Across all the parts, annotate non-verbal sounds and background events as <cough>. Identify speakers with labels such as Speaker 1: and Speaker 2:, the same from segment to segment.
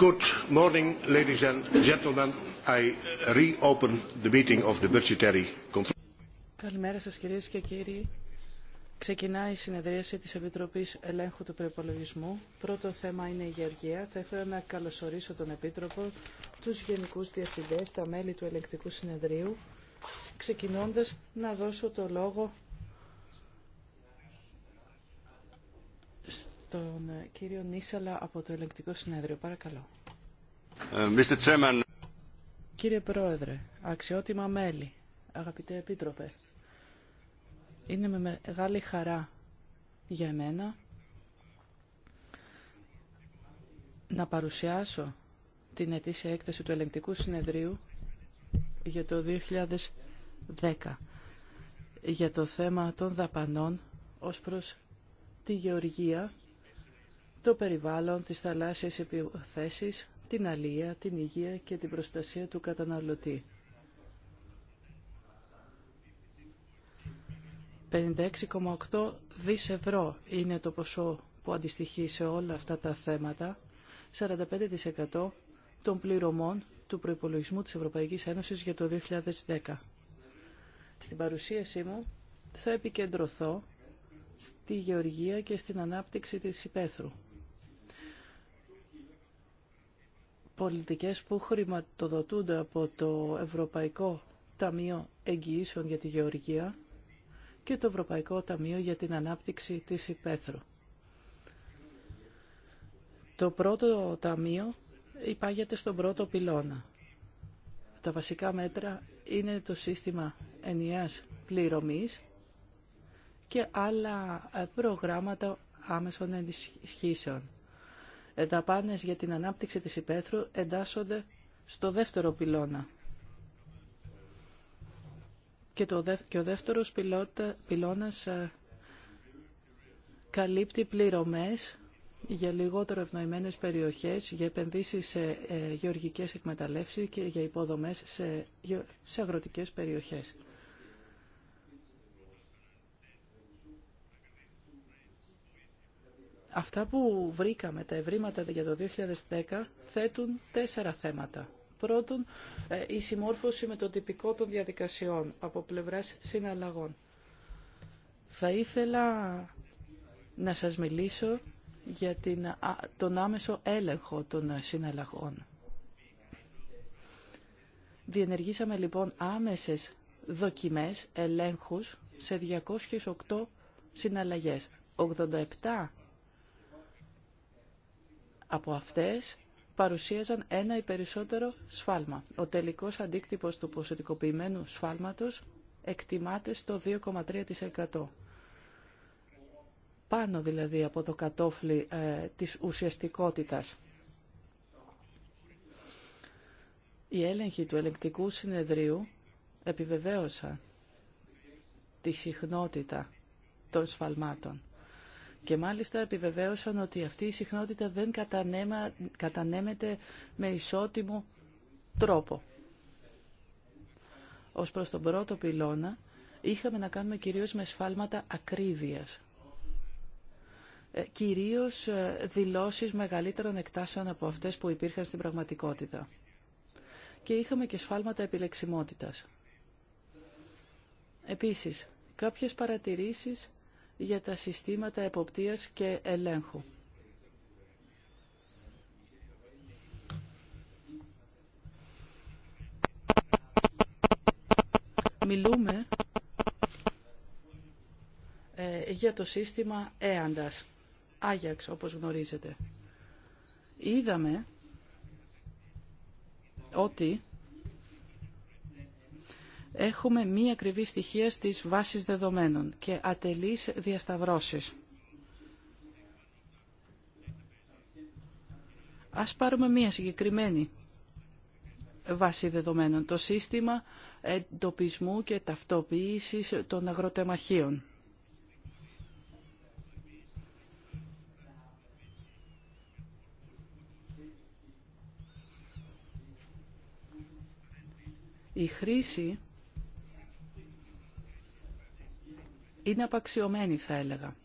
Speaker 1: Good morning, ladies and gentlemen. I reopen the meeting of the Budgetary Control.
Speaker 2: Καλημέρα σας κυρίες και κύριοι. Ξεκινάει η συνεδρίαση της Επιτροπής Ελέγχου του προϋπολογισμού. Πρώτο θέμα είναι η Γεωργία. Θα ήθελα να καλωσορίσω τον Επίτροπο, τους Γενικούς Διευθυντές, τα μέλη του Ελεγκτικού Συνεδρίου, ξεκινώντας να δώσω το λόγο τον ε, κύριο Νίσαλα από το Ελεγκτικό Συνέδριο. Παρακαλώ.
Speaker 1: Ε, Mr.
Speaker 2: Κύριε Πρόεδρε, αξιότιμα μέλη, αγαπητέ Επίτροπε, είναι με μεγάλη χαρά για μένα να παρουσιάσω την ετήσια έκθεση του Ελεγκτικού Συνεδρίου για το 2010 για το θέμα των δαπανών ως προς τη γεωργία το περιβάλλον, τις θαλάσσιες επιθέσεις, την αλία, την υγεία και την προστασία του καταναλωτή. 56,8 δις ευρώ είναι το ποσό που αντιστοιχεί σε όλα αυτά τα θέματα, 45% των πληρωμών του προϋπολογισμού της Ευρωπαϊκής Ένωσης για το 2010. Στην παρουσίασή μου θα επικεντρωθώ στη γεωργία και στην ανάπτυξη της υπαίθρου. πολιτικές που χρηματοδοτούνται από το Ευρωπαϊκό Ταμείο Εγγυήσεων για τη Γεωργία και το Ευρωπαϊκό Ταμείο για την Ανάπτυξη της Υπέθρου. Το πρώτο ταμείο υπάγεται στον πρώτο πυλώνα. Τα βασικά μέτρα είναι το σύστημα ενιαίας πληρωμής και άλλα ε, προγράμματα άμεσων ενισχύσεων δαπάνες για την ανάπτυξη της υπαίθρου εντάσσονται στο δεύτερο πυλώνα. Και, το, ο δεύτερος πυλώτα, πυλώνας ε, καλύπτει πληρωμές για λιγότερο ευνοημένες περιοχές, για επενδύσεις σε ε, γεωργικές εκμεταλλεύσεις και για υποδομές σε, σε αγροτικές περιοχές. Αυτά που βρήκαμε, τα ευρήματα για το 2010, θέτουν τέσσερα θέματα. Πρώτον, ε, η συμμόρφωση με το τυπικό των διαδικασιών από πλευράς συναλλαγών. Θα ήθελα να σας μιλήσω για την, τον άμεσο έλεγχο των συναλλαγών. Διενεργήσαμε λοιπόν άμεσες δοκιμές ελέγχους σε 208 συναλλαγές. 87 από αυτές παρουσίαζαν ένα ή περισσότερο σφάλμα. Ο τελικός αντίκτυπος του ποσοτικοποιημένου σφάλματος εκτιμάται στο 2,3%. Πάνω δηλαδή από το κατόφλι ε, της ουσιαστικότητας. Η έλεγχοι του ελεγκτικού συνεδρίου επιβεβαίωσαν τη συχνότητα των σφαλμάτων. Και μάλιστα επιβεβαίωσαν ότι αυτή η συχνότητα δεν κατανέμεται με ισότιμο τρόπο. Ως προς τον πρώτο πυλώνα, είχαμε να κάνουμε κυρίως με σφάλματα ακρίβειας. Ε, κυρίως ε, δηλώσεις μεγαλύτερων εκτάσεων από αυτές που υπήρχαν στην πραγματικότητα. Και είχαμε και σφάλματα επιλεξιμότητας. Επίσης, κάποιες παρατηρήσεις για τα συστήματα εποπτείας και ελέγχου. Μιλούμε ε, για το σύστημα ΕΑΝΤΑΣ, Άγιαξ όπως γνωρίζετε. Είδαμε ότι έχουμε μία ακριβή στοιχεία στις βάσεις δεδομένων και ατελείς διασταυρώσεις. Ας πάρουμε μία συγκεκριμένη βάση δεδομένων, το σύστημα εντοπισμού και ταυτοποίησης των αγροτεμαχίων. Η χρήση είναι απαξιωμένη θα έλεγα.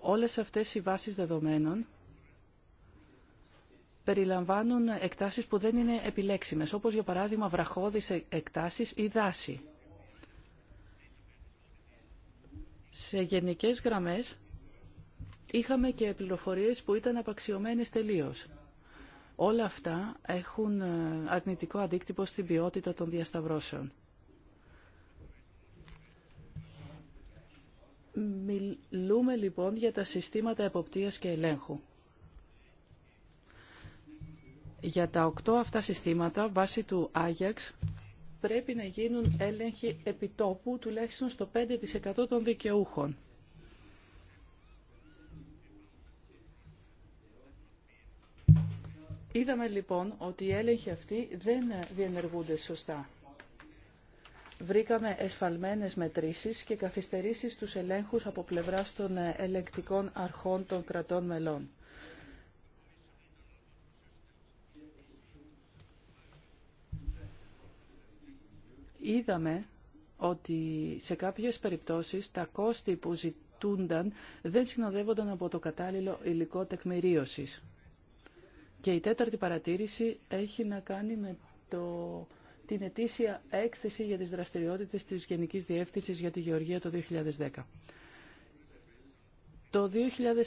Speaker 2: Όλες αυτές οι βάσεις δεδομένων περιλαμβάνουν εκτάσεις που δεν είναι επιλέξιμες, όπως για παράδειγμα βραχώδεις εκτάσεις ή δάση. Σε γενικές γραμμές είχαμε και πληροφορίες που ήταν απαξιωμένες τελείως. Όλα αυτά έχουν ε, αρνητικό αντίκτυπο στην ποιότητα των διασταυρώσεων. Μιλούμε λοιπόν για τα συστήματα εποπτείας και ελέγχου. Για τα οκτώ αυτά συστήματα, βάσει του Άγιαξ, πρέπει να γίνουν έλεγχοι επιτόπου τουλάχιστον στο 5% των δικαιούχων. Είδαμε λοιπόν ότι οι έλεγχοι αυτοί δεν διενεργούνται σωστά βρήκαμε εσφαλμένες μετρήσεις και καθυστερήσεις στους ελέγχους από πλευράς των ε, ελεγκτικών αρχών των κρατών μελών. Είδαμε ότι σε κάποιες περιπτώσεις τα κόστη που ζητούνταν δεν συνοδεύονταν από το κατάλληλο υλικό τεκμηρίωσης. Και η τέταρτη παρατήρηση έχει να κάνει με το την ετήσια έκθεση για τις δραστηριότητες της Γενικής Διεύθυνσης για τη Γεωργία το 2010. Το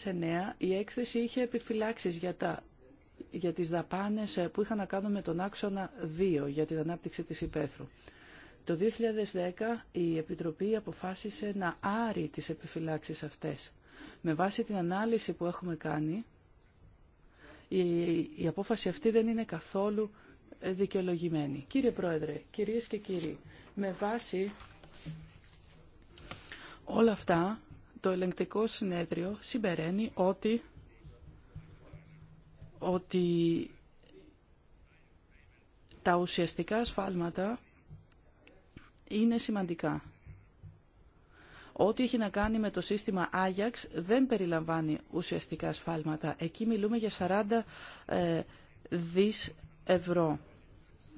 Speaker 2: 2009 η έκθεση είχε επιφυλάξεις για, τα, για τις δαπάνες που είχαν να κάνουν με τον άξονα 2 για την ανάπτυξη της υπαίθρου. Το 2010 η Επιτροπή αποφάσισε να άρει τις επιφυλάξεις αυτές. Με βάση την ανάλυση που έχουμε κάνει, η απόφαση αυτή δεν είναι καθόλου δικαιολογημένη. Κύριε Πρόεδρε, κυρίες και κύριοι, με βάση όλα αυτά, το ελεγκτικό συνέδριο συμπεραίνει ότι, ότι τα ουσιαστικά ασφάλματα είναι σημαντικά. Ό,τι έχει να κάνει με το σύστημα Άγιαξ δεν περιλαμβάνει ουσιαστικά σφάλματα. Εκεί μιλούμε για 40 ε, δις ευρώ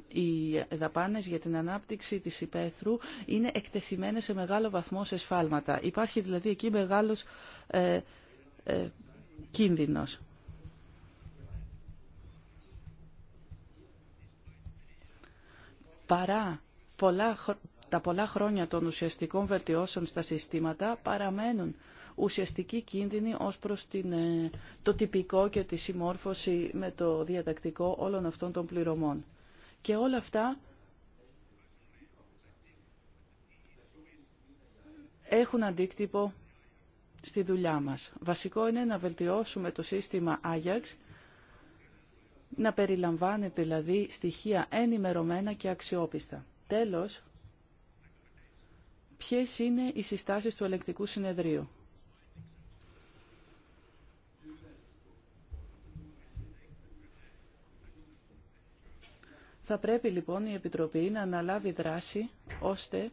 Speaker 2: οι δαπάνες για την ανάπτυξη της υπαίθρου είναι εκτεθειμένες σε μεγάλο βαθμό σε σφάλματα. Υπάρχει δηλαδή εκεί μεγάλος ε, ε κίνδυνος. Παρά πολλά, τα πολλά χρόνια των ουσιαστικών βελτιώσεων στα συστήματα παραμένουν ουσιαστικοί κίνδυνοι ως προς την, ε, το τυπικό και τη συμμόρφωση με το διατακτικό όλων αυτών των πληρωμών. Και όλα αυτά έχουν αντίκτυπο στη δουλειά μας. Βασικό είναι να βελτιώσουμε το σύστημα Ajax, να περιλαμβάνει δηλαδή στοιχεία ενημερωμένα και αξιόπιστα. Τέλος, ποιες είναι οι συστάσεις του ελεκτικού συνεδρίου. Θα πρέπει λοιπόν η Επιτροπή να αναλάβει δράση ώστε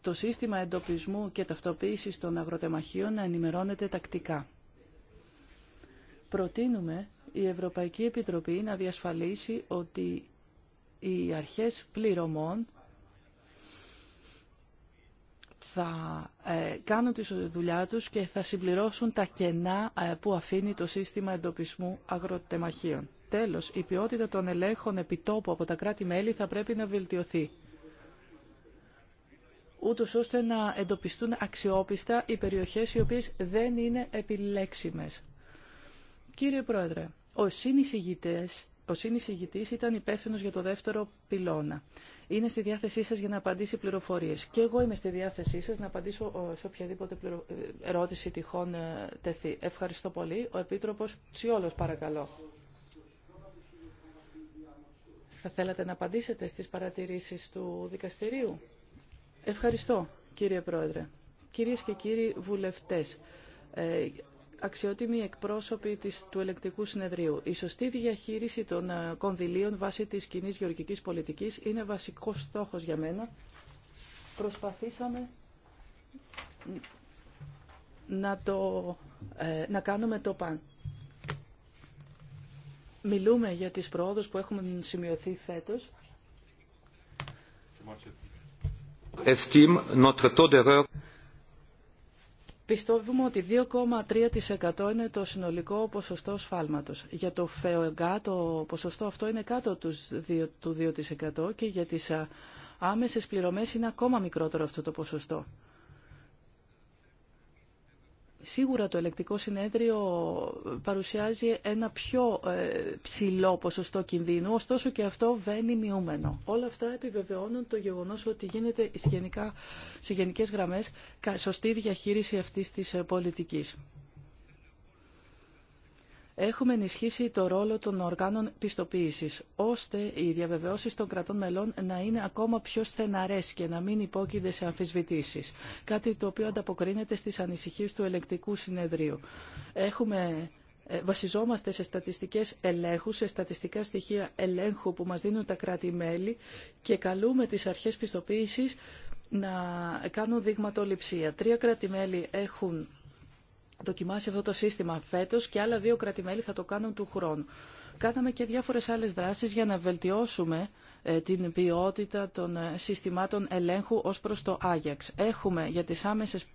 Speaker 2: το σύστημα εντοπισμού και ταυτοποίησης των αγροτεμαχίων να ενημερώνεται τακτικά. Προτείνουμε η Ευρωπαϊκή Επιτροπή να διασφαλίσει ότι οι αρχές πληρωμών θα ε, κάνουν τη δουλειά τους και θα συμπληρώσουν τα κενά ε, που αφήνει το σύστημα εντοπισμού αγροτεμαχίων. Τέλο, η ποιότητα των ελέγχων επιτόπου από τα κράτη-μέλη θα πρέπει να βελτιωθεί ούτως ώστε να εντοπιστούν αξιόπιστα οι περιοχές οι οποίες δεν είναι επιλέξιμες. Κύριε Πρόεδρε, ο συνεισηγητής, ο ήταν υπεύθυνο για το δεύτερο πυλώνα. Είναι στη διάθεσή σας για να απαντήσει πληροφορίες. Και εγώ είμαι στη διάθεσή σας να απαντήσω ε, σε οποιαδήποτε ε, ερώτηση τυχόν ε, τεθεί. Ευχαριστώ πολύ. Ο Επίτροπος Τσιόλος παρακαλώ. Θα θέλατε να απαντήσετε στις παρατηρήσεις του δικαστηρίου. Ευχαριστώ, κύριε Πρόεδρε. Κυρίες και κύριοι βουλευτές, ε, αξιότιμοι εκπρόσωποι του ελεκτικού συνεδρίου. Η σωστή διαχείριση των ε, κονδυλίων βάσει της κοινή γεωργικής πολιτικής είναι βασικός στόχος για μένα. Προσπαθήσαμε να, το, ε, να κάνουμε το παν. Μιλούμε για τις προόδους που έχουν σημειωθεί φέτος. Πιστεύουμε ότι 2,3% είναι το συνολικό ποσοστό σφάλματος. Για το ΦΕΟΓΑ το ποσοστό αυτό είναι κάτω του 2% και για τις άμεσες πληρωμές είναι ακόμα μικρότερο αυτό το ποσοστό. Σίγουρα το ελεκτικό συνέδριο παρουσιάζει ένα πιο ε, ψηλό ποσοστό κινδύνου, ωστόσο και αυτό βαίνει μειούμενο. Όλα αυτά επιβεβαιώνουν το γεγονός ότι γίνεται σε γενικές γραμμές σωστή διαχείριση αυτής της ε, πολιτικής έχουμε ενισχύσει το ρόλο των οργάνων πιστοποίησης, ώστε οι διαβεβαιώσει των κρατών μελών να είναι ακόμα πιο στεναρέ και να μην υπόκεινται σε αμφισβητήσεις, κάτι το οποίο ανταποκρίνεται στις ανησυχίε του ελεκτικού συνεδρίου. Έχουμε ε, βασιζόμαστε σε στατιστικές ελέγχους, σε στατιστικά στοιχεία ελέγχου που μας δίνουν τα κράτη-μέλη και καλούμε τις αρχές πιστοποίησης να κάνουν δειγματοληψία. Τρία κράτη-μέλη έχουν δοκιμάσει αυτό το σύστημα φέτος και άλλα δύο κρατημέλη θα το κάνουν του χρόνου. Κάναμε και διάφορες άλλες δράσεις για να βελτιώσουμε ε, την ποιότητα των ε, συστημάτων ελέγχου ως προς το Άγιαξ. Έχουμε για τις άμεσες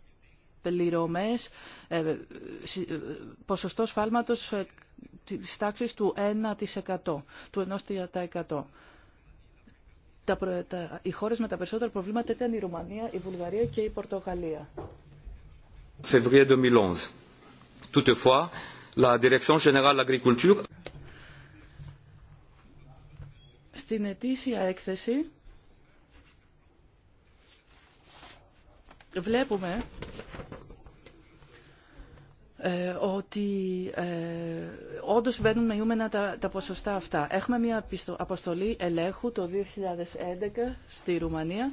Speaker 2: πληρωμές ε, ποσοστό σφάλματος της τάξης του 1%, του 1%. Τα, οι χώρες με τα περισσότερα προβλήματα ήταν η Ρουμανία, η Βουλγαρία και η Πορτογαλία février Στην ετήσια έκθεση βλέπουμε ε, ότι ε, όντως μπαίνουν με τα, τα ποσοστά αυτά. Έχουμε μια αποστολή ελέγχου το 2011 στη Ρουμανία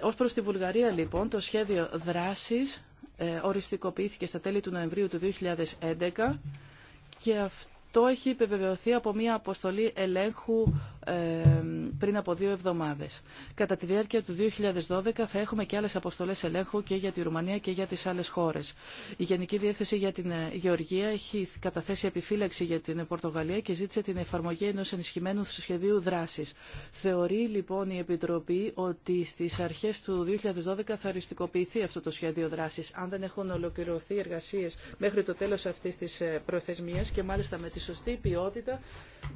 Speaker 2: ως προς τη Βουλγαρία λοιπόν το σχέδιο δράσης ε, οριστικοποιήθηκε στα τέλη του Νοεμβρίου του 2011 και αυτό έχει επιβεβαιωθεί από μια αποστολή ελέγχου πριν από δύο εβδομάδε. Κατά τη διάρκεια του 2012 θα έχουμε και άλλε αποστολέ ελέγχου και για τη Ρουμανία και για τι άλλε χώρε. Η Γενική Διεύθυνση για την ε, Γεωργία έχει καταθέσει επιφύλαξη για την ε, Πορτογαλία και ζήτησε την εφαρμογή ενό ενισχυμένου σχεδίου δράση. Θεωρεί λοιπόν η Επιτροπή ότι στι αρχέ του 2012 θα οριστικοποιηθεί αυτό το σχέδιο δράση Αν δεν έχουν ολοκληρωθεί εργασίε μέχρι το τέλο αυτή τη ε, προθεσμία και μάλιστα με τη σωστή ποιότητα,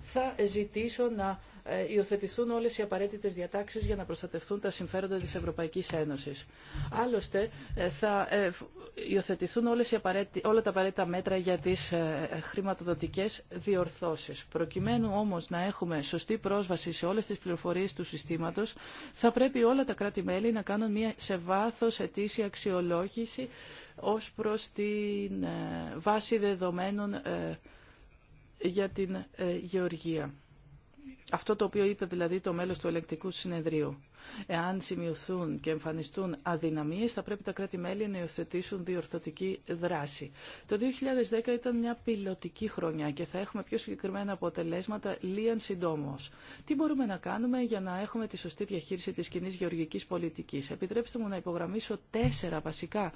Speaker 2: θα ζητήσω να ε, υιοθετηθούν όλες οι απαραίτητες διατάξεις για να προστατευτούν τα συμφέροντα της Ευρωπαϊκής Ένωσης. Άλλωστε, ε, θα ε, υιοθετηθούν όλες οι όλα τα απαραίτητα μέτρα για τις χρηματοδοτικές διορθώσεις. Προκειμένου όμως να έχουμε σωστή πρόσβαση σε όλες τις πληροφορίες του συστήματος, θα πρέπει όλα τα κράτη-μέλη να κάνουν μια σε βάθος ετήσια αξιολόγηση ως προς την βάση δεδομένων για την ε, γεωργία. Αυτό το οποίο είπε δηλαδή το μέλος του ελεκτικού συνεδρίου. Εάν σημειωθούν και εμφανιστούν αδυναμίες, θα πρέπει τα κράτη-μέλη να υιοθετήσουν διορθωτική δράση. Το 2010 ήταν μια πιλωτική χρονιά και θα έχουμε πιο συγκεκριμένα αποτελέσματα λίαν συντόμως. Τι μπορούμε να κάνουμε για να έχουμε τη σωστή διαχείριση της κοινή γεωργικής πολιτικής. Επιτρέψτε μου να υπογραμμίσω τέσσερα βασικά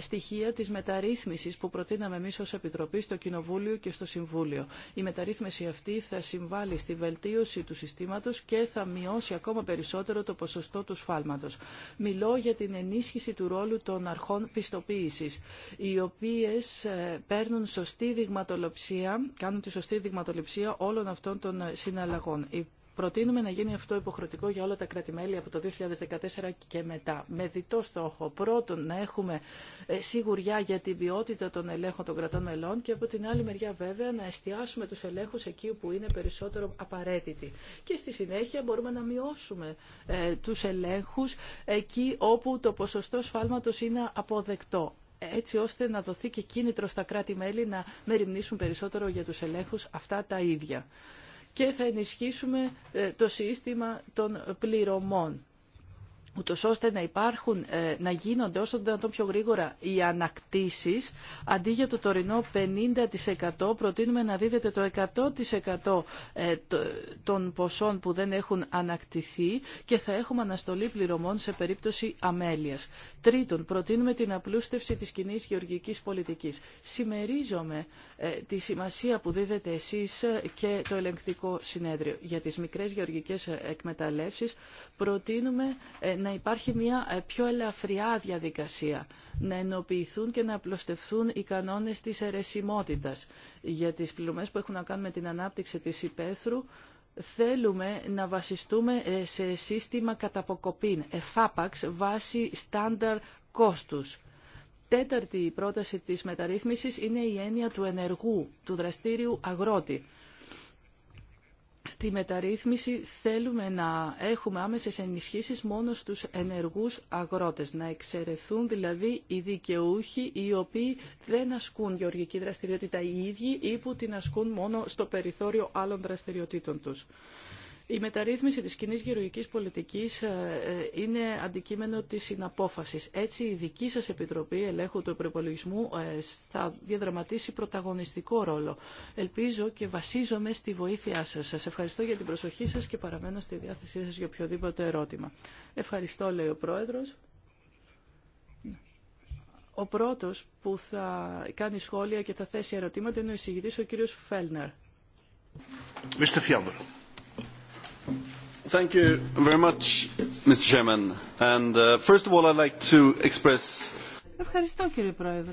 Speaker 2: στοιχεία της μεταρρύθμισης που προτείναμε εμείς ως Επιτροπή στο Κοινοβούλιο και στο Συμβούλιο. Η μεταρρύθμιση αυτή θα συμβάλλει στη βελτίωση του συστήματος και θα μειώσει ακόμα περισσότερο το ποσοστό του σφάλματος. Μιλώ για την ενίσχυση του ρόλου των αρχών πιστοποίησης, οι οποίες ε, παίρνουν σωστή δειγματοληψία, κάνουν τη σωστή δειγματοληψία όλων αυτών των συναλλαγών. Προτείνουμε να γίνει αυτό υποχρεωτικό για όλα τα κράτη-μέλη από το 2014 και μετά. Με διτό στόχο, πρώτον, να έχουμε ε, σιγουριά για την ποιότητα των ελέγχων των κρατών μελών και από την άλλη μεριά, βέβαια, να εστιάσουμε του ελέγχου εκεί που είναι περισσότερο απαραίτητοι. Και στη συνέχεια μπορούμε να μειώσουμε ε, του ελέγχου εκεί όπου το ποσοστό σφάλματο είναι αποδεκτό έτσι ώστε να δοθεί και κίνητρο στα κράτη-μέλη να μεριμνήσουν περισσότερο για τους ελέγχους αυτά τα ίδια και θα ενισχύσουμε ε, το σύστημα των πληρωμών ούτω ώστε να υπάρχουν, ε, να γίνονται όσο το δυνατόν πιο γρήγορα οι ανακτήσεις. Αντί για το τωρινό 50% προτείνουμε να δίδεται το 100% ε, των ποσών που δεν έχουν ανακτηθεί και θα έχουμε αναστολή πληρωμών σε περίπτωση αμέλειας. Τρίτον, προτείνουμε την απλούστευση της κοινή γεωργικής πολιτικής. Σημερίζομαι ε, τη σημασία που δίδετε εσείς και το ελεγκτικό συνέδριο. Για τις μικρές γεωργικές εκμεταλλεύσεις προτείνουμε να υπάρχει μια ε, πιο ελαφριά διαδικασία, να ενοποιηθούν και να απλωστευθούν οι κανόνες της αιρεσιμότητας. Για τις πληρωμές που έχουν να κάνουν με την ανάπτυξη της υπαίθρου, θέλουμε να βασιστούμε ε, σε σύστημα καταποκοπήν, εφάπαξ, βάση στάνταρ κόστους. Τέταρτη πρόταση της μεταρρύθμισης είναι η έννοια του ενεργού, του δραστήριου αγρότη στη μεταρρύθμιση θέλουμε να έχουμε άμεσες ενισχύσεις μόνο στους ενεργούς αγρότες, να εξαιρεθούν δηλαδή οι δικαιούχοι οι οποίοι δεν ασκούν γεωργική δραστηριότητα οι ίδιοι ή που την ασκούν μόνο στο περιθώριο άλλων δραστηριοτήτων τους. Η μεταρρύθμιση της κοινή γεωργικής πολιτικής ε, ε, είναι αντικείμενο της συναπόφασης. Έτσι η δική σας Επιτροπή Ελέγχου του προπολογισμού ε, θα διαδραματίσει πρωταγωνιστικό ρόλο. Ελπίζω και βασίζομαι στη βοήθειά σας. Σας ευχαριστώ για την προσοχή σας και παραμένω στη διάθεσή σας για οποιοδήποτε ερώτημα. Ευχαριστώ λέει ο Πρόεδρος. Ο πρώτος που θα κάνει σχόλια και θα θέσει ερωτήματα είναι ο εισηγητής ο κύριος Φέλνερ. Mr. Ευχαριστώ,
Speaker 3: κύριε Πρόεδρε.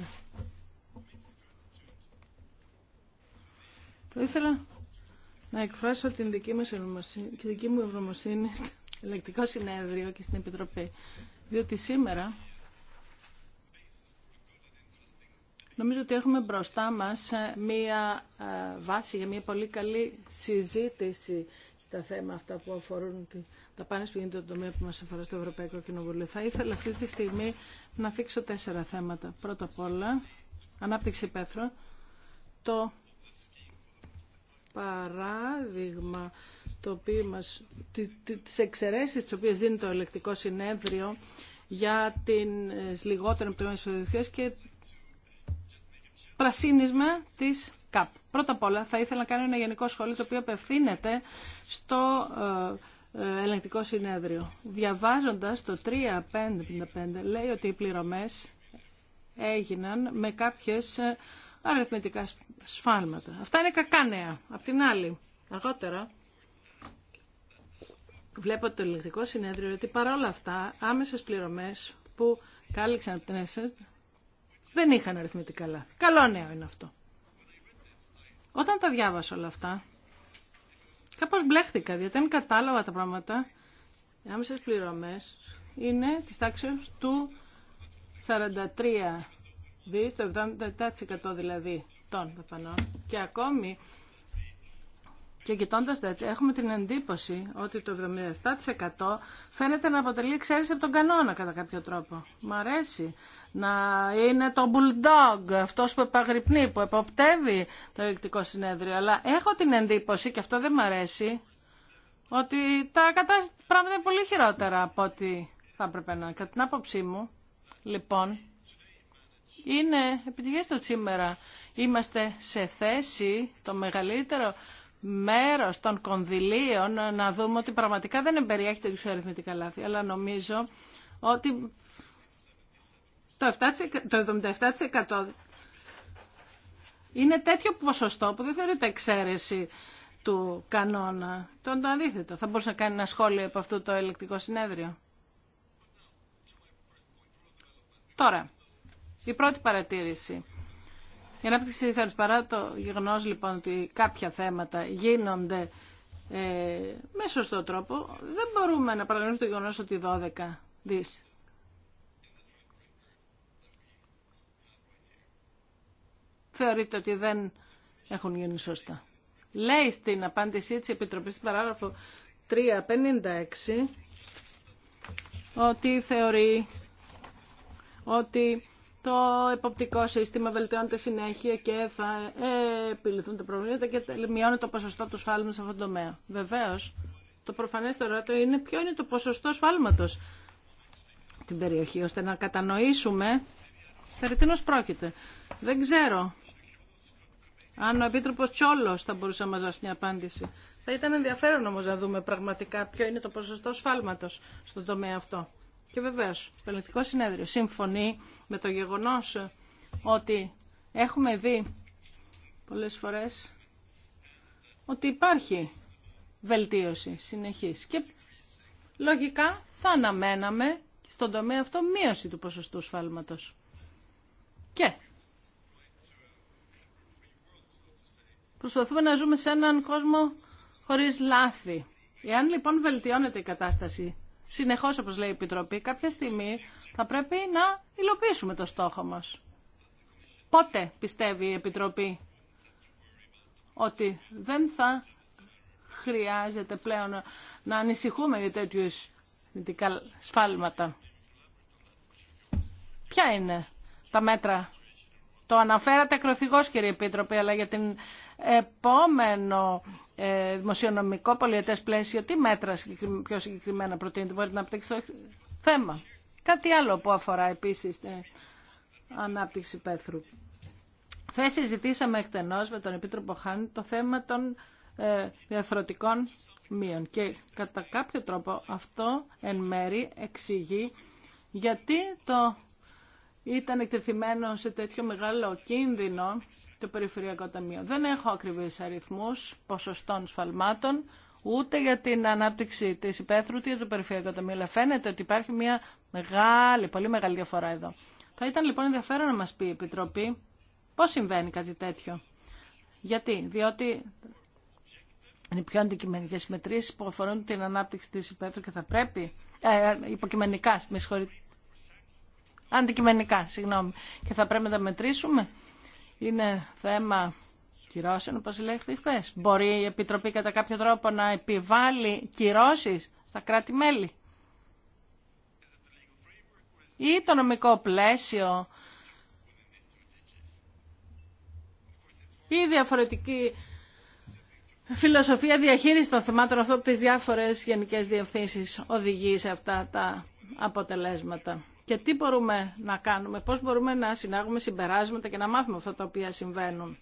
Speaker 3: Θα ήθελα να εκφράσω την δική, μας τη δική μου ευγνωμοσύνη <laughs> στο Ελεκτικό Συνέδριο και στην Επιτροπή. Διότι σήμερα νομίζω ότι έχουμε μπροστά μας ε, μία ε, βάση για μία πολύ καλή συζήτηση τα θέματα αυτά που αφορούν τα πάνε που γίνεται το τομέα που μας αφορά στο Ευρωπαϊκό Κοινοβούλιο. Θα ήθελα αυτή τη στιγμή να θίξω τέσσερα θέματα. Πρώτα απ' όλα, ανάπτυξη πέθρων, το παράδειγμα το οποίο μας, τις εξαιρέσεις τις οποίες δίνει το ελεκτικό συνέδριο για τις ε, λιγότερο επιτροπές και πρασίνισμα της ΚΑΠ. Πρώτα απ' όλα θα ήθελα να κάνω ένα γενικό σχόλιο το οποίο απευθύνεται στο ε, ε, ελεγκτικό συνέδριο. Διαβάζοντας το 355 λέει ότι οι πληρωμές έγιναν με κάποιες ε, αριθμητικά σφάλματα. Αυτά είναι κακά νέα. Απ' την άλλη, αργότερα βλέπω το ελεγκτικό συνέδριο ότι παρόλα αυτά άμεσες πληρωμές που κάλυξαν την δεν είχαν αριθμητικά λάθη. Καλό νέο είναι αυτό. Όταν τα διάβασα όλα αυτά, κάπως μπλέχτηκα, διότι δεν κατάλαβα τα πράγματα. Οι άμεσες πληρωμές είναι της τάξης του 43 δις, το 77% δηλαδή των δαπανών. Και ακόμη, και κοιτώντα έτσι, έχουμε την εντύπωση ότι το 77% φαίνεται να αποτελεί εξαίρεση από τον κανόνα κατά κάποιο τρόπο. Μ' αρέσει να είναι το bulldog, αυτός που επαγρυπνεί, που εποπτεύει το ελεκτικό συνέδριο. Αλλά έχω την εντύπωση, και αυτό δεν μου αρέσει, ότι τα πράγματα είναι πολύ χειρότερα από ό,τι θα έπρεπε να. Κατά την άποψή μου, λοιπόν, είναι επιτυχές το σήμερα. Είμαστε σε θέση το μεγαλύτερο μέρος των κονδυλίων να δούμε ότι πραγματικά δεν εμπεριέχεται του αριθμητικά λάθη. Αλλά νομίζω ότι το 77% είναι τέτοιο ποσοστό που δεν θεωρείται εξαίρεση του κανόνα. Το, το αντίθετο. Θα μπορούσε να κάνει ένα σχόλιο από αυτό το ελεκτικό συνέδριο. Τώρα, η πρώτη παρατήρηση. Η ανάπτυξη ήθελες παρά το γεγονός λοιπόν ότι κάποια θέματα γίνονται ε, με σωστό τρόπο, δεν μπορούμε να παραγνωρίσουμε το γεγονός ότι 12 δις θεωρείτε ότι δεν έχουν γίνει σωστά. Λέει στην απάντησή της Επιτροπής στην παράγραφο 356 ότι θεωρεί ότι το εποπτικό σύστημα βελτιώνεται συνέχεια και θα ε, επιληθούν τα προβλήματα και μειώνει το ποσοστό του σφάλματος σε αυτό το τομέα. Βεβαίως, το προφανές το είναι ποιο είναι το ποσοστό σφάλματος την περιοχή, ώστε να κατανοήσουμε περί τίνος πρόκειται. Δεν ξέρω αν ο Επίτροπο Τσόλο θα μπορούσε να μα δώσει μια απάντηση. Θα ήταν ενδιαφέρον όμω να δούμε πραγματικά ποιο είναι το ποσοστό σφάλματο στον τομέα αυτό. Και βεβαίω, το Ελεκτικό Συνέδριο συμφωνεί με το γεγονό ότι έχουμε δει πολλέ φορέ ότι υπάρχει βελτίωση συνεχής και λογικά θα αναμέναμε στον τομέα αυτό μείωση του ποσοστού σφάλματος. Και Προσπαθούμε να ζούμε σε έναν κόσμο χωρίς λάθη. Εάν λοιπόν βελτιώνεται η κατάσταση συνεχώς όπως λέει η Επιτροπή, κάποια στιγμή θα πρέπει να υλοποιήσουμε το στόχο μας. Πότε πιστεύει η Επιτροπή ότι δεν θα χρειάζεται πλέον να ανησυχούμε για τέτοιου σφάλματα. Ποια είναι τα μέτρα το αναφέρατε ακροθυγώς κύριε Επίτροπε, αλλά για την επόμενο ε, δημοσιονομικό πολιετές πλαίσιο, τι μέτρα πιο συγκεκριμένα προτείνετε, μπορείτε να πτύξετε το θέμα. Κάτι άλλο που αφορά επίσης την ανάπτυξη πέθρου. Χθε συζητήσαμε εκτενώς με τον Επίτροπο Χάν το θέμα των ε, διαφροντικών μείων και κατά κάποιο τρόπο αυτό εν μέρη εξηγεί γιατί το ήταν εκτεθειμένο σε τέτοιο μεγάλο κίνδυνο το Περιφερειακό Ταμείο. Δεν έχω ακριβείς αριθμούς ποσοστών σφαλμάτων, ούτε για την ανάπτυξη της υπαίθρου, ούτε για το Περιφερειακό Ταμείο. Αλλά φαίνεται ότι υπάρχει μια μεγάλη, πολύ μεγάλη διαφορά εδώ. Θα ήταν λοιπόν ενδιαφέρον να μας πει η Επιτροπή πώς συμβαίνει κάτι τέτοιο. Γιατί, διότι είναι πιο αντικειμενικέ μετρήσει που αφορούν την ανάπτυξη τη υπαίθρου και θα πρέπει, ε, ε υποκειμενικά, με συγχωρείτε, αντικειμενικά, συγγνώμη, και θα πρέπει να τα μετρήσουμε. Είναι θέμα κυρώσεων, όπως λέγεται χθε. Μπορεί η Επιτροπή κατά κάποιο τρόπο να επιβάλλει κυρώσεις στα κράτη-μέλη. Ή το νομικό πλαίσιο, ή διαφορετική φιλοσοφία διαχείριση των θεμάτων αυτό από τις διάφορες γενικές διευθύνσεις οδηγεί σε αυτά τα αποτελέσματα και τι μπορούμε να κάνουμε, πώς μπορούμε να συνάγουμε συμπεράσματα και να μάθουμε αυτά τα οποία συμβαίνουν.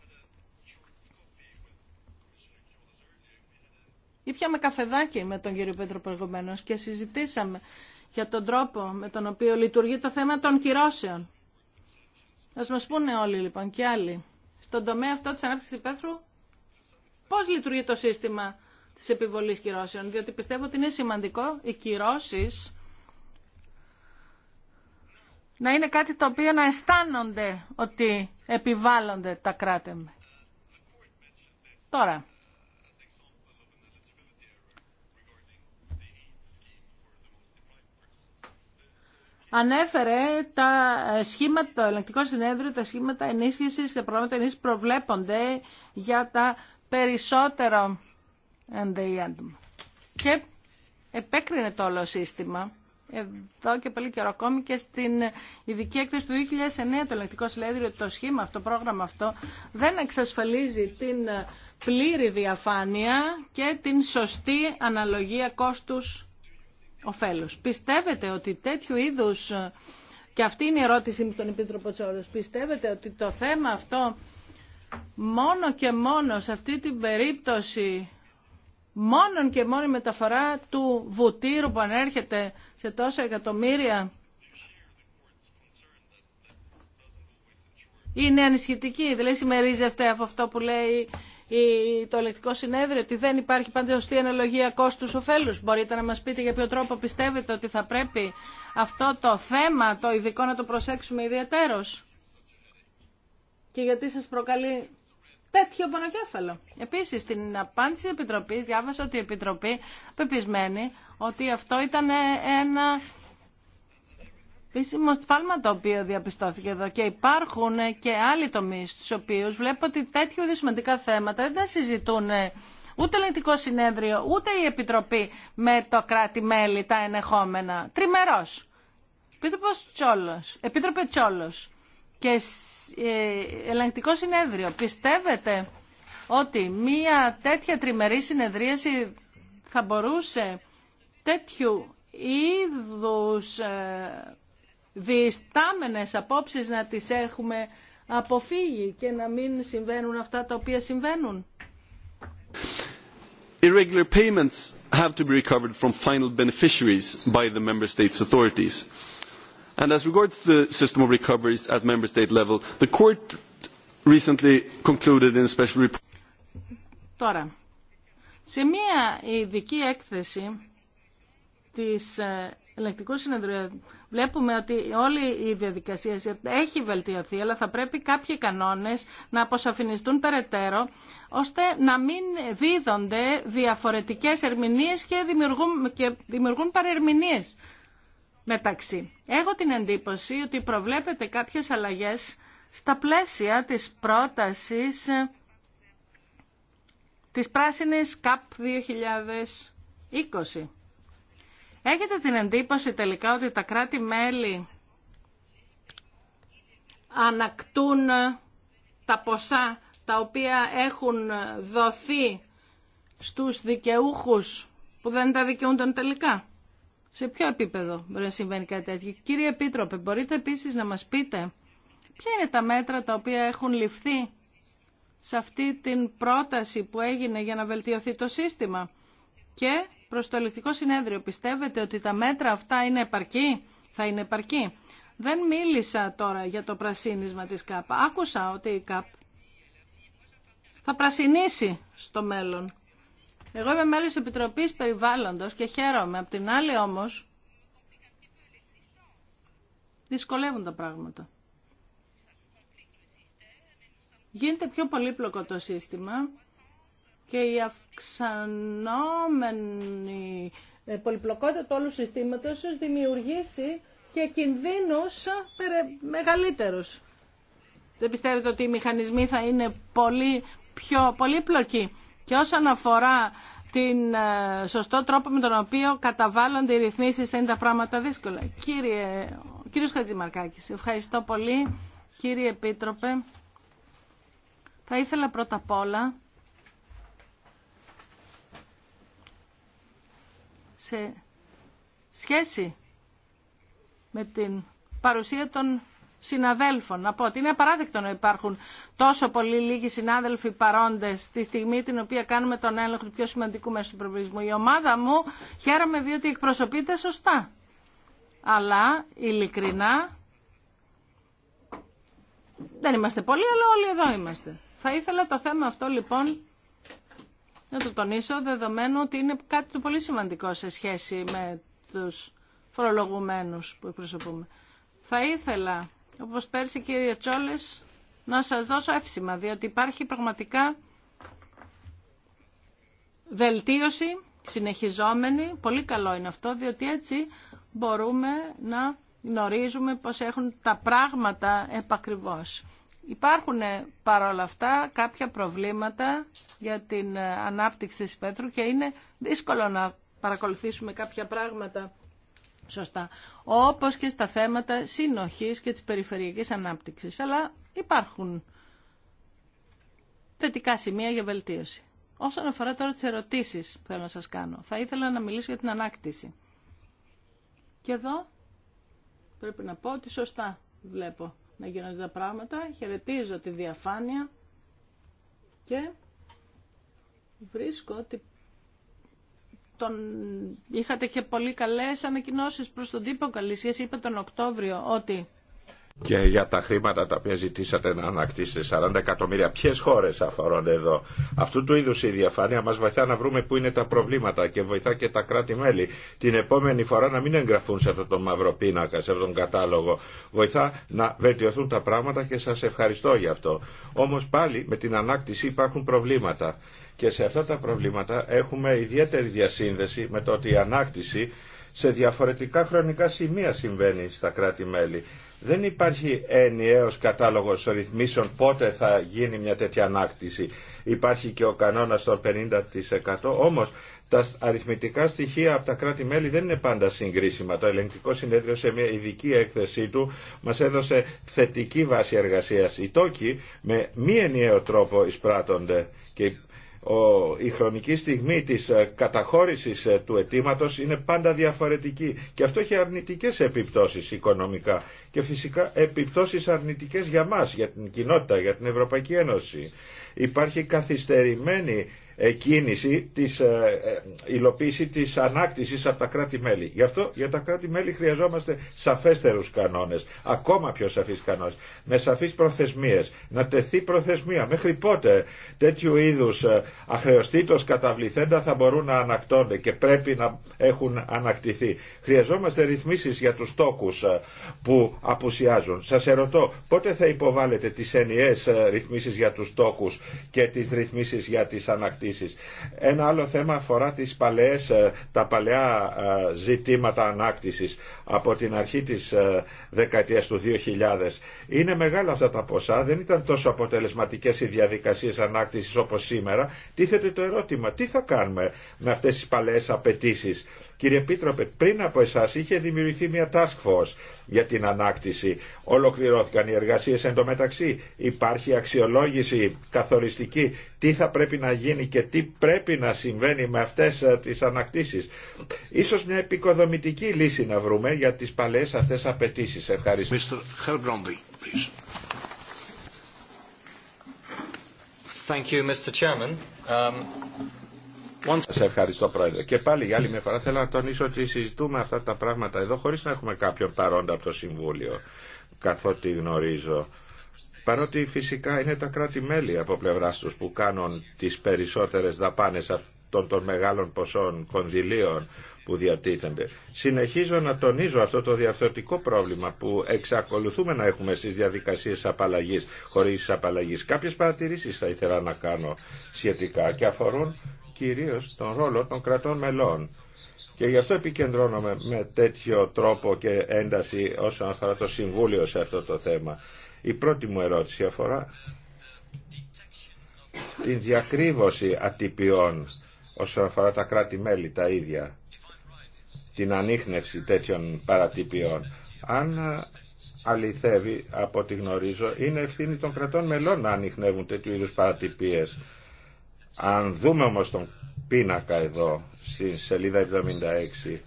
Speaker 3: Ήπιαμε καφεδάκι με τον κύριο Πέτρο προηγουμένω και συζητήσαμε για τον τρόπο με τον οποίο λειτουργεί το θέμα των κυρώσεων. Α μα πούνε όλοι λοιπόν και άλλοι. Στον τομέα αυτό τη ανάπτυξη του Πέθρου, πώ λειτουργεί το σύστημα τη επιβολή κυρώσεων. Διότι πιστεύω ότι είναι σημαντικό οι κυρώσει να είναι κάτι το οποίο να αισθάνονται ότι επιβάλλονται τα κράτη. Τώρα, ανέφερε τα σχήματα, το ελεγκτικό συνέδριο, τα σχήματα ενίσχυσης και προγράμματα ενίσχυσης προβλέπονται για τα περισσότερα. Και επέκρινε το όλο σύστημα εδώ και πολύ καιρό ακόμη και στην ειδική έκθεση του 2009 το ελεκτικό ότι το σχήμα αυτό, το πρόγραμμα αυτό δεν εξασφαλίζει την πλήρη διαφάνεια και την σωστή αναλογία κόστους κόστους-οφέλους. Πιστεύετε ότι τέτοιου είδους και αυτή είναι η ερώτησή μου στον Επίτροπο Τσόρος. Πιστεύετε ότι το θέμα αυτό μόνο και μόνο σε αυτή την περίπτωση μόνον και η μεταφορά του βουτύρου που ανέρχεται σε τόσα εκατομμύρια είναι ανισχυτική. Δηλαδή συμμερίζεται από αυτό που λέει το ελεκτικό συνέδριο ότι δεν υπάρχει πάντα σωστή αναλογία κόστους κόστους-οφέλους. Μπορείτε να μας πείτε για ποιο τρόπο πιστεύετε ότι θα πρέπει αυτό το θέμα, το ειδικό να το προσέξουμε ιδιαίτερος. Και γιατί σας προκαλεί τέτοιο πονοκέφαλο. Επίσης, στην απάντηση της Επιτροπής διάβασα ότι η Επιτροπή πεπισμένη ότι αυτό ήταν ένα επίσημο σφάλμα το οποίο διαπιστώθηκε εδώ και υπάρχουν και άλλοι τομεί στους οποίους βλέπω ότι τέτοιου είδους σημαντικά θέματα δεν συζητούν ούτε Ελληνικό συνέδριο, ούτε η Επιτροπή με το κράτη-μέλη τα ενεχόμενα. Τριμερός. Επίτροπος Τσόλος. Επίτροπε Τσόλος και ε, ελεγκτικό συνέδριο. Πιστεύετε ότι μία τέτοια τριμερή συνεδρίαση θα μπορούσε τέτοιου είδους ε, διστάμενες απόψεις να τις έχουμε αποφύγει και να μην συμβαίνουν αυτά τα οποία συμβαίνουν.
Speaker 1: payments have to be recovered
Speaker 2: from by the member states authorities. As regards the system of recoveries at member state level, the court recently concluded a special report.
Speaker 3: Τώρα, σε μία ειδική έκθεση της ε, ελεκτικού συνεδρίου βλέπουμε ότι όλη η διαδικασία έχει βελτιωθεί, αλλά θα πρέπει κάποιοι κανόνες να αποσαφινιστούν περαιτέρω, ώστε να μην δίδονται διαφορετικές ερμηνείες και δημιουργούν, και μεταξύ. Έχω την εντύπωση ότι προβλέπετε κάποιες αλλαγές στα πλαίσια της πρότασης ε, της πράσινης ΚΑΠ 2020. Έχετε την εντύπωση τελικά ότι τα κράτη-μέλη ανακτούν ε, τα ποσά τα οποία έχουν ε, δοθεί στους δικαιούχους που δεν τα δικαιούνταν τελικά. Σε ποιο επίπεδο μπορεί να συμβαίνει κάτι τέτοιο. Κύριε Επίτροπε, μπορείτε επίσης να μας πείτε ποια είναι τα μέτρα τα οποία έχουν ληφθεί σε αυτή την πρόταση που έγινε για να βελτιωθεί το σύστημα. Και προς το ελεκτικό συνέδριο πιστεύετε ότι τα μέτρα αυτά είναι επαρκή. Θα είναι επαρκή. Δεν μίλησα τώρα για το πρασίνισμα της ΚΑΠ. Άκουσα ότι η ΚΑΠ θα πρασινίσει στο μέλλον. Εγώ είμαι μέλος της Επιτροπής Περιβάλλοντος και χαίρομαι. Απ' την άλλη όμως, δυσκολεύουν τα πράγματα. Γίνεται πιο πολύπλοκο το σύστημα και η αυξανόμενη ε, πολυπλοκότητα του όλου συστήματος ίσως δημιουργήσει και κινδύνους ε, μεγαλύτερους. Δεν πιστεύετε ότι οι μηχανισμοί θα είναι πολύ πιο πολύπλοκοι και όσον αφορά την ε, σωστό τρόπο με τον οποίο καταβάλλονται οι ρυθμίσεις θα είναι τα πράγματα δύσκολα. Κύριε, κύριος Χατζημαρκάκης, ευχαριστώ πολύ. Κύριε Επίτροπε, θα ήθελα πρώτα απ' όλα σε σχέση με την παρουσία των συναδέλφων. Να πω ότι είναι απαράδεκτο να υπάρχουν τόσο πολύ λίγοι συνάδελφοι παρόντε τη στιγμή την οποία κάνουμε τον έλεγχο του πιο σημαντικού μέσου του προβλησμού. Η ομάδα μου χαίρομαι διότι εκπροσωπείται σωστά. Αλλά ειλικρινά δεν είμαστε πολλοί, αλλά όλοι εδώ είμαστε. Θα ήθελα το θέμα αυτό λοιπόν να το τονίσω, δεδομένου ότι είναι κάτι το πολύ σημαντικό σε σχέση με τους φορολογουμένους που εκπροσωπούμε. Θα ήθελα όπως πέρσι κύριε Τσόλες, να σας δώσω εύσημα, διότι υπάρχει πραγματικά βελτίωση συνεχιζόμενη. Πολύ καλό είναι αυτό, διότι έτσι μπορούμε να γνωρίζουμε πώς έχουν τα πράγματα επακριβώς. Υπάρχουν ε, παρόλα αυτά κάποια προβλήματα για την ε, ανάπτυξη της Πέτρου και είναι δύσκολο να παρακολουθήσουμε κάποια πράγματα σωστά, όπως και στα θέματα συνοχής και της περιφερειακής ανάπτυξης. Αλλά υπάρχουν θετικά σημεία για βελτίωση. Όσον αφορά τώρα τις ερωτήσεις που θέλω να σας κάνω, θα ήθελα να μιλήσω για την ανάκτηση. Και εδώ πρέπει να πω ότι σωστά βλέπω να γίνονται τα πράγματα, χαιρετίζω τη διαφάνεια και βρίσκω ότι τον... είχατε και πολύ καλές ανακοινώσεις προς τον τύπο Καλυσίας. Είπε τον Οκτώβριο ότι
Speaker 1: και για τα χρήματα τα οποία ζητήσατε να ανακτήσετε 40 εκατομμύρια, ποιε χώρε αφορώνται εδώ. Αυτού του είδου η διαφάνεια μα βοηθά να βρούμε πού είναι τα προβλήματα και βοηθά και τα κράτη-μέλη την επόμενη φορά να μην εγγραφούν σε αυτόν τον μαύρο πίνακα, σε αυτόν τον κατάλογο. Βοηθά να βελτιωθούν τα πράγματα και σα ευχαριστώ γι' αυτό. Όμω πάλι με την ανάκτηση υπάρχουν προβλήματα. Και σε αυτά τα προβλήματα έχουμε ιδιαίτερη διασύνδεση με το ότι η ανάκτηση σε διαφορετικά χρονικά σημεία συμβαίνει στα κράτη-μέλη. Δεν υπάρχει ενιαίος κατάλογος ρυθμίσεων πότε θα γίνει μια τέτοια ανάκτηση. Υπάρχει και ο κανόνας των 50%. Όμως τα αριθμητικά στοιχεία από τα κράτη-μέλη δεν είναι πάντα συγκρίσιμα. Το ελεγκτικό συνέδριο σε μια ειδική έκθεσή του μας έδωσε θετική βάση εργασίας. Οι τόκοι με μη ενιαίο τρόπο εισπράττονται η χρονική στιγμή της ε, καταχώρησης ε, του αιτήματο είναι πάντα διαφορετική και αυτό έχει αρνητικές επιπτώσεις οικονομικά και φυσικά επιπτώσεις αρνητικές για μας, για την κοινότητα, για την Ευρωπαϊκή Ένωση. Υπάρχει καθυστερημένη κίνηση της ε, ε, υλοποίηση της ανάκτησης από τα κράτη-μέλη. Γι' αυτό για τα κράτη-μέλη χρειαζόμαστε σαφέστερους κανόνες, ακόμα πιο σαφείς κανόνες, με σαφείς προθεσμίες. Να τεθεί προθεσμία μέχρι πότε τέτοιου είδους ε, αχρεωστήτως καταβληθέντα θα μπορούν να ανακτώνται και πρέπει να έχουν ανακτηθεί. Χρειαζόμαστε ρυθμίσεις για τους τόκους που απουσιάζουν. Σας ερωτώ πότε θα υποβάλλετε τις ενιαίες ρυθμίσεις για τους τόκους και τις ρυθμίσεις για τις ανακτήσεις ένα άλλο θέμα αφορά τις παλαιές, ε, τα παλαιά ε, ζητήματα ανάκτησης από την αρχή της ε, δεκαετίας του 2000. Είναι μεγάλα αυτά τα ποσά, δεν ήταν τόσο αποτελεσματικές οι διαδικασίες ανάκτησης όπως σήμερα. Τίθεται το ερώτημα, τι θα κάνουμε με αυτές τις παλαιές απαιτήσει Κύριε Πίτροπε, πριν από εσά είχε δημιουργηθεί μια task force για την ανάκτηση. Ολοκληρώθηκαν οι εργασίε εντωμεταξύ. Υπάρχει αξιολόγηση καθοριστική τι θα πρέπει να γίνει και τι πρέπει να συμβαίνει με αυτέ ε, τι ανακτήσει. Ίσως μια επικοδομητική λύση να βρούμε για τι παλαιέ αυτέ απαιτήσει. Ευχαριστώ. Thank you, Mr.
Speaker 3: Chairman. Um...
Speaker 1: Σε ευχαριστώ πρόεδρε. Και πάλι για άλλη μια φορά θέλω να τονίσω ότι συζητούμε αυτά τα πράγματα εδώ χωρίς να έχουμε κάποιο παρόντα από το Συμβούλιο, καθότι γνωρίζω. Παρότι φυσικά είναι τα κράτη-μέλη από πλευρά του που κάνουν τις περισσότερες δαπάνες αυτών των μεγάλων ποσών κονδυλίων που διατίθενται. Συνεχίζω να τονίζω αυτό το διαφθορτικό πρόβλημα που εξακολουθούμε να έχουμε στις διαδικασίες απαλλαγής, χωρίς απαλλαγή. Κάποιες παρατηρήσεις θα ήθελα να κάνω σχετικά και αφορούν κυρίως τον ρόλο των κρατών μελών. Και γι' αυτό επικεντρώνομαι με τέτοιο τρόπο και ένταση όσον αφορά το Συμβούλιο σε αυτό το θέμα. Η πρώτη μου ερώτηση αφορά την διακρύβωση ατυπιών όσον αφορά τα κράτη-μέλη τα ίδια, την ανείχνευση τέτοιων παρατυπιών. Αν αληθεύει από ό,τι γνωρίζω, είναι ευθύνη των κρατών μελών να ανοιχνεύουν τέτοιου είδους παρατυπίες αν δούμε όμως τον πίνακα εδώ, στην σελίδα 76,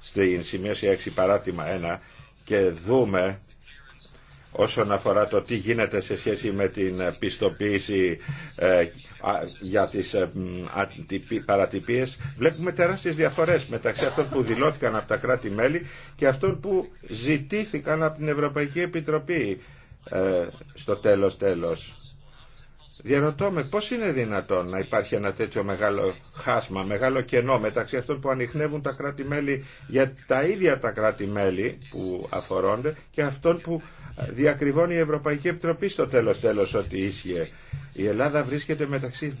Speaker 1: στη σημείωση 6 παράτημα 1, και δούμε όσον αφορά το τι γίνεται σε σχέση με την πιστοποίηση ε, για τις ε, παρατυπίες βλέπουμε τεράστιες διαφορές μεταξύ αυτών που δηλώθηκαν από τα κράτη-μέλη και αυτών που ζητήθηκαν από την Ευρωπαϊκή Επιτροπή ε, στο τέλος-τέλος. Διαρωτώ με πώς είναι δυνατόν να υπάρχει ένα τέτοιο μεγάλο χάσμα, μεγάλο κενό μεταξύ αυτών που ανοιχνεύουν τα κράτη-μέλη για τα ίδια τα κράτη-μέλη που αφορώνται και αυτών που διακριβώνει η Ευρωπαϊκή Επιτροπή στο τέλος τέλος ότι ίσχυε. Η Ελλάδα βρίσκεται μεταξύ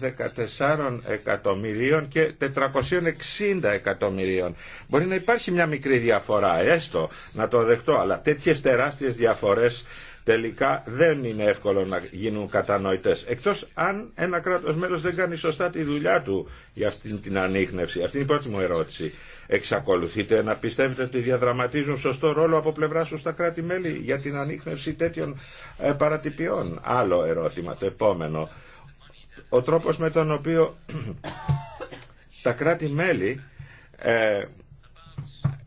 Speaker 1: 14 εκατομμυρίων και 460 εκατομμυρίων. Μπορεί να υπάρχει μια μικρή διαφορά, έστω να το δεχτώ, αλλά τέτοιες τεράστιες διαφορές τελικά δεν είναι εύκολο να γίνουν κατανοητές. Εκτός αν ένα κράτος μέλος δεν κάνει σωστά τη δουλειά του για αυτή την ανείχνευση. Αυτή είναι η πρώτη μου ερώτηση. Εξακολουθείτε να πιστεύετε ότι διαδραματίζουν σωστό ρόλο από πλευρά σου στα κράτη-μέλη για την ανείχνευση τέτοιων ε, παρατυπιών. Άλλο ερώτημα, το επόμενο. Ο τρόπος με τον οποίο <clears throat> τα κράτη-μέλη ε,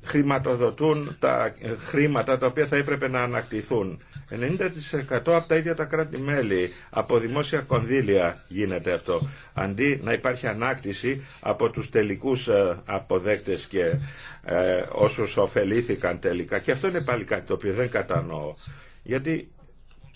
Speaker 1: χρηματοδοτούν τα ε, χρήματα τα οποία θα έπρεπε να ανακτηθούν. 90% από τα ίδια τα κράτη-μέλη, από δημόσια κονδύλια γίνεται αυτό. Αντί να υπάρχει ανάκτηση από τους τελικούς ε, αποδέκτες και ε, όσους ωφελήθηκαν τελικά. Και αυτό είναι πάλι κάτι το οποίο δεν κατανοώ. Γιατί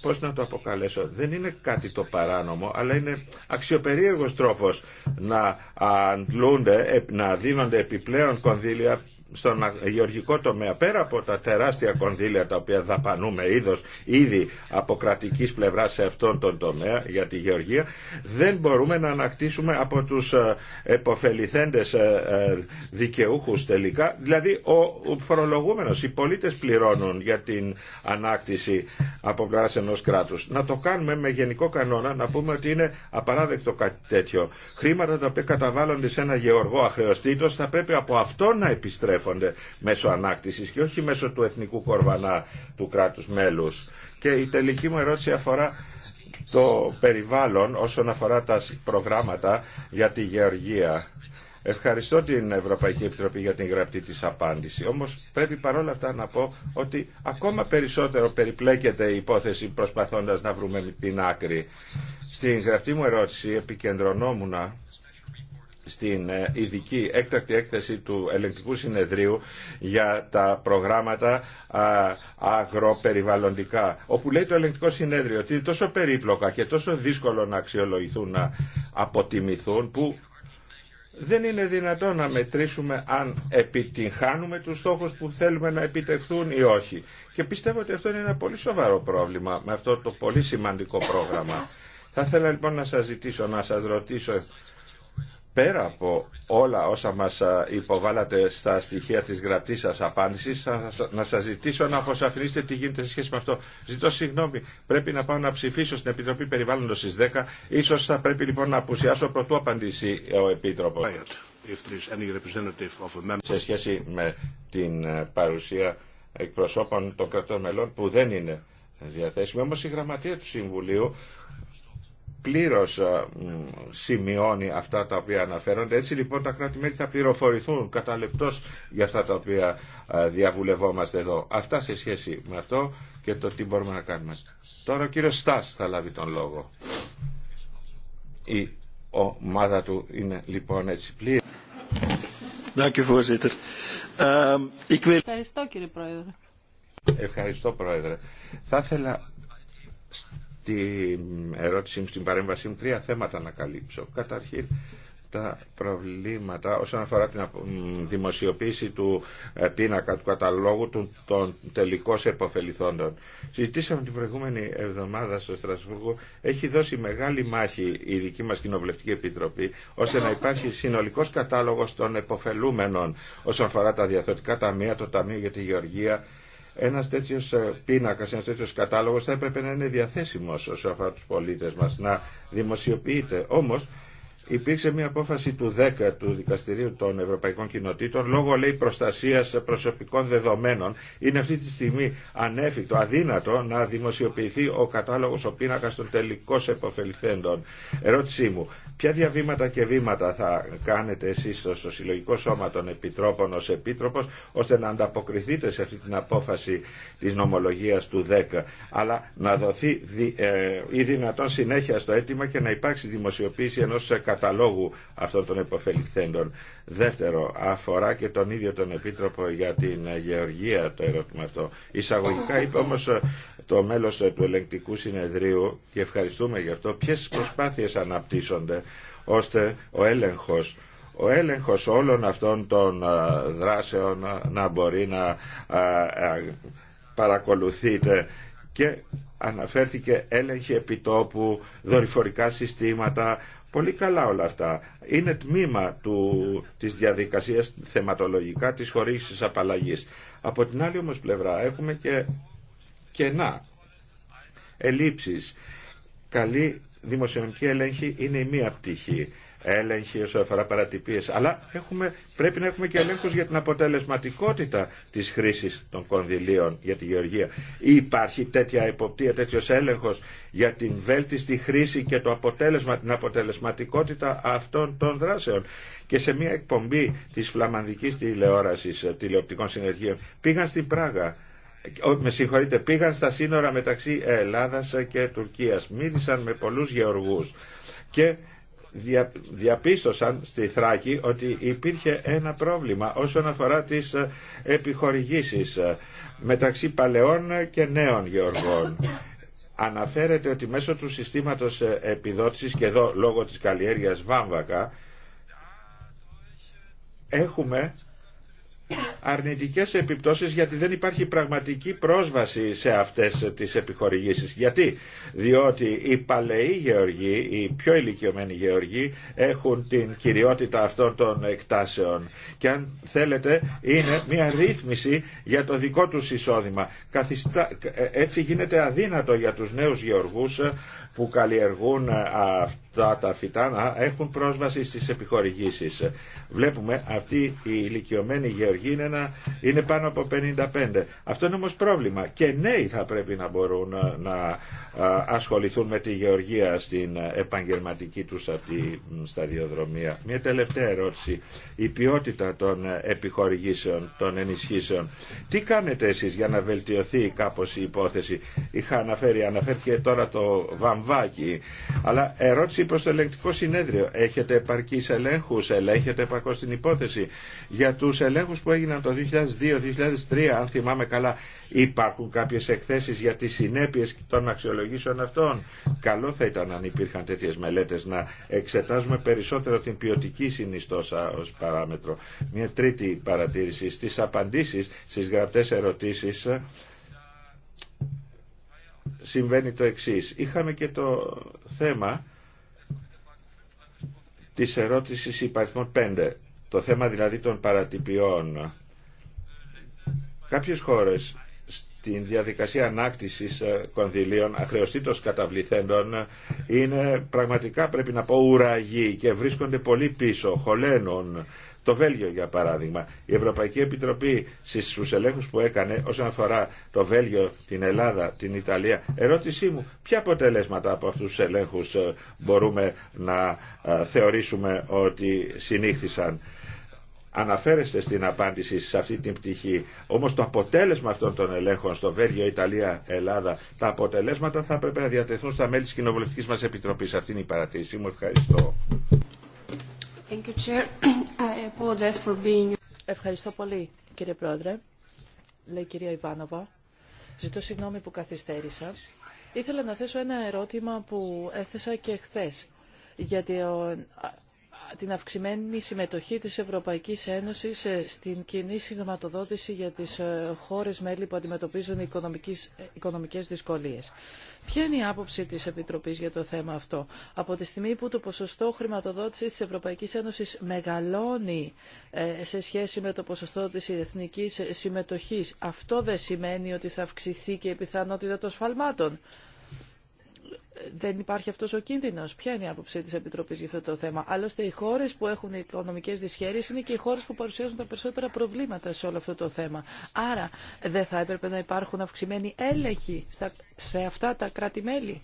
Speaker 1: πώς να το αποκαλέσω, δεν είναι κάτι το παράνομο, αλλά είναι αξιοπερίεργος τρόπος να αντλούνται, ε, να δίνονται επιπλέον κονδύλια στον γεωργικό τομέα, πέρα από τα τεράστια κονδύλια τα οποία δαπανούμε είδος, ήδη από κρατική πλευρά σε αυτόν τον τομέα για τη γεωργία, δεν μπορούμε να ανακτήσουμε από τους ε, εποφεληθέντες ε, ε, δικαιούχους τελικά. Δηλαδή ο φορολογούμενος, οι πολίτες πληρώνουν για την ανάκτηση από πλευρά ενό κράτους. Να το κάνουμε με γενικό κανόνα, να πούμε ότι είναι απαράδεκτο κάτι τέτοιο. Χρήματα τα οποία καταβάλλονται σε ένα γεωργό αχρεωστήτο θα πρέπει από αυτό να επιστρέφουν μέσω ανάκτησης και όχι μέσω του εθνικού κορβανά του κράτους μέλους. Και η τελική μου ερώτηση αφορά το περιβάλλον όσον αφορά τα προγράμματα για τη γεωργία. Ευχαριστώ την Ευρωπαϊκή Επιτροπή για την γραπτή της απάντηση. Όμως πρέπει παρόλα αυτά να πω ότι ακόμα περισσότερο περιπλέκεται η υπόθεση προσπαθώντας να βρούμε την άκρη. Στην γραπτή μου ερώτηση επικεντρωνόμουν στην ε, ειδική έκτακτη έκθεση του ελεγκτικού συνεδρίου για τα προγράμματα αγροπεριβαλλοντικά, όπου λέει το ελεγκτικό συνέδριο ότι είναι τόσο περίπλοκα και τόσο δύσκολο να αξιολογηθούν, να αποτιμηθούν, που δεν είναι δυνατό να μετρήσουμε αν επιτυγχάνουμε τους στόχους που θέλουμε να επιτευχθούν ή όχι. Και πιστεύω ότι αυτό είναι ένα πολύ σοβαρό πρόβλημα με αυτό το πολύ σημαντικό πρόγραμμα. Θα ήθελα λοιπόν να σας ζητήσω, να σας ρωτήσω πέρα από όλα όσα μας υποβάλατε στα στοιχεία της γραπτής σας απάντησης, να σας ζητήσω να αποσαφηνίσετε τι γίνεται σε σχέση με αυτό. Ζητώ συγγνώμη, πρέπει να πάω να ψηφίσω στην Επιτροπή Περιβάλλοντος στις 10. Ίσως θα πρέπει λοιπόν να απουσιάσω πρωτού απαντήσει ο Επίτροπος. Σε σχέση με την ε, παρουσία εκπροσώπων των κρατών μελών που δεν είναι διαθέσιμη, Όμως η γραμματεία του Συμβουλίου πλήρως ε, σημειώνει αυτά τα οποία αναφέρονται. Έτσι λοιπόν τα κράτη-μέλη θα πληροφορηθούν κατά λεπτός για αυτά τα οποία ε, διαβουλευόμαστε εδώ. Αυτά σε σχέση με αυτό και το τι μπορούμε να κάνουμε. Τώρα ο κύριος Στάς θα λάβει τον λόγο. Η ομάδα του είναι λοιπόν έτσι πλήρη. Ehm,
Speaker 3: Ευχαριστώ κύριε Πρόεδρε.
Speaker 1: Ευχαριστώ Πρόεδρε. Θα ήθελα στην ερώτησή μου, στην παρέμβασή μου, τρία θέματα να καλύψω. Καταρχήν, τα προβλήματα όσον αφορά την δημοσιοποίηση του ε, πίνακα του καταλόγου των τελικώς επωφεληθόντων. Συζητήσαμε την προηγούμενη εβδομάδα στο Στρασβούργο. Έχει δώσει μεγάλη μάχη η δική μας Κοινοβουλευτική Επιτροπή ώστε να υπάρχει συνολικός κατάλογος των επωφελούμενων όσον αφορά τα διαθετικά ταμεία, το Ταμείο για τη Γεωργία ένας τέτοιος ε, πίνακας, ένας τέτοιος κατάλογος θα έπρεπε να είναι διαθέσιμος όσο αφορά τους πολίτες μας, να δημοσιοποιείται. Όμως υπήρξε μια απόφαση του 10 του Δικαστηρίου των Ευρωπαϊκών Κοινοτήτων λόγω λέει προστασίας προσωπικών δεδομένων. Είναι αυτή τη στιγμή ανέφικτο, αδύνατο να δημοσιοποιηθεί ο κατάλογο ο πίνακα των τελικώς επωφεληθέντων. Ερώτησή μου, ποια διαβήματα και βήματα θα κάνετε εσεί στο Συλλογικό Σώμα των Επιτρόπων ω επίτροπο, ώστε να ανταποκριθείτε σε αυτή την απόφαση τη νομολογία του 10 αλλά να δοθεί ε, ή δυνατόν συνέχεια στο αίτημα και να υπάρξει δημοσιοποίηση κατασκευή καταλόγου αυτών των υποφεληθέντων. Δεύτερο, αφορά και τον ίδιο τον Επίτροπο για την Γεωργία το ερώτημα αυτό. Εισαγωγικά είπε όμω ε, το μέλος ε, του ελεγκτικού συνεδρίου και ευχαριστούμε γι' αυτό ποιε προσπάθειες αναπτύσσονται ώστε ο έλεγχος ο έλεγχος όλων αυτών των ε, δράσεων να μπορεί να παρακολουθείτε και αναφέρθηκε έλεγχη επιτόπου, δορυφορικά συστήματα, Πολύ καλά όλα αυτά. Είναι τμήμα του, της διαδικασίας θεματολογικά της χορήγησης απαλλαγής. Από την άλλη όμως πλευρά έχουμε και κενά, ελλείψεις. Καλή δημοσιονομική έλεγχη είναι η μία πτυχή έλεγχοι όσο αφορά παρατυπίες. Αλλά έχουμε, πρέπει να έχουμε και ελέγχους για την αποτελεσματικότητα της χρήσης των κονδυλίων για τη γεωργία. υπάρχει τέτοια εποπτεία, τέτοιος έλεγχος για την βέλτιστη χρήση και το αποτέλεσμα, την αποτελεσματικότητα αυτών των δράσεων. Και σε μια εκπομπή της φλαμανδικής τηλεόρασης τηλεοπτικών συνεργείων πήγαν στην Πράγα με συγχωρείτε, πήγαν στα σύνορα μεταξύ Ελλάδας και Τουρκίας. Μίλησαν με πολλούς γεωργούς και διαπίστωσαν στη Θράκη ότι υπήρχε ένα πρόβλημα όσον αφορά τις ε, επιχορηγήσεις ε, μεταξύ παλαιών και νέων γεωργών. Αναφέρεται ότι μέσω του συστήματος ε, επιδότησης και εδώ λόγω της καλλιέργειας βάμβακα έχουμε αρνητικές επιπτώσεις γιατί δεν υπάρχει πραγματική πρόσβαση σε αυτές τις επιχορηγήσεις. Γιατί, διότι οι παλαιοί γεωργοί, οι πιο ηλικιωμένοι γεωργοί έχουν την κυριότητα αυτών των εκτάσεων και αν θέλετε είναι μια ρύθμιση για το δικό τους εισόδημα. Ε, έτσι γίνεται αδύνατο για τους νέους γεωργούς που καλλιεργούν αυτά ε, τα τα φυτά να έχουν πρόσβαση στις επιχορηγήσεις. Βλέπουμε αυτή η ηλικιωμένη γεωργή είναι, ένα, είναι πάνω από 55. Αυτό είναι όμως πρόβλημα και νέοι θα πρέπει να μπορούν να ασχοληθούν με τη γεωργία στην επαγγελματική τους αυτή σταδιοδρομία. Μια τελευταία ερώτηση. Η ποιότητα των επιχορηγήσεων, των ενισχύσεων. Τι κάνετε εσείς για να βελτιωθεί κάπως η υπόθεση. Είχα αναφέρει, αναφέρθηκε τώρα το βαμβάκι. Αλλά ερώτηση Προ προς το ελεγκτικό συνέδριο. Έχετε επαρκείς ελέγχους, ελέγχετε επαρκώς την υπόθεση. Για τους ελέγχους που έγιναν το 2002-2003, αν θυμάμαι καλά, υπάρχουν κάποιες εκθέσεις για τις συνέπειες των αξιολογήσεων αυτών. Καλό θα ήταν αν υπήρχαν τέτοιες μελέτες να εξετάζουμε περισσότερο την ποιοτική συνιστόσα ως παράμετρο. Μια τρίτη παρατήρηση στις απαντήσεις, στις γραπτές ερωτήσεις, συμβαίνει το εξής. Είχαμε και το θέμα της ερώτησης υπαριθμών 5, το θέμα δηλαδή των παρατυπιών. Κάποιες χώρες στην διαδικασία ανάκτησης ε, κονδυλίων αχρεωστήτως καταβληθέντων ε, είναι πραγματικά πρέπει να πω ουραγοί και βρίσκονται πολύ πίσω, χολένων το Βέλγιο, για παράδειγμα, η Ευρωπαϊκή Επιτροπή στου ελέγχου που έκανε όσον αφορά το Βέλγιο, την Ελλάδα, την Ιταλία, ερώτησή μου, ποια αποτελέσματα από αυτού του ελέγχου ε, μπορούμε να ε, θεωρήσουμε ότι συνήχθησαν. Αναφέρεστε στην απάντηση σε αυτή την πτυχή. Όμω το αποτέλεσμα αυτών των ελέγχων στο Βέλγιο, Ιταλία, Ελλάδα, τα αποτελέσματα θα έπρεπε να διατεθούν στα μέλη τη κοινοβουλευτική μα επιτροπή. Αυτή είναι η παρατήρησή μου. Ευχαριστώ.
Speaker 2: <clears throat> Ευχαριστώ πολύ, κύριε Πρόεδρε. Λέει η κυρία Ιβάνοβα. Ζητώ συγγνώμη που καθυστέρησα. Ήθελα να θέσω ένα ερώτημα που έθεσα και χθες Γιατί την αυξημένη συμμετοχή της Ευρωπαϊκής Ένωσης ε, στην κοινή συγχρηματοδότηση για τις ε, χώρες μέλη που αντιμετωπίζουν ε, οικονομικές δυσκολίες. Ποια είναι η άποψη της Επιτροπής για το θέμα αυτό. Από τη στιγμή που το ποσοστό χρηματοδότησης της Ευρωπαϊκής Ένωσης μεγαλώνει σε σχέση με το ποσοστό της εθνικής συμμετοχής, αυτό δεν σημαίνει ότι θα αυξηθεί και η πιθανότητα των σφαλμάτων δεν υπάρχει αυτός ο κίνδυνος. Ποια είναι η άποψη της Επιτροπής για αυτό το θέμα. Άλλωστε οι χώρες που έχουν οικονομικές δυσχέρειες είναι και οι χώρες που παρουσιάζουν τα περισσότερα προβλήματα σε όλο αυτό το θέμα. Άρα δεν θα έπρεπε να υπάρχουν αυξημένοι έλεγχοι σε αυτά τα κράτη-μέλη.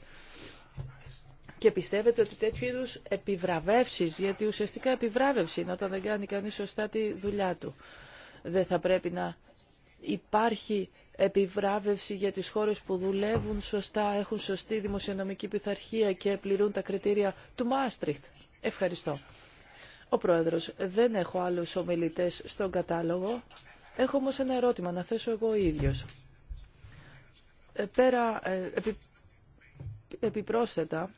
Speaker 2: Και πιστεύετε ότι τέτοιου είδους επιβραβεύσεις, γιατί ουσιαστικά επιβράβευση είναι όταν δεν κάνει κανείς σωστά τη δουλειά του. Δεν θα πρέπει να υπάρχει επιβράβευση για τις χώρες που δουλεύουν σωστά, έχουν σωστή δημοσιονομική πειθαρχία και πληρούν τα κριτήρια του Μάστριχτ. Ευχαριστώ. Ο Πρόεδρος, δεν έχω άλλους ομιλητές στον κατάλογο. Έχω όμως ένα ερώτημα να θέσω εγώ ο ίδιος. Ε, πέρα, ε, επι, επιπρόσθετα,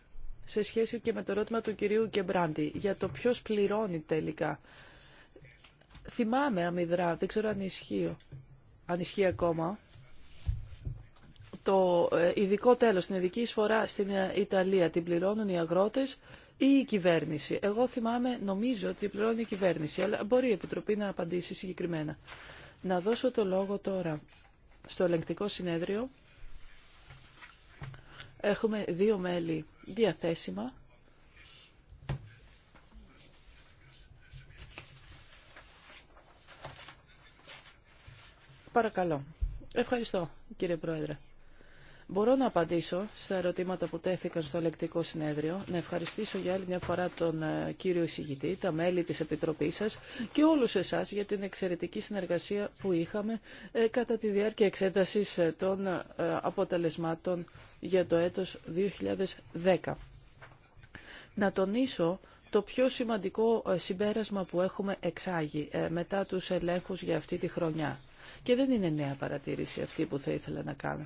Speaker 2: σε σχέση και με το ερώτημα του κυρίου Κεμπράντη, για το ποιος πληρώνει τελικά. Θυμάμαι αμυδρά, δεν ξέρω αν ισχύει, αν ισχύει ακόμα, το ε, ειδικό τέλος, την ειδική εισφορά στην ε, Ιταλία την πληρώνουν οι αγρότες ή η κυβέρνηση. Εγώ θυμάμαι, νομίζω ότι πληρώνει η κυβέρνηση, αλλά μπορεί η Επιτροπή να απαντήσει συγκεκριμένα. Να δώσω το λόγο τώρα στο ελεγκτικό συνέδριο. Έχουμε δύο μέλη διαθέσιμα. Παρακαλώ. Ευχαριστώ, κύριε Πρόεδρε. Μπορώ να απαντήσω στα ερωτήματα που τέθηκαν στο ελεκτικό συνέδριο, να ευχαριστήσω για άλλη μια φορά τον ε, κύριο εισηγητή, τα μέλη της Επιτροπής σας και όλους εσάς για την εξαιρετική συνεργασία που είχαμε ε, κατά τη διάρκεια εξέτασης ε, των αποτελεσμάτων για το έτος 2010. Να τονίσω το πιο σημαντικό συμπέρασμα που έχουμε εξάγει μετά τους ελέγχους για αυτή τη χρονιά. Και δεν είναι νέα παρατήρηση αυτή που θα ήθελα να κάνω.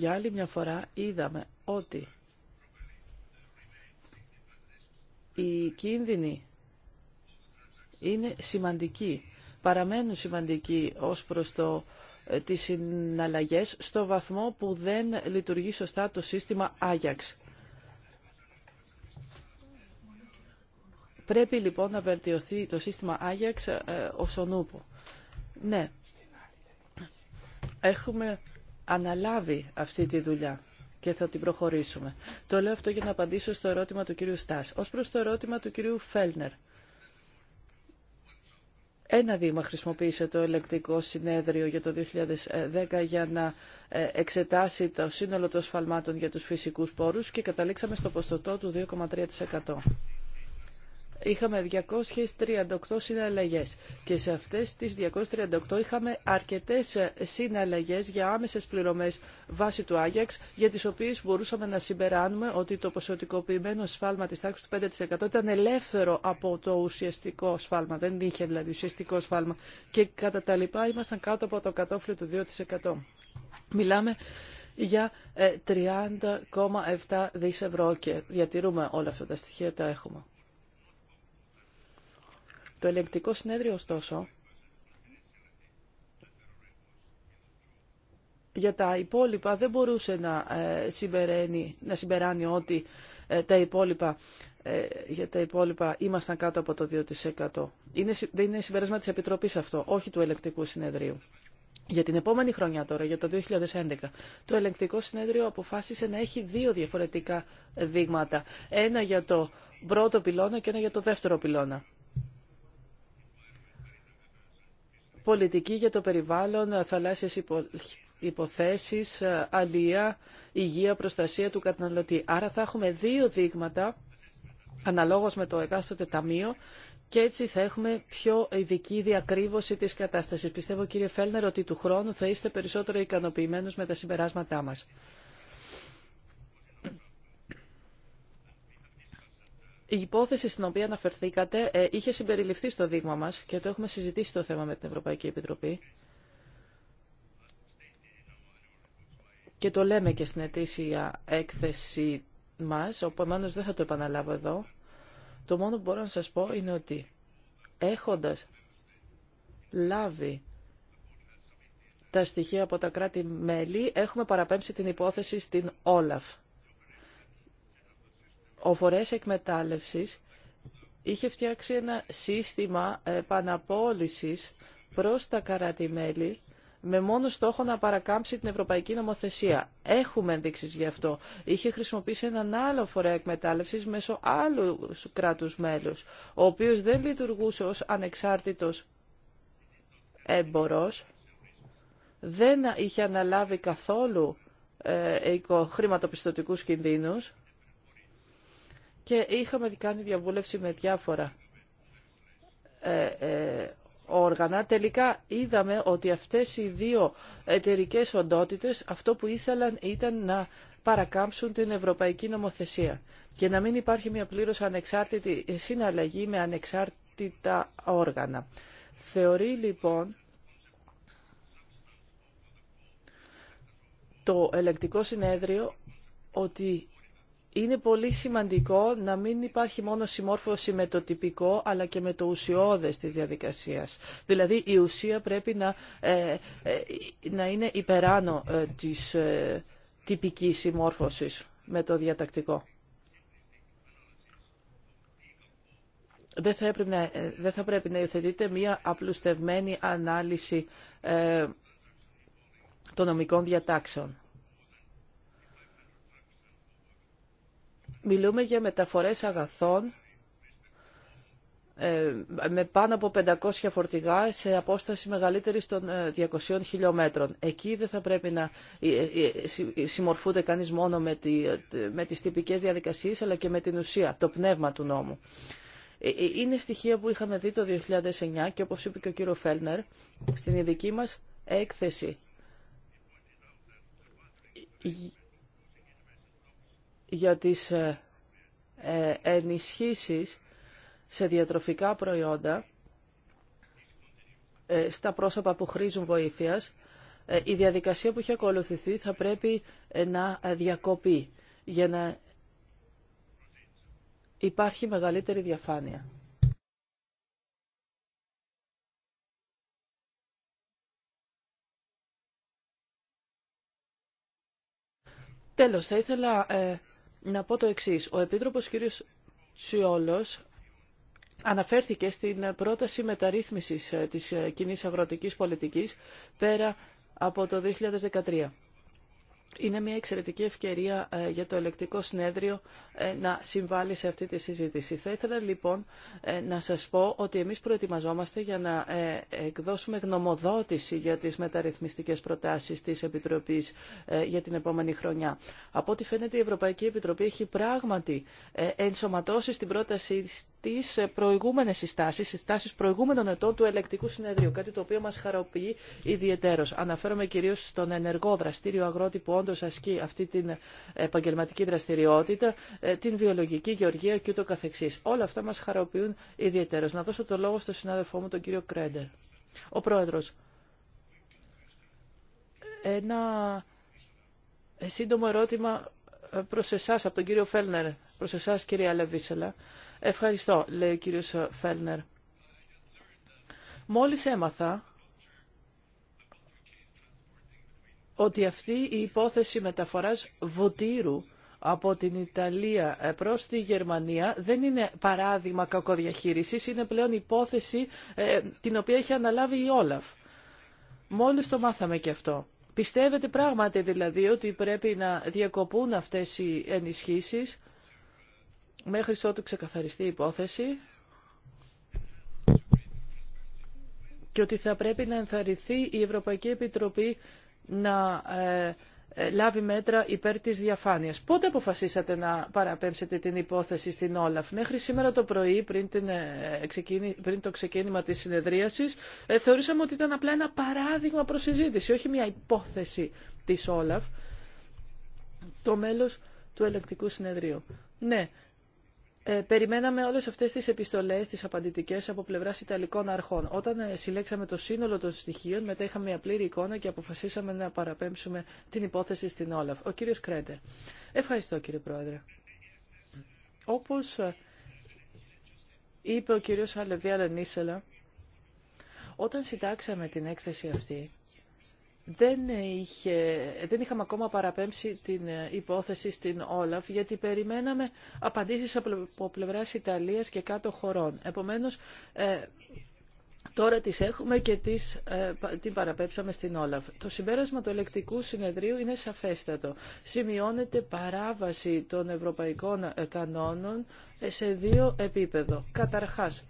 Speaker 2: Για άλλη μια φορά είδαμε ότι οι κίνδυνοι είναι σημαντικοί, παραμένουν σημαντικοί ως προς το ε, τις συναλλαγές στο βαθμό που δεν λειτουργεί σωστά το σύστημα Άγιαξ. Πρέπει λοιπόν να βελτιωθεί το σύστημα Άγιαξ ε, ως ο Ναι, έχουμε αναλάβει αυτή τη δουλειά και θα την προχωρήσουμε. Το λέω αυτό για να απαντήσω στο ερώτημα του κυρίου Στάς. Ως προς το ερώτημα του κυρίου Φέλνερ. Ένα δήμα χρησιμοποίησε το ελεκτικό συνέδριο για το 2010 για να ε, εξετάσει το σύνολο των σφαλμάτων για τους φυσικούς πόρους και καταλήξαμε στο ποσοστό του 2,3% είχαμε 238 συναλλαγές και σε αυτές τις 238 είχαμε αρκετές συναλλαγές για άμεσες πληρωμές βάσει του Άγιαξ για τις οποίες μπορούσαμε να συμπεράνουμε ότι το ποσοτικοποιημένο σφάλμα της τάξης του 5% ήταν ελεύθερο από το ουσιαστικό σφάλμα, δεν είχε δηλαδή ουσιαστικό σφάλμα και κατά τα λοιπά ήμασταν κάτω από το κατόφλιο του 2%. Μιλάμε για 30,7 ε, δις και διατηρούμε όλα αυτά τα στοιχεία, τα έχουμε. Το ελεγκτικό συνέδριο, ωστόσο, για τα υπόλοιπα δεν μπορούσε να, ε, συμπεραίνει, να συμπεράνει ότι ε, τα υπόλοιπα, ε, για τα υπόλοιπα ήμασταν κάτω από το 2%. Είναι, δεν είναι συμπέρασμα της Επιτροπής αυτό, όχι του ελεγκτικού συνεδρίου. Για την επόμενη χρονιά τώρα, για το 2011, το ελεγκτικό συνέδριο αποφάσισε να έχει δύο διαφορετικά δείγματα. Ένα για το πρώτο πυλώνα και ένα για το δεύτερο πυλώνα. πολιτική για το περιβάλλον, θαλάσσιες υποθέσεις, αλία, υγεία, προστασία του καταναλωτή. Άρα θα έχουμε δύο δείγματα αναλόγως με το εκάστοτε ταμείο και έτσι θα έχουμε πιο ειδική διακρύβωση της κατάστασης. Πιστεύω κύριε Φέλνερ ότι του χρόνου θα είστε περισσότερο ικανοποιημένος με τα συμπεράσματά μας. Η υπόθεση στην οποία αναφερθήκατε ε, είχε συμπεριληφθεί στο δείγμα μας και το έχουμε συζητήσει το θέμα με την Ευρωπαϊκή Επιτροπή. Και το λέμε και στην ετήσια έκθεση μας, όπου εμένως δεν θα το επαναλάβω εδώ. Το μόνο που μπορώ να σας πω είναι ότι έχοντας λάβει τα στοιχεία από τα κράτη-μέλη, έχουμε παραπέμψει την υπόθεση στην Όλαφ ο φορέας εκμετάλλευσης είχε φτιάξει ένα σύστημα επαναπόλυσης προς τα καρατιμέλη με μόνο στόχο να παρακάμψει την ευρωπαϊκή νομοθεσία. Έχουμε ενδείξει γι' αυτό. Είχε χρησιμοποιήσει έναν άλλο φορέα εκμετάλλευση μέσω άλλου κράτου μέλου, ο οποίο δεν λειτουργούσε ω ανεξάρτητο έμπορο, δεν είχε αναλάβει καθόλου ε, χρηματοπιστωτικούς κινδύνους και είχαμε κάνει διαβούλευση με διάφορα ε, ε, όργανα. Τελικά είδαμε ότι αυτές οι δύο εταιρικέ οντότητες αυτό που ήθελαν ήταν να παρακάμψουν την ευρωπαϊκή νομοθεσία και να μην υπάρχει μια πλήρως ανεξάρτητη συναλλαγή με ανεξάρτητα όργανα. Θεωρεί λοιπόν το ελεκτικό συνέδριο ότι είναι πολύ σημαντικό να μην υπάρχει μόνο συμμόρφωση με το τυπικό αλλά και με το ουσιώδες της διαδικασίας. Δηλαδή η ουσία πρέπει να, ε, ε, να είναι υπεράνω ε, της τυπικής συμμόρφωσης με το διατακτικό. Δεν θα, να, δεν θα πρέπει να υιοθετείτε μία απλουστευμένη ανάλυση των νομικών διατάξεων. Μιλούμε για μεταφορές αγαθών ε, με πάνω από 500 φορτηγά σε απόσταση μεγαλύτερη των 200 ε, χιλιόμετρων. Εκεί δεν θα πρέπει να ε, συμμορφούνται κανείς μόνο με, τη, με τις τυπικές διαδικασίες αλλά και με την ουσία, το πνεύμα του νόμου. Είναι στοιχεία που είχαμε δει το 2009 και όπως είπε και ο κύριο Φέλνερ στην ειδική μας έκθεση για τις ε, ε, ενισχύσεις σε διατροφικά προϊόντα ε, στα πρόσωπα που χρήζουν βοήθειας, η διαδικασία που έχει ακολουθηθεί θα πρέπει να διακοπεί για να υπάρχει μεγαλύτερη διαφάνεια. Τέλος, θα ήθελα να πω το εξή: Ο Επίτροπος κ. Σιόλος αναφέρθηκε στην πρόταση μεταρρύθμισης ε, της ε, κοινή αγροτικής πολιτικής πέρα από το 2013. Είναι μια εξαιρετική ευκαιρία ε, για το ελεκτικό συνέδριο ε, να συμβάλλει σε αυτή τη συζήτηση. Θα ήθελα λοιπόν ε, να σας πω ότι εμείς προετοιμαζόμαστε για να εκδώσουμε γνωμοδότηση για τις μεταρρυθμιστικές προτάσεις της Επιτροπής για την επόμενη χρονιά. Από ό,τι φαίνεται η Ευρωπαϊκή Επιτροπή έχει πράγματι ενσωματώσει στην πρόταση τις ε, προηγούμενες συστάσεις, συστάσεις προηγούμενων ετών του ελεκτικού συνεδρίου, κάτι το οποίο μα χαροποιεί ιδιαιτέρω. Αναφέρομαι κυρίω στον ενεργό δραστήριο αγρότη που όντω ασκεί αυτή την επαγγελματική δραστηριότητα, ε, την βιολογική γεωργία και Όλα αυτά μα χαροποιούν ιδιαιτέρω. Να δώσω το λόγο στον συνάδελφό μου, τον κύριο Κρέντερ. Ο πρόεδρο. Ένα σύντομο ερώτημα ε, προς εσά από τον κύριο Φέλνερ προς εσάς κυρία Λεβίσελα. Ευχαριστώ, λέει ο κύριος Φέλνερ. Μόλις έμαθα ότι αυτή η υπόθεση μεταφοράς βουτύρου από την Ιταλία ε, προς τη Γερμανία δεν είναι παράδειγμα κακοδιαχείρισης, είναι πλέον υπόθεση ε, την οποία έχει αναλάβει η Όλαφ. Μόλις το μάθαμε και αυτό. Πιστεύετε πράγματι δηλαδή ότι πρέπει να διακοπούν αυτές οι ενισχύσεις Μέχρι ότου ξεκαθαριστεί η υπόθεση και ότι θα πρέπει να ενθαρρυνθεί η Ευρωπαϊκή Επιτροπή να ε, ε, λάβει μέτρα υπέρ της διαφάνειας. Πότε αποφασίσατε να παραπέμψετε την υπόθεση στην Όλαφ. Μέχρι σήμερα το πρωί, πριν, την, ε, πριν το ξεκίνημα της συνεδρίασης, θεωρήσαμε ότι ήταν απλά ένα παράδειγμα προς όχι μια υπόθεση της Όλαφ, το μέλος του ελεκτικού συνεδρίου. Ναι, ε, περιμέναμε όλες αυτές τις επιστολές, τις απαντητικές από πλευράς Ιταλικών αρχών. Όταν ε, συλλέξαμε το σύνολο των στοιχείων, μετά είχαμε μια πλήρη εικόνα και αποφασίσαμε να παραπέμψουμε την υπόθεση στην Όλαφ. Ο κύριος Κρέντερ. Ευχαριστώ κύριε Πρόεδρε. Όπως ε, είπε ο κύριος Αλεβία Λενίσελα, όταν συντάξαμε την έκθεση αυτή, δεν, είχε, δεν είχαμε ακόμα παραπέμψει την ε, υπόθεση στην Όλαφ γιατί περιμέναμε απαντήσεις από πλευράς Ιταλίας και κάτω χωρών. Επομένως, ε, Τώρα τις έχουμε και τις, ε, την παραπέψαμε στην Όλαφ. Το συμπέρασμα του ελεκτικού συνεδρίου είναι σαφέστατο. Σημειώνεται παράβαση των ευρωπαϊκών κανόνων σε δύο επίπεδο. Καταρχάς,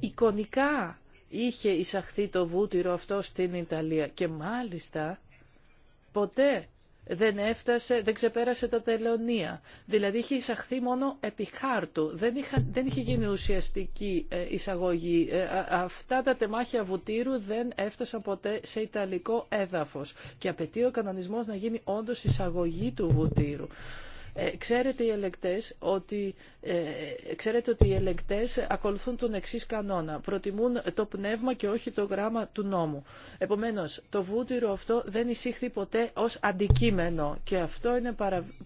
Speaker 2: εικονικά είχε εισαχθεί το βούτυρο αυτό στην Ιταλία και μάλιστα ποτέ δεν έφτασε, δεν ξεπέρασε τα τελωνία. Δηλαδή είχε εισαχθεί μόνο επί χάρτου. Δεν, δεν είχε γίνει ουσιαστική ε, εισαγωγή. Ε, αυτά τα τεμάχια βουτύρου δεν έφτασαν ποτέ σε ιταλικό έδαφος. Και απαιτεί ο κανονισμός να γίνει όντως εισαγωγή του βουτύρου. Ε, ξέρετε οι ελεκτές ότι, ε, ξέρετε ότι οι ελεκτές ακολουθούν τον εξής κανόνα. Προτιμούν το πνεύμα και όχι το γράμμα του νόμου. Επομένως, το βούτυρο αυτό δεν εισήχθη ποτέ ως αντικείμενο και αυτό είναι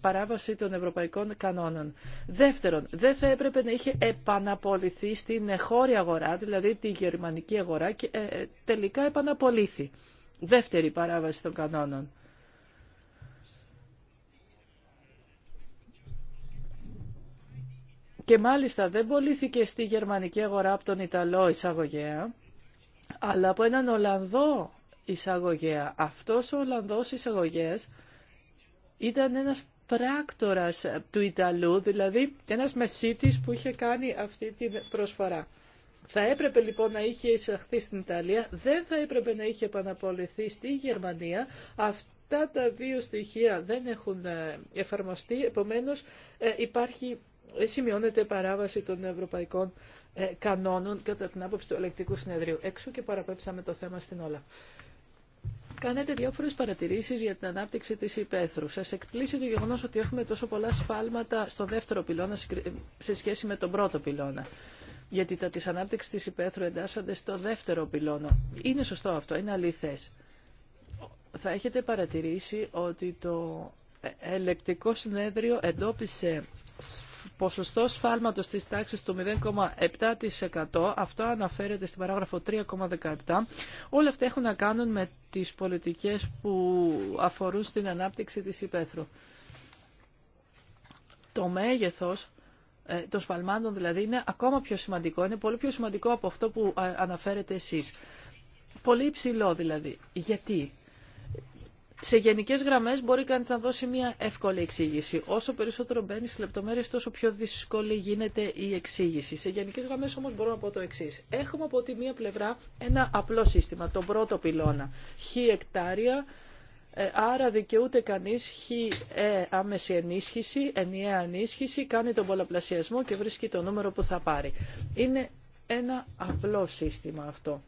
Speaker 2: παράβαση των ευρωπαϊκών κανόνων. Δεύτερον, δεν θα έπρεπε να είχε επαναποληθεί στην χώρη αγορά, δηλαδή τη γερμανική αγορά και ε, τελικά επαναπολύθη. Δεύτερη παράβαση των κανόνων. και μάλιστα δεν πωλήθηκε στη γερμανική αγορά από τον Ιταλό εισαγωγέα, αλλά από έναν Ολλανδό εισαγωγέα. Αυτός ο Ολλανδός εισαγωγέας ήταν ένας πράκτορας του Ιταλού, δηλαδή ένας μεσίτης που είχε κάνει αυτή την προσφορά. Θα έπρεπε λοιπόν να είχε εισαχθεί στην Ιταλία, δεν θα έπρεπε να είχε επαναπολυθεί στη Γερμανία. Αυτά τα δύο στοιχεία δεν έχουν ε, εφαρμοστεί, επομένως ε, υπάρχει σημειώνεται παράβαση των ευρωπαϊκών ε, κανόνων κατά την άποψη του ελεκτικού συνεδρίου. Έξω και παραπέψαμε το θέμα στην όλα. Κάνετε διάφορε παρατηρήσει για την ανάπτυξη τη υπαίθρου. Σα εκπλήσει το γεγονό ότι έχουμε τόσο πολλά σφάλματα στο δεύτερο πυλώνα σε σχέση με τον πρώτο πυλώνα. Γιατί τα τη ανάπτυξη τη υπαίθρου εντάσσονται στο δεύτερο πυλώνα. Είναι σωστό αυτό, είναι αληθέ. Θα έχετε παρατηρήσει ότι το ε, ελεκτικό συνέδριο εντόπισε ποσοστό σφάλματος της τάξης του 0,7%. Αυτό αναφέρεται στην παράγραφο 3,17. Όλα αυτά έχουν να κάνουν με τις πολιτικές που αφορούν στην ανάπτυξη της υπαίθρου. Το μέγεθος ε, των σφαλμάτων δηλαδή είναι ακόμα πιο σημαντικό, είναι πολύ πιο σημαντικό από αυτό που ε, αναφέρετε εσείς. Πολύ ψηλό δηλαδή. Γιατί σε γενικέ γραμμέ μπορεί κανεί να δώσει μια εύκολη εξήγηση. Όσο περισσότερο μπαίνει στι λεπτομέρειε, τόσο πιο δύσκολη γίνεται η εξήγηση. Σε γενικέ γραμμέ όμω μπορώ να πω το εξή. Έχουμε από τη μία πλευρά ένα απλό σύστημα, τον πρώτο πυλώνα. Χ εκτάρια, ε, άρα δικαιούται κανείς χι ε, άμεση ενίσχυση, ενιαία ενίσχυση, κάνει τον πολλαπλασιασμό και βρίσκει το νούμερο που θα πάρει. Είναι ένα απλό σύστημα αυτό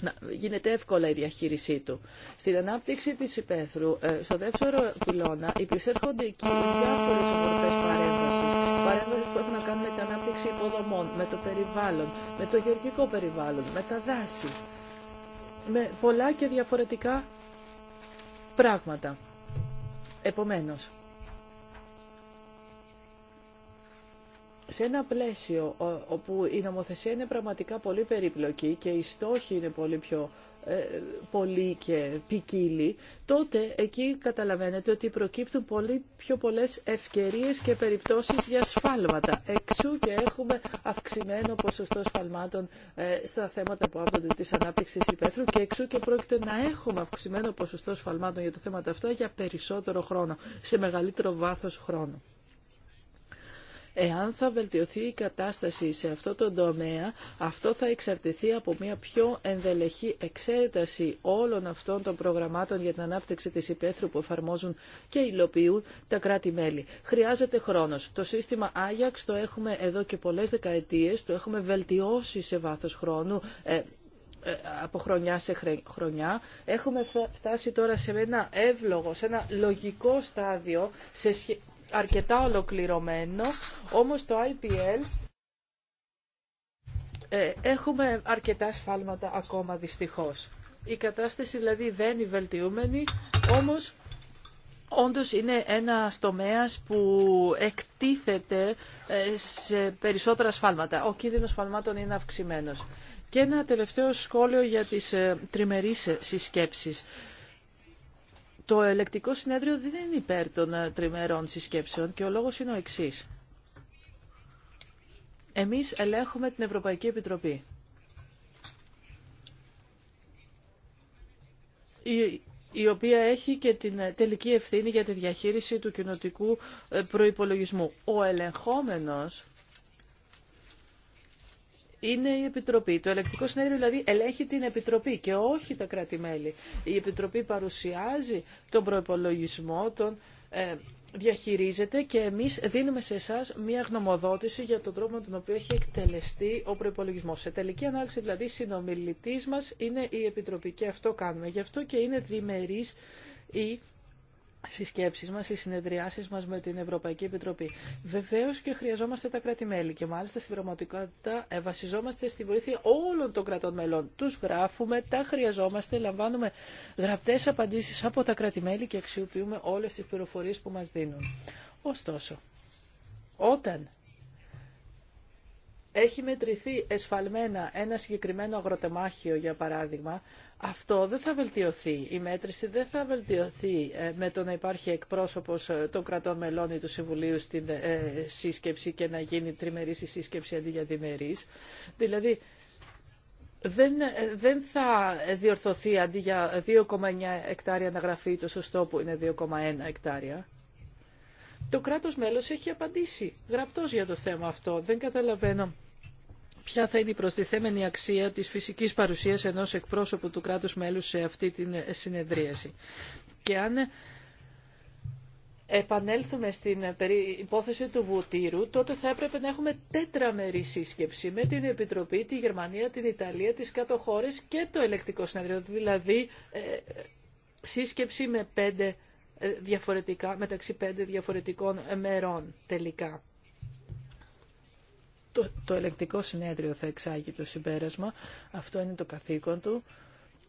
Speaker 2: να γίνεται εύκολα η διαχείρισή του. Στην ανάπτυξη της υπαίθρου, ε, στο δεύτερο πυλώνα, υπησέρχονται εκεί διάφορες ομορφές παρέμβασης. Παρέμβασης που έχουν να κάνουν με την ανάπτυξη υποδομών, με το περιβάλλον, με το γεωργικό περιβάλλον, με τα δάση, με πολλά και διαφορετικά πράγματα. Επομένως, σε ένα πλαίσιο όπου η νομοθεσία είναι πραγματικά πολύ περίπλοκη και οι στόχοι είναι πολύ πιο ε, πολύ και ποικίλοι, τότε εκεί καταλαβαίνετε ότι προκύπτουν πολύ πιο πολλές ευκαιρίες και περιπτώσεις για σφάλματα. Εξού και έχουμε αυξημένο ποσοστό σφαλμάτων ε, στα θέματα που άπτονται της ανάπτυξης υπαίθρου και εξού και πρόκειται να έχουμε αυξημένο ποσοστό σφαλμάτων για τα θέματα αυτά για περισσότερο χρόνο, σε μεγαλύτερο βάθος χρόνου. Εάν θα βελτιωθεί η κατάσταση σε αυτό το τομέα, αυτό θα εξαρτηθεί από μια πιο ενδελεχή εξέταση όλων αυτών των προγραμμάτων για την ανάπτυξη της υπαίθρου που εφαρμόζουν και υλοποιούν τα κράτη-μέλη. Χρειάζεται χρόνος. Το σύστημα Ajax το έχουμε εδώ και πολλές δεκαετίες, το έχουμε βελτιώσει σε βάθος χρόνου ε, ε, από χρονιά σε χρονιά. Έχουμε φτάσει τώρα σε ένα εύλογο, σε ένα λογικό στάδιο σε αρκετά ολοκληρωμένο, όμως το IPL ε, έχουμε αρκετά σφάλματα ακόμα δυστυχώς. Η κατάσταση δηλαδή δεν είναι βελτιούμενη, όμως όντως είναι ένα τομέα που εκτίθεται ε, σε περισσότερα σφάλματα. Ο κίνδυνος σφαλμάτων είναι αυξημένος. Και ένα τελευταίο σχόλιο για τις ε, τριμερείς συσκέψεις. Το ελεκτικό συνέδριο δεν είναι υπέρ των ε, τριμερών συσκέψεων και ο λόγος είναι ο εξής. Εμείς ελέγχουμε την Ευρωπαϊκή Επιτροπή. Η, οποία έχει και την ε, τελική ευθύνη για τη διαχείριση του κοινοτικού ε, προϋπολογισμού. Ο ελεγχόμενος είναι η Επιτροπή. Το ελεκτικό συνέδριο δηλαδή ελέγχει την Επιτροπή και όχι τα κράτη-μέλη. Η Επιτροπή παρουσιάζει τον προπολογισμό, τον ε, διαχειρίζεται και εμείς δίνουμε σε εσά μια γνωμοδότηση για τον τρόπο με τον οποίο έχει εκτελεστεί ο προπολογισμό. Σε τελική ανάλυση δηλαδή συνομιλητής μας είναι η Επιτροπή και αυτό κάνουμε. Γι' αυτό και είναι διμερής η στις σκέψεις μας, στις συνεδριάσεις μας με την Ευρωπαϊκή Επιτροπή. Βεβαίως και χρειαζόμαστε τα κράτη-μέλη και μάλιστα στην πραγματικότητα ε, βασιζόμαστε στη βοήθεια όλων των κρατών μελών. Τους γράφουμε, τα χρειαζόμαστε, λαμβάνουμε γραπτές απαντήσεις από τα κράτη-μέλη και αξιοποιούμε όλες τις πληροφορίες που μας δίνουν. Ωστόσο, όταν έχει μετρηθεί εσφαλμένα ένα συγκεκριμένο αγροτεμάχιο, για παράδειγμα, αυτό δεν θα βελτιωθεί. Η μέτρηση δεν θα βελτιωθεί ε, με το να υπάρχει εκπρόσωπος ε, των κρατών μελών ή του Συμβουλίου στην ε, σύσκεψη και να γίνει τριμερής η σύσκεψη αντί για διμερής. Δηλαδή, δεν, δεν θα διορθωθεί αντί για 2,9 εκτάρια να γραφεί το σωστό που είναι 2,1 εκτάρια. Το κράτος μέλος έχει απαντήσει γραπτός για το θέμα αυτό. Δεν καταλαβαίνω ποια θα είναι η προστιθέμενη αξία της φυσικής παρουσίας ενός εκπρόσωπου του κράτους μέλους σε αυτή την συνεδρίαση. Και αν επανέλθουμε στην υπόθεση του Βουτύρου, τότε θα έπρεπε να έχουμε τέτραμερη σύσκεψη με την Επιτροπή, τη Γερμανία, την Ιταλία, τις κάτω χώρες και το ελεκτικό συνεδρίο, δηλαδή ε, σύσκεψη με ε, διαφορετικά, μεταξύ πέντε διαφορετικών μερών τελικά το, το ελεγκτικό συνέδριο θα εξάγει το συμπέρασμα. Αυτό είναι το καθήκον του.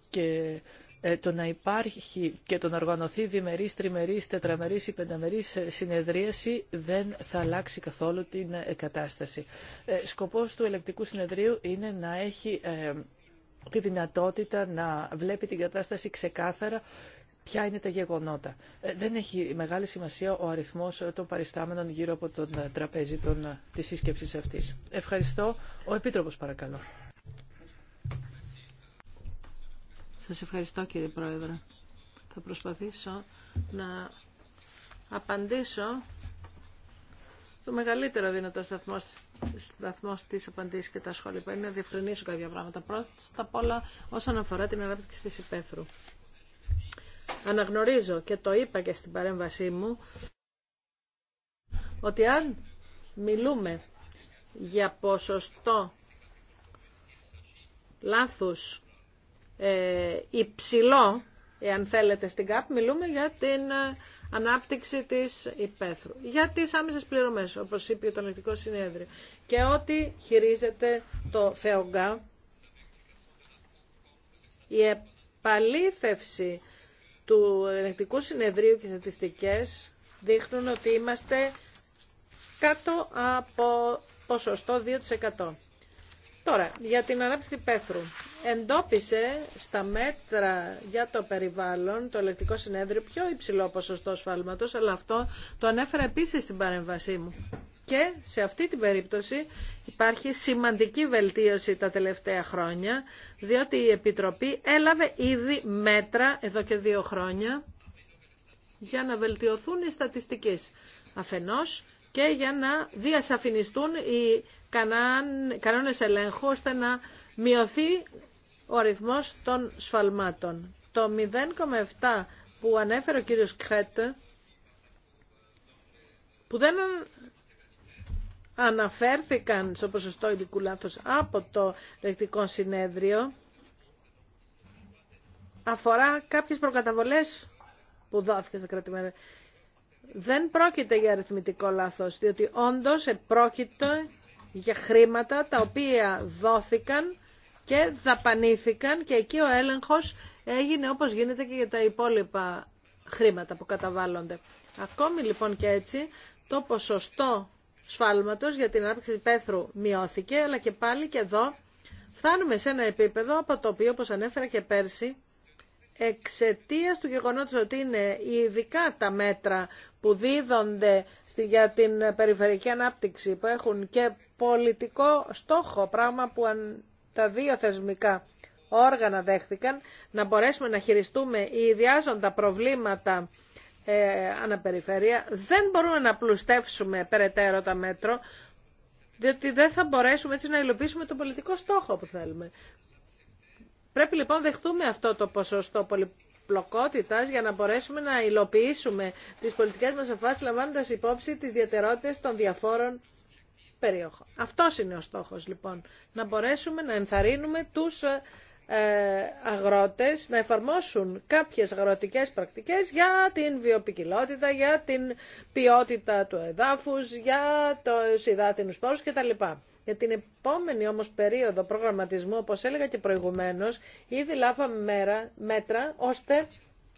Speaker 2: Και ε, το να υπάρχει και το να οργανωθεί διμερής, τριμερής, τετραμερής ή πενταμερής ε, συνεδρίαση δεν θα αλλάξει καθόλου την ε, κατάσταση. Σκοπός του ελεκτικού συνεδρίου είναι να έχει τη δυνατότητα να βλέπει την κατάσταση ξεκάθαρα ποια είναι τα γεγονότα. Ε, δεν έχει μεγάλη σημασία ο αριθμός ε, των παριστάμενων γύρω από τον ε, τραπέζι των, της σύσκεψης αυτής. Ευχαριστώ. Ο Επίτροπος παρακαλώ. Σας
Speaker 3: ευχαριστώ κύριε Πρόεδρε. Θα προσπαθήσω να απαντήσω το μεγαλύτερο δυνατό σταθμό, σταθμό της απαντήσεις και τα σχόλια. Είναι να διευκρινίσω κάποια πράγματα. Πρώτα απ' όλα όσον αφορά την ανάπτυξη της υπαίθρου αναγνωρίζω και το είπα και στην παρέμβασή μου ότι αν μιλούμε για ποσοστό λάθους ε, υψηλό, εάν θέλετε στην ΚΑΠ, μιλούμε για την ε, ανάπτυξη της υπαίθρου. Για τις άμεσες πληρωμές, όπως είπε το Ελληνικό Συνέδριο. Και ό,τι χειρίζεται το Θεογκά, η επαλήθευση του Ελεκτικού Συνεδρίου και στατιστικές δείχνουν ότι είμαστε κάτω από ποσοστό 2%. Τώρα, για την ανάπτυξη πέθρου. Εντόπισε στα μέτρα για το περιβάλλον το ελεκτικό συνέδριο πιο υψηλό ποσοστό σφάλματος, αλλά αυτό το ανέφερα επίσης στην παρέμβασή μου. Και σε αυτή την περίπτωση υπάρχει σημαντική βελτίωση τα τελευταία χρόνια, διότι η Επιτροπή έλαβε ήδη μέτρα εδώ και δύο χρόνια για να βελτιωθούν οι στατιστικές αφενός και για να διασαφινιστούν οι κανόνες ελέγχου ώστε να μειωθεί ο αριθμός των σφαλμάτων. Το 0,7 που ανέφερε ο κύριος Κρέτ, που δεν αναφέρθηκαν στο ποσοστό υλικού λάθος από το λεκτικό Συνέδριο αφορά κάποιες προκαταβολές που δόθηκαν στα κρατημένα. Δεν πρόκειται για αριθμητικό λάθος, διότι όντως πρόκειται για χρήματα τα οποία δόθηκαν και δαπανήθηκαν και εκεί ο έλεγχος έγινε όπως γίνεται και για τα υπόλοιπα χρήματα που καταβάλλονται. Ακόμη λοιπόν και έτσι το ποσοστό σφάλματος για την ανάπτυξη πέθρου μειώθηκε, αλλά και πάλι και εδώ φτάνουμε σε ένα επίπεδο από το οποίο, όπως ανέφερα και πέρσι, εξαιτία του γεγονότος ότι είναι ειδικά τα μέτρα που δίδονται για την περιφερειακή ανάπτυξη, που έχουν και πολιτικό στόχο, πράγμα που τα δύο θεσμικά όργανα δέχθηκαν, να μπορέσουμε να χειριστούμε οι ιδιάζοντα προβλήματα ε, αναπεριφέρεια. Δεν μπορούμε να πλουστεύσουμε περαιτέρω τα μέτρο, διότι δεν θα μπορέσουμε έτσι να υλοποιήσουμε τον πολιτικό στόχο που θέλουμε. Πρέπει λοιπόν δεχτούμε αυτό το ποσοστό πολυπλοκότητας για να μπορέσουμε να υλοποιήσουμε τις πολιτικές μας αφάσεις λαμβάνοντας υπόψη τις διατερότητες των διαφόρων περιοχών. Αυτός είναι ο στόχος λοιπόν, να μπορέσουμε να ενθαρρύνουμε τους ε, ε, αγρότες να εφαρμόσουν κάποιες αγροτικές πρακτικές για την βιοπικιλότητα, για την ποιότητα του εδάφους, για το υδάτινους πόρους κτλ. Για την επόμενη όμως περίοδο προγραμματισμού, όπως έλεγα και προηγουμένως, ήδη λάβαμε μέρα, μέτρα ώστε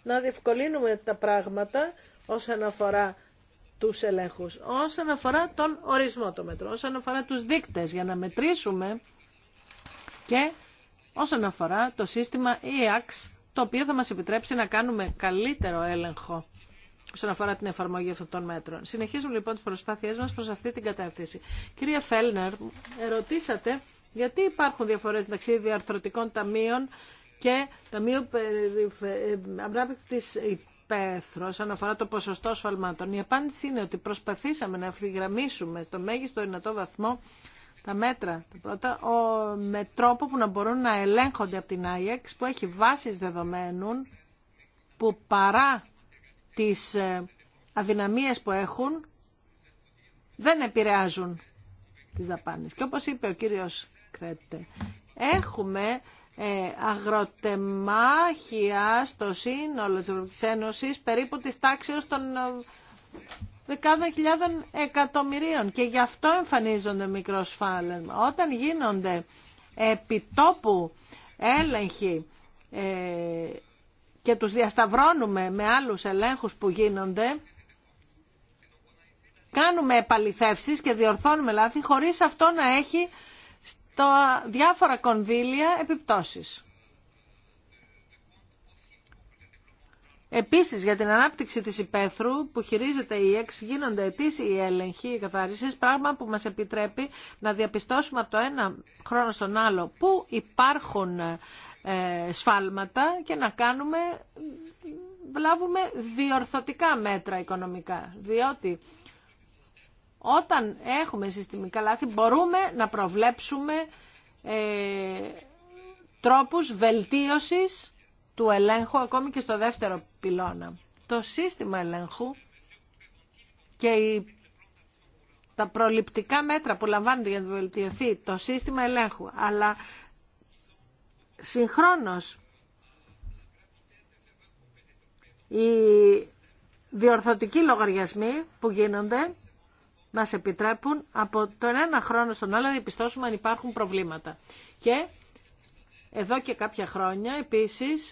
Speaker 3: να διευκολύνουμε τα πράγματα όσον αφορά τους ελέγχους, όσον αφορά τον ορισμό των μέτρων, όσον αφορά τους δείκτες για να μετρήσουμε και όσον αφορά το σύστημα EAX, το οποίο θα μας επιτρέψει να κάνουμε καλύτερο έλεγχο όσον αφορά την εφαρμογή αυτών των μέτρων. Συνεχίζουμε λοιπόν τις προσπάθειές μας προς αυτή την κατεύθυνση. Κυρία Φέλνερ, ρωτήσατε γιατί υπάρχουν διαφορές μεταξύ διαρθρωτικών ταμείων και ταμείο ε, ανάπτυξης υπέθρο όσον αφορά το ποσοστό σφαλμάτων. Η απάντηση είναι ότι προσπαθήσαμε να αφηγραμμίσουμε στο μέγιστο δυνατό βαθμό τα μέτρα τα πρώτα, ο, με τρόπο που να μπορούν να ελέγχονται από την ΆΙΕΞ που έχει βάσεις δεδομένων που παρά τις ε, αδυναμίες που έχουν δεν επηρεάζουν τις δαπάνες. Και όπως είπε ο κύριος Κρέτε, έχουμε ε, αγροτεμάχια στο σύνολο της Ένωσης περίπου της τάξεως των ε, Δεκάδες χιλιάδων εκατομμυρίων και γι' αυτό εμφανίζονται μικροσφάλες. Όταν γίνονται επιτόπου έλεγχοι ε, και τους διασταυρώνουμε με άλλους ελέγχους που γίνονται, κάνουμε επαληθεύσεις και διορθώνουμε λάθη χωρίς αυτό να έχει στα διάφορα κονδύλια επιπτώσεις. Επίσης για την ανάπτυξη της υπαίθρου που χειρίζεται η ΕΚΣ γίνονται επίσης οι έλεγχοι, οι πράγμα που μας επιτρέπει να διαπιστώσουμε από το ένα χρόνο στον άλλο που υπάρχουν ε, σφάλματα και να κάνουμε, βλάβουμε διορθωτικά μέτρα οικονομικά. Διότι όταν έχουμε συστημικά λάθη μπορούμε να προβλέψουμε ε, τρόπους βελτίωσης του ελέγχου ακόμη και στο δεύτερο πυλώνα. Το σύστημα ελέγχου και τα προληπτικά μέτρα που λαμβάνονται για να βελτιωθεί το σύστημα ελέγχου, αλλά συγχρόνως οι διορθωτικοί λογαριασμοί που γίνονται μας επιτρέπουν από τον ένα χρόνο στον άλλο να διαπιστώσουμε αν υπάρχουν προβλήματα. Και εδώ και κάποια χρόνια επίσης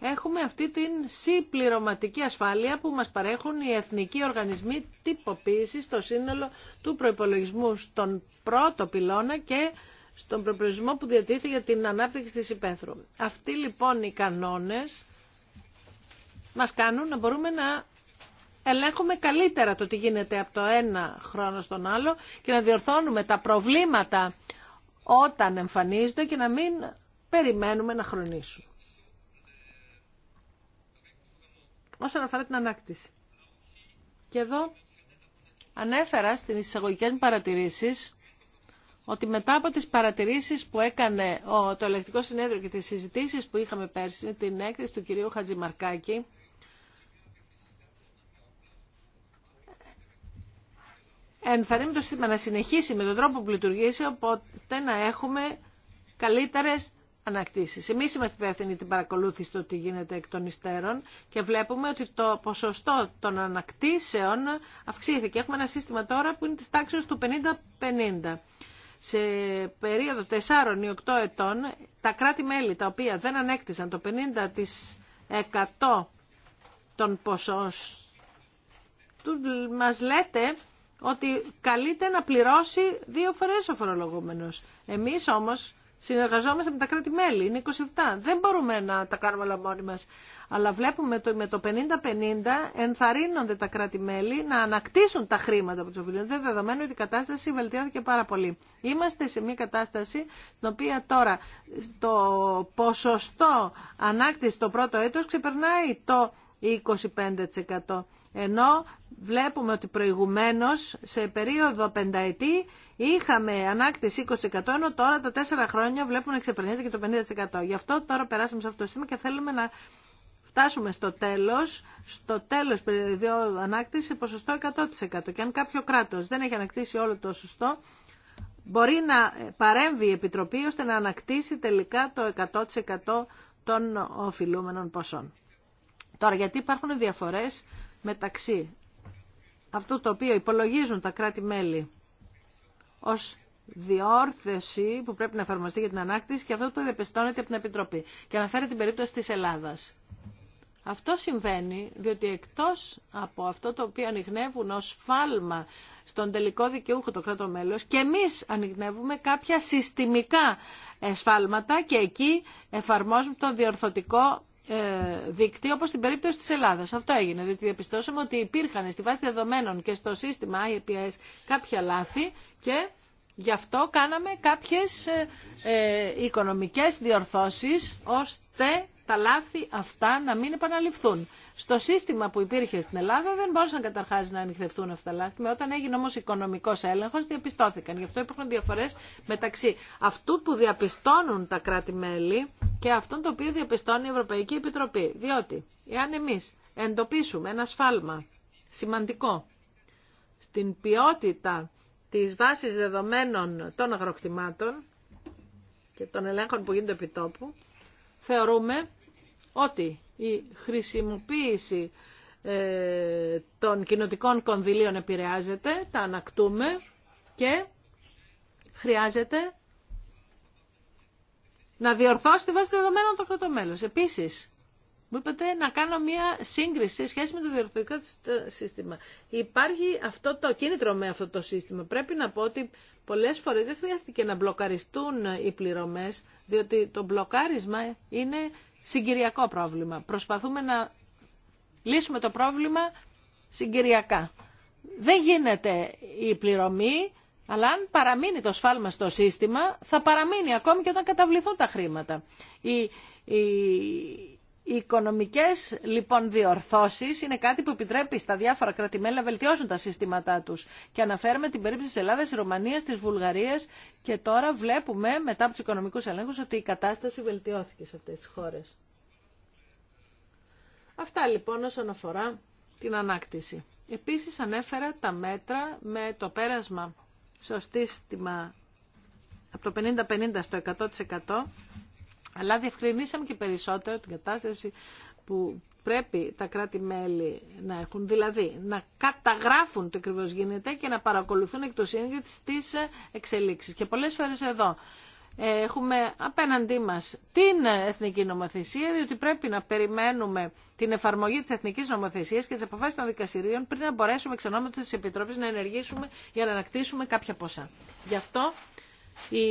Speaker 3: έχουμε αυτή την συμπληρωματική ασφάλεια που μας παρέχουν οι εθνικοί οργανισμοί τυποποίησης στο σύνολο του προϋπολογισμού στον πρώτο πυλώνα και στον προπολογισμό που διατίθεται για την ανάπτυξη της υπαίθρου. Αυτοί λοιπόν οι κανόνες μας κάνουν να μπορούμε να ελέγχουμε καλύτερα το τι γίνεται από το ένα χρόνο στον άλλο και να διορθώνουμε τα προβλήματα όταν εμφανίζονται και να μην περιμένουμε να χρονίσουν. Όσον αφορά την ανάκτηση. Και εδώ ανέφερα στην εισαγωγικές μου παρατηρήσεις ότι μετά από τις παρατηρήσεις που έκανε το ελεκτικό συνέδριο και τις συζητήσεις που είχαμε πέρσι, την έκθεση του κυρίου Χατζημαρκάκη, ενθαρρύνουμε το σύστημα να συνεχίσει με τον τρόπο που λειτουργήσει, οπότε να έχουμε καλύτερες ανακτήσεις. Εμείς είμαστε υπεύθυνοι την παρακολούθηση του τι γίνεται εκ των υστέρων και βλέπουμε ότι το ποσοστό των ανακτήσεων αυξήθηκε. Έχουμε ένα σύστημα τώρα που είναι της τάξης του 50-50. Σε περίοδο 4 ή 8 ετών, τα κράτη-μέλη τα οποία δεν ανέκτησαν το 50% των ποσών μας λέτε ότι καλείται να πληρώσει δύο φορές ο φορολογούμενος. Εμείς όμως Συνεργαζόμαστε με τα κράτη-μέλη, είναι 27. Δεν μπορούμε να τα κάνουμε όλα μόνοι μας. Αλλά βλέπουμε το, με το 50-50 ενθαρρύνονται τα κράτη-μέλη να ανακτήσουν τα χρήματα από το Δεν δεδομένου ότι η κατάσταση βελτιώθηκε πάρα πολύ. Είμαστε σε μια κατάσταση στην οποία τώρα το ποσοστό ανάκτηση το πρώτο έτος ξεπερνάει το 25%. Ενώ βλέπουμε ότι προηγουμένως σε περίοδο πενταετή Είχαμε ανάκτηση 20% ενώ τώρα τα 4 χρόνια βλέπουμε να ξεπερνιέται και το 50%. Γι' αυτό τώρα περάσαμε σε αυτό το σύστημα και θέλουμε να φτάσουμε στο τέλος, στο τέλος περίοδου ανάκτηση ποσοστό 100%. Και αν κάποιο κράτος δεν έχει ανακτήσει όλο το σωστό, μπορεί να παρέμβει η Επιτροπή ώστε να ανακτήσει τελικά το 100% των οφειλούμενων ποσών. Τώρα, γιατί υπάρχουν διαφορές μεταξύ αυτού το οποίο υπολογίζουν τα κράτη-μέλη ως διόρθωση που πρέπει να εφαρμοστεί για την ανάκτηση και αυτό το διαπιστώνεται από την Επιτροπή. Και αναφέρεται την περίπτωση της Ελλάδας. Αυτό συμβαίνει διότι εκτός από αυτό το οποίο ανοιχνεύουν ως φάλμα στον τελικό δικαιούχο το κράτο μέλος και εμείς ανοιχνεύουμε κάποια συστημικά σφάλματα και εκεί εφαρμόζουμε το διορθωτικό ε, δίκτυο όπως στην περίπτωση της Ελλάδας. Αυτό έγινε, διότι διαπιστώσαμε ότι υπήρχαν στη βάση δεδομένων και στο σύστημα IPS κάποια λάθη και γι' αυτό κάναμε κάποιες ε, ε, οικονομικές διορθώσεις ώστε τα λάθη αυτά να μην επαναληφθούν. Στο σύστημα που υπήρχε στην Ελλάδα δεν μπορούσαν καταρχά να ανοιχτευτούν αυτά τα λάθη. Όταν έγινε όμω οικονομικό έλεγχο, διαπιστώθηκαν. Γι' αυτό υπάρχουν διαφορέ μεταξύ αυτού που διαπιστώνουν τα κράτη-μέλη και αυτών το οποίο διαπιστώνει η Ευρωπαϊκή Επιτροπή. Διότι, εάν εμεί εντοπίσουμε ένα σφάλμα σημαντικό στην ποιότητα της βάσης δεδομένων των αγροκτημάτων και των ελέγχων που γίνονται επί τόπου, θεωρούμε ότι η χρησιμοποίηση ε, των κοινοτικών κονδυλίων επηρεάζεται, τα ανακτούμε και χρειάζεται να διορθώσει τη βάση δεδομένων το κρατομέλων. Επίσης, μου είπατε να κάνω μια σύγκριση σχέση με το διορθωτικό ε, σύστημα. Υπάρχει αυτό το κίνητρο με αυτό το σύστημα. Πρέπει να πω ότι πολλές φορές δεν χρειάστηκε να μπλοκαριστούν οι πληρωμές, διότι το μπλοκάρισμα είναι συγκυριακό πρόβλημα. Προσπαθούμε να λύσουμε το πρόβλημα συγκυριακά. Δεν γίνεται η πληρωμή, αλλά αν παραμείνει το σφάλμα στο σύστημα, θα παραμείνει ακόμη και όταν καταβληθούν τα χρήματα. Οι οικονομικέ λοιπόν διορθώσει είναι κάτι που επιτρέπει στα διάφορα κράτη-μέλη να βελτιώσουν τα συστήματά τους. Και αναφέρουμε την περίπτωση της Ελλάδας, της Ρωμανίας, της Βουλγαρίας και τώρα βλέπουμε μετά από του οικονομικούς ελέγχους ότι η κατάσταση βελτιώθηκε σε αυτέ τι χώρε. Αυτά λοιπόν όσον αφορά την ανάκτηση. Επίσης ανέφερα τα μέτρα με το πέρασμα σωστή σύστημα από το 50-50 στο 100% αλλά διευκρινίσαμε και περισσότερο την κατάσταση που πρέπει τα κράτη-μέλη να έχουν, δηλαδή να καταγράφουν το ακριβώ γίνεται και να παρακολουθούν εκ το σύνεγγυ τις ε, εξελίξεις. Και πολλές φορές εδώ ε, έχουμε απέναντί μας την εθνική νομοθεσία, διότι πρέπει να περιμένουμε την εφαρμογή της εθνικής νομοθεσίας και τις αποφάσεις των δικαστηρίων πριν να μπορέσουμε εξονόμετρα της Επιτρόπης να ενεργήσουμε για να ανακτήσουμε κάποια ποσά. Γι' αυτό η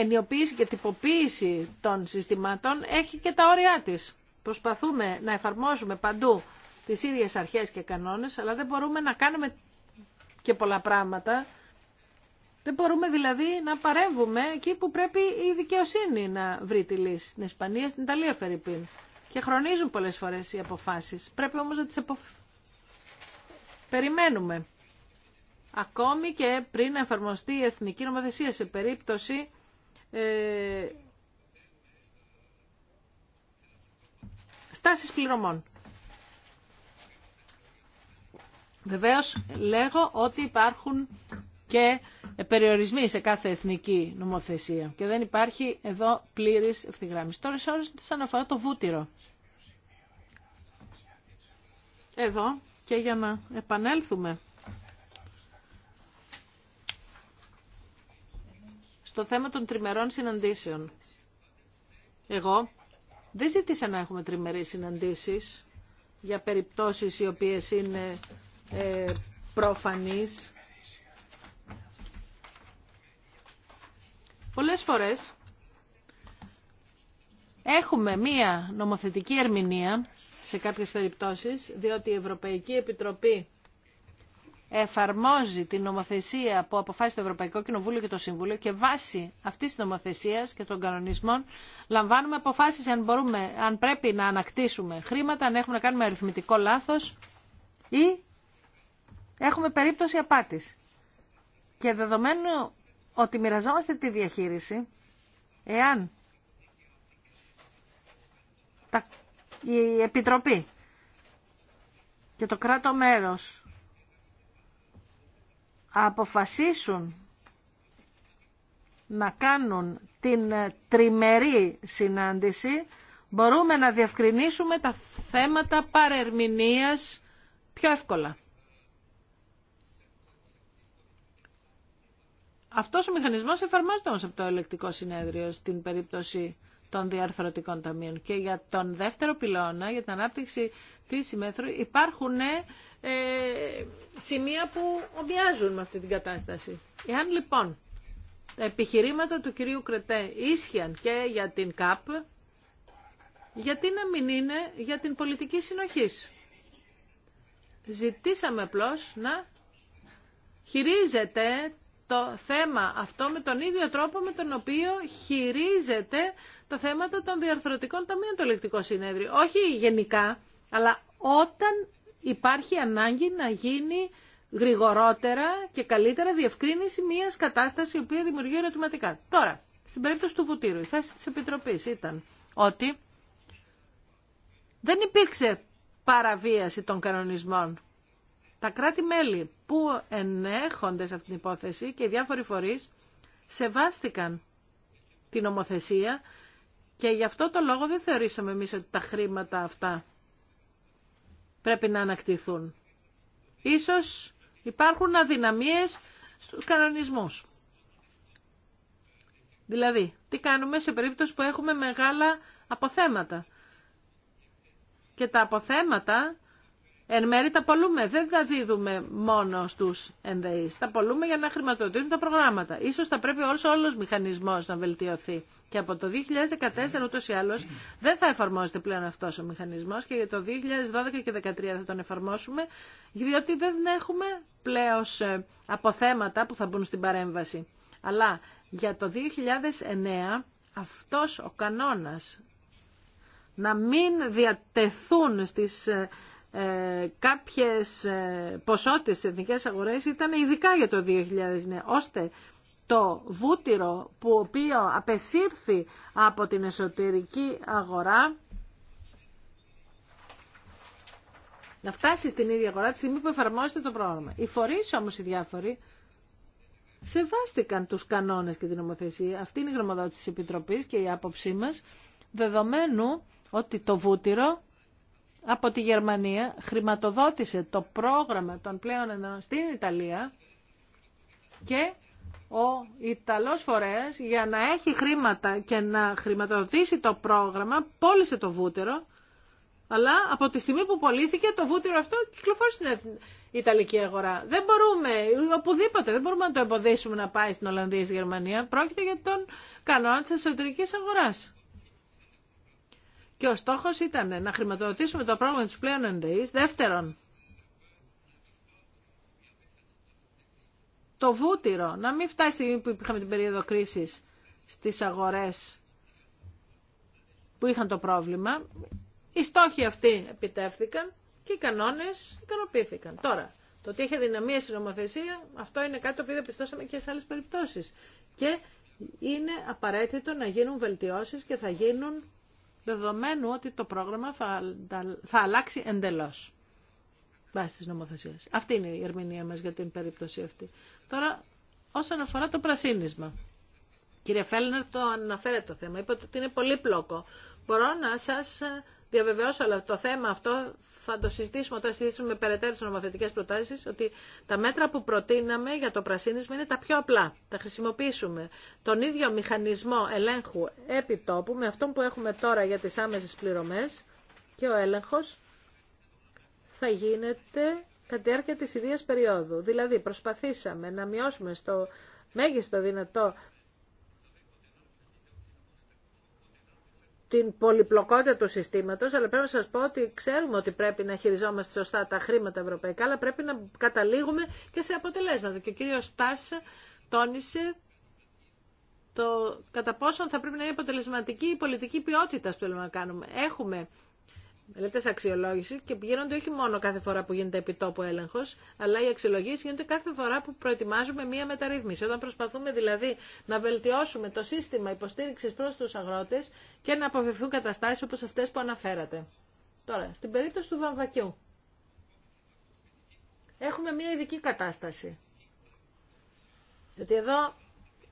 Speaker 3: ενιοποίηση και τυποποίηση των συστημάτων έχει και τα όρια της. Προσπαθούμε να εφαρμόσουμε παντού τις ίδιες αρχές και κανόνες, αλλά δεν μπορούμε να κάνουμε και πολλά πράγματα. Δεν μπορούμε δηλαδή να παρέμβουμε εκεί που πρέπει η δικαιοσύνη να βρει τη λύση. Στην Ισπανία, στην Ιταλία, Φερρυπίν. Και χρονίζουν πολλές φορές οι αποφάσεις. Πρέπει όμως να τις περιμένουμε. Ακόμη και πριν εφαρμοστεί η εθνική νομοθεσία σε περίπτωση ε, στάσεις πληρωμών. Βεβαίως λέγω ότι υπάρχουν και περιορισμοί σε κάθε εθνική νομοθεσία και δεν υπάρχει εδώ πλήρης ευθυγράμμιση. Τώρα σε όρες της αναφορά το βούτυρο. Εδώ και για να επανέλθουμε το θέμα των τριμερών συναντήσεων. Εγώ δεν ζήτησα να έχουμε τριμερείς συναντήσεις για περιπτώσεις οι οποίες είναι ε, προφανείς. Πολλές φορές έχουμε μία νομοθετική ερμηνεία σε κάποιες περιπτώσεις, διότι η Ευρωπαϊκή Επιτροπή εφαρμόζει την νομοθεσία που αποφάσισε το Ευρωπαϊκό Κοινοβούλιο και το Συμβούλιο και βάσει αυτής της νομοθεσία και των κανονισμών λαμβάνουμε αποφάσεις αν, μπορούμε, αν πρέπει να ανακτήσουμε χρήματα, αν έχουμε να κάνουμε αριθμητικό λάθος ή έχουμε περίπτωση απάτης. Και δεδομένου μοιραζόμαστε τη διαχείριση εάν η Επιτροπή και το κράτο μέρος αποφασίσουν να κάνουν την ε, τριμερή συνάντηση, μπορούμε να διευκρινίσουμε τα θέματα παρερμηνίας πιο εύκολα. Αυτός ο μηχανισμός εφαρμόζεται όμως από το ελεκτικό συνέδριο στην περίπτωση των διαρθρωτικών ταμείων. Και για τον δεύτερο πυλώνα, για την ανάπτυξη τη ημέθρου, υπάρχουν ε, σημεία που ομοιάζουν με αυτή την κατάσταση. Εάν λοιπόν τα επιχειρήματα του κυρίου Κρετέ ίσχυαν και για την ΚΑΠ, γιατί να μην είναι για την πολιτική συνοχής. Ζητήσαμε απλώ να χειρίζεται το θέμα αυτό με τον ίδιο τρόπο με τον οποίο χειρίζεται τα θέματα των διαρθρωτικών ταμείων το ελεκτικό συνέδριο. Όχι γενικά, αλλά όταν υπάρχει ανάγκη να γίνει γρηγορότερα και καλύτερα διευκρίνηση μιας κατάστασης η οποία δημιουργεί ερωτηματικά. Τώρα, στην περίπτωση του βουτήρου η θέση της Επιτροπής ήταν ότι δεν υπήρξε παραβίαση των κανονισμών τα κράτη-μέλη που ενέχονται σε αυτήν την υπόθεση και οι διάφοροι φορείς σεβάστηκαν την ομοθεσία και γι' αυτό το λόγο δεν θεωρήσαμε εμείς ότι τα χρήματα αυτά πρέπει να ανακτηθούν. Ίσως υπάρχουν αδυναμίες στους κανονισμούς. Δηλαδή, τι κάνουμε σε περίπτωση που έχουμε μεγάλα αποθέματα. Και τα αποθέματα εν μέρη τα πολλούμε. Δεν τα δίδουμε μόνο στους ενδεείς. Τα πολλούμε για να χρηματοδοτούν τα προγράμματα. Ίσως θα πρέπει όλος όλος μηχανισμός να βελτιωθεί. Και από το 2014 ούτως ή άλλως δεν θα εφαρμόζεται πλέον αυτός ο μηχανισμός και για το 2012 και 2013 θα τον εφαρμόσουμε διότι δεν έχουμε πλέον ε, αποθέματα που θα μπουν στην παρέμβαση. Αλλά για το 2009 αυτός ο κανόνας να μην διατεθούν στις ε, ε, κάποιες ε, ποσότητες στις εθνικές αγορές ήταν ειδικά για το 2009, ώστε το βούτυρο που οποίο απεσύρθη από την εσωτερική αγορά να φτάσει στην ίδια αγορά τη στιγμή που εφαρμόζεται το πρόγραμμα. Οι φορείς όμως οι διάφοροι σεβάστηκαν τους κανόνες και την νομοθεσία. Αυτή είναι η γνωμοδότηση της Επιτροπής και η άποψή μας, δεδομένου ότι το βούτυρο από τη Γερμανία χρηματοδότησε το πρόγραμμα των πλέον ενδυνών στην Ιταλία και ο Ιταλός φορέας για να έχει χρήματα και να χρηματοδοτήσει το πρόγραμμα πώλησε το βούτυρο αλλά από τη στιγμή που πωλήθηκε το βούτυρο αυτό κυκλοφόρησε στην Ιταλική αγορά. Δεν μπορούμε, οπουδήποτε, δεν μπορούμε να το εμποδίσουμε να πάει στην Ολλανδία ή στη Γερμανία. Πρόκειται για τον κανόνα της εσωτερικής αγοράς. Και ο στόχο ήταν να χρηματοδοτήσουμε το πρόγραμμα της πλέον ενδεής. Δεύτερον, το βούτυρο, να μην φτάσει στη στιγμή που είχαμε την περίοδο κρίσης στις αγορές που είχαν το πρόβλημα. Οι στόχοι αυτοί επιτεύθηκαν και οι κανόνες ικανοποιήθηκαν. Τώρα, το ότι είχε δυναμία στην νομοθεσία, αυτό είναι κάτι το οποίο πιστώσαμε και σε άλλε περιπτώσει. Και είναι απαραίτητο να γίνουν βελτιώσει και θα γίνουν δεδομένου ότι το πρόγραμμα θα, θα αλλάξει εντελώς βάσει της νομοθεσίας. Αυτή είναι η ερμηνεία μας για την περίπτωση αυτή. Τώρα, όσον αφορά το πρασίνισμα. Κύριε Φέλνερ, το αναφέρετε το θέμα. Είπατε ότι είναι πολύπλοκο. Μπορώ να σας ε, διαβεβαιώσω, αλλά το θέμα αυτό θα το συζητήσουμε όταν συζητήσουμε περαιτέρω τι νομοθετικέ προτάσει, ότι τα μέτρα που προτείναμε για το πρασίνισμα είναι τα πιο απλά. Θα χρησιμοποιήσουμε τον ίδιο μηχανισμό ελέγχου επιτόπου με αυτόν που έχουμε τώρα για τι άμεσε πληρωμέ και ο έλεγχο θα γίνεται κατά τη διάρκεια τη ίδια περίοδου. Δηλαδή προσπαθήσαμε να μειώσουμε στο μέγιστο δυνατό την πολυπλοκότητα του συστήματος, αλλά πρέπει να σας πω ότι ξέρουμε ότι πρέπει να χειριζόμαστε σωστά τα χρήματα ευρωπαϊκά, αλλά πρέπει να καταλήγουμε και σε αποτελέσματα. Και ο κύριο Τάσα τόνισε το κατά πόσον θα πρέπει να είναι αποτελεσματική η πολιτική ποιότητα που θέλουμε να κάνουμε. Έχουμε μελέτε αξιολόγηση και γίνονται όχι μόνο κάθε φορά που γίνεται επιτόπου έλεγχος, αλλά οι αξιολογήσει γίνονται κάθε φορά που προετοιμάζουμε μία μεταρρύθμιση. Όταν προσπαθούμε δηλαδή να βελτιώσουμε το σύστημα υποστήριξης προς τους αγρότες και να αποφευθούν καταστάσεις όπως αυτές που αναφέρατε. Τώρα, στην περίπτωση του βαμβακιού. Έχουμε μία ειδική κατάσταση. Γιατί εδώ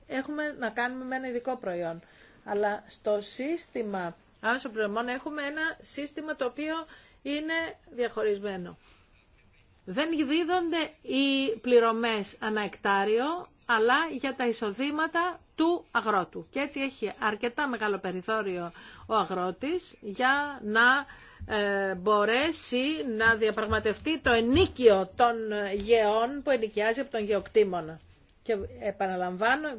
Speaker 3: έχουμε να κάνουμε με ένα ειδικό προϊόν. Αλλά στο σύστημα άμεσων πληρωμών έχουμε ένα σύστημα το οποίο είναι διαχωρισμένο. Δεν δίδονται οι πληρωμές ανά εκτάριο, αλλά για τα εισοδήματα του αγρότου. Και έτσι έχει αρκετά μεγάλο περιθώριο ο αγρότης για να ε, μπορέσει να διαπραγματευτεί το ενίκιο των γεών που ενοικιάζει από τον γεωκτήμονα. Και επαναλαμβάνω,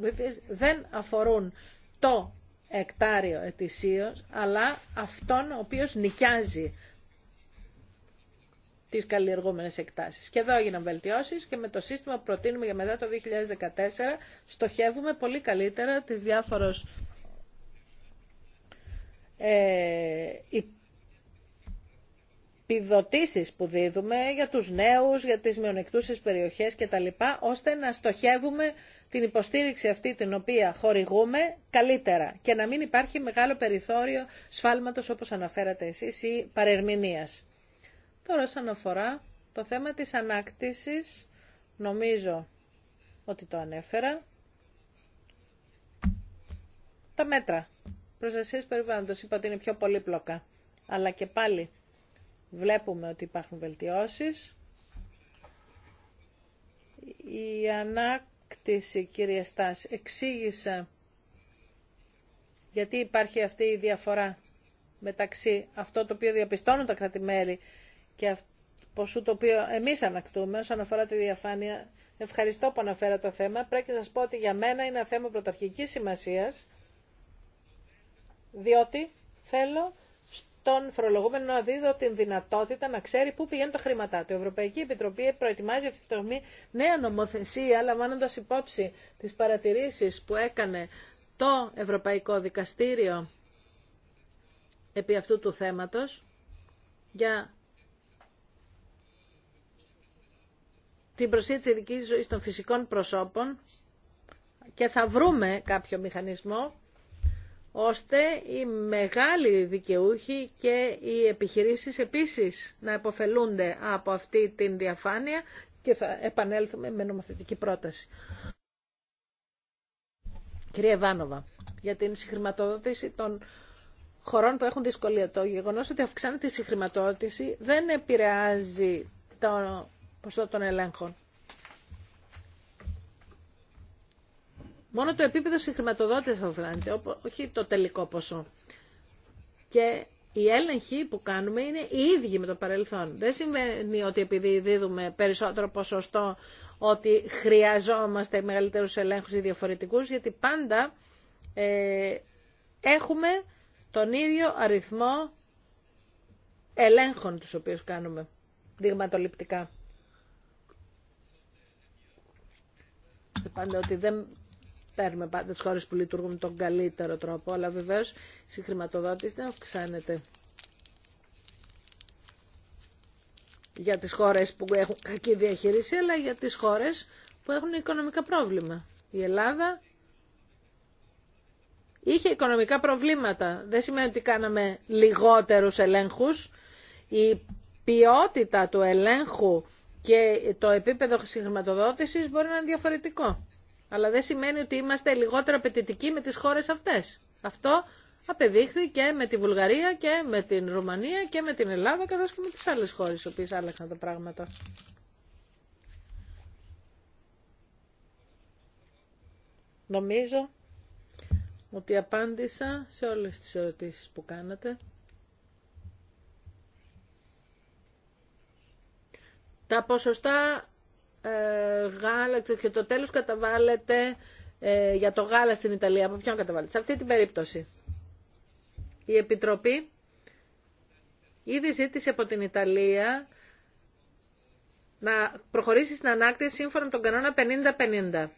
Speaker 3: δεν αφορούν το εκτάριο ετησίως, αλλά αυτόν ο οποίος νοικιάζει τις καλλιεργούμενες εκτάσεις. Και εδώ έγιναν βελτιώσεις και με το σύστημα που προτείνουμε για μετά το 2014 στοχεύουμε πολύ καλύτερα τις διάφορες ε, επιδοτήσεις που δίδουμε για τους νέους, για τις μειονεκτούσες περιοχές κτλ. ώστε να στοχεύουμε την υποστήριξη αυτή την οποία χορηγούμε καλύτερα και να μην υπάρχει μεγάλο περιθώριο σφάλματος όπως αναφέρατε εσείς ή παρερμηνίας. Τώρα σαν αφορά το θέμα της ανάκτησης, νομίζω ότι το ανέφερα, τα μέτρα προστασίας περιβάλλοντος είπα ότι είναι πιο πολύπλοκα. Αλλά και πάλι βλέπουμε ότι υπάρχουν βελτιώσεις. Η ανάκτηση, κύριε Στάς, εξήγησε γιατί υπάρχει αυτή η διαφορά μεταξύ αυτό το οποίο διαπιστώνουν τα κρατημέλη και ποσού το οποίο εμείς ανακτούμε όσον αφορά τη διαφάνεια. Ευχαριστώ που αναφέρατε το θέμα. Πρέπει να σας πω ότι για μένα είναι ένα θέμα πρωταρχικής σημασίας, διότι θέλω τον φορολογούμενο να δίδω την δυνατότητα να ξέρει πού πηγαίνουν τα χρήματά του. Η Ευρωπαϊκή Επιτροπή προετοιμάζει αυτή τη στιγμή νέα νομοθεσία, λαμβάνοντα υπόψη τι παρατηρήσει που έκανε το Ευρωπαϊκό Δικαστήριο επί αυτού του θέματος για την προσήτηση της ειδικής ζωής των φυσικών προσώπων και θα βρούμε κάποιο μηχανισμό ώστε οι μεγάλοι δικαιούχοι και οι επιχειρήσεις επίσης να υποφελούνται από αυτή την διαφάνεια και θα επανέλθουμε με νομοθετική πρόταση. Κυρία Εβάνοβα, για την συγχρηματοδότηση των χωρών που έχουν δυσκολία. Το γεγονός ότι αυξάνεται η συγχρηματοδότηση δεν επηρεάζει το ποσό των ελέγχων. Μόνο το επίπεδο συγχρηματοδότησης θα φτάνει. όχι το τελικό ποσό. Και οι έλεγχοι που κάνουμε είναι οι ίδιοι με το παρελθόν. Δεν συμβαίνει ότι επειδή δίδουμε περισσότερο ποσοστό ότι χρειαζόμαστε μεγαλύτερους ελέγχους ή διαφορετικούς, γιατί πάντα ε, έχουμε τον ίδιο αριθμό ελέγχων τους οποίους κάνουμε δειγματοληπτικά. Πάντα ότι δεν παίρνουμε πάντα τις χώρες που λειτουργούν τον καλύτερο τρόπο, αλλά βεβαίως η χρηματοδότηση δεν αυξάνεται. Για τις χώρες που έχουν κακή διαχείριση, αλλά για τις χώρες που έχουν οικονομικά πρόβλημα. Η Ελλάδα είχε οικονομικά προβλήματα. Δεν σημαίνει ότι κάναμε λιγότερους ελέγχους. Η ποιότητα του ελέγχου και το επίπεδο συγχρηματοδότησης μπορεί να είναι διαφορετικό. Αλλά δεν σημαίνει ότι είμαστε λιγότερο απαιτητικοί με τις χώρες αυτές. Αυτό απεδείχθη και με τη Βουλγαρία και με την Ρουμανία και με την Ελλάδα καθώς και με τις άλλες χώρες οι οποίες άλλαξαν τα πράγματα. Νομίζω ότι απάντησα σε όλες τις ερωτήσεις που κάνατε. Τα ποσοστά ε, γάλα και το τέλος καταβάλλεται ε, για το γάλα στην Ιταλία. Από ποιον καταβάλλεται. Σε αυτή την περίπτωση η Επιτροπή ήδη ζήτησε από την Ιταλία να προχωρήσει στην ανάκτηση σύμφωνα με τον κανόνα 50-50.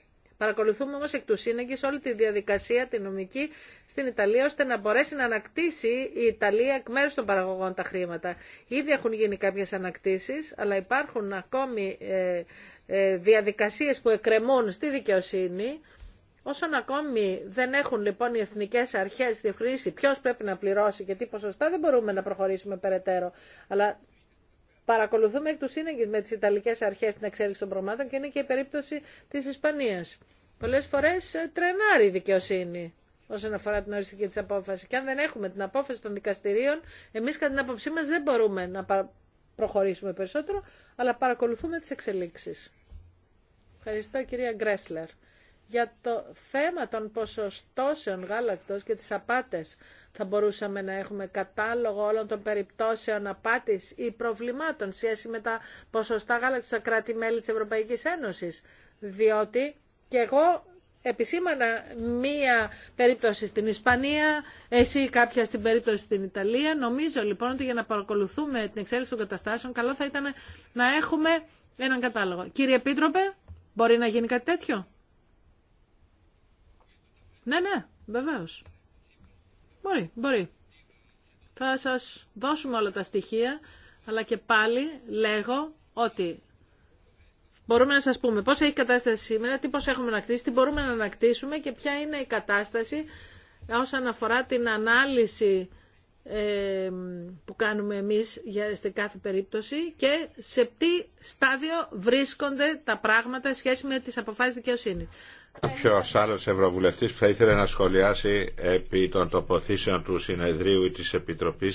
Speaker 3: Παρακολουθούμε όμω εκ του σύνεγγυ όλη τη διαδικασία, τη νομική, στην Ιταλία, ώστε να μπορέσει να ανακτήσει η Ιταλία εκ μέρου των παραγωγών τα χρήματα. Ήδη έχουν γίνει κάποιες ανακτήσεις, αλλά υπάρχουν ακόμη ε, ε, διαδικασίε που εκκρεμούν στη δικαιοσύνη, Όσον ακόμη δεν έχουν λοιπόν οι εθνικέ αρχέ διευκρινίσει ποιο πρέπει να πληρώσει και τι ποσοστά, δεν μπορούμε να προχωρήσουμε περαιτέρω. Αλλά παρακολουθούμε εκ του σύνεγγυ με τις Ιταλικές αρχές την εξέλιξη των προμάτων και είναι και η περίπτωση της Ισπανίας. Πολλές φορές ε, τρενάρει η δικαιοσύνη όσον αφορά την οριστική τη απόφαση. Και αν δεν έχουμε την απόφαση των δικαστηρίων, εμείς κατά την απόψή μας δεν μπορούμε να προχωρήσουμε περισσότερο, αλλά παρακολουθούμε τι εξελίξει. Ευχαριστώ κυρία Γκρέσλερ για το θέμα των ποσοστώσεων γάλακτος και τις απάτες. Θα μπορούσαμε να έχουμε κατάλογο όλων των περιπτώσεων απάτης ή προβλημάτων σχέση με τα ποσοστά γάλακτος στα κράτη-μέλη της Ευρωπαϊκής Ένωσης. Διότι και εγώ επισήμανα μία περίπτωση στην Ισπανία, εσύ κάποια στην περίπτωση στην Ιταλία. Νομίζω λοιπόν ότι για να παρακολουθούμε την εξέλιξη των καταστάσεων, καλό θα ήταν να έχουμε έναν κατάλογο. Κύριε Επίτροπε, μπορεί να γίνει κάτι τέτοιο. Ναι, ναι, βεβαίω. Μπορεί, μπορεί. Θα σας δώσουμε όλα τα στοιχεία, αλλά και πάλι λέγω ότι μπορούμε να σας πούμε πώς έχει κατάσταση σήμερα, τι πώς έχουμε ανακτήσει, τι μπορούμε να ανακτήσουμε και ποια είναι η κατάσταση όσον αφορά την ανάλυση ε, που κάνουμε εμείς για, σε κάθε περίπτωση και σε τι στάδιο βρίσκονται τα πράγματα σχέση με τις αποφάσεις δικαιοσύνη.
Speaker 1: Κάποιο άλλο Ευρωβουλευτή που θα ήθελε να σχολιάσει επί των τοποθήσεων του συνεδρίου ή τη Επιτροπή.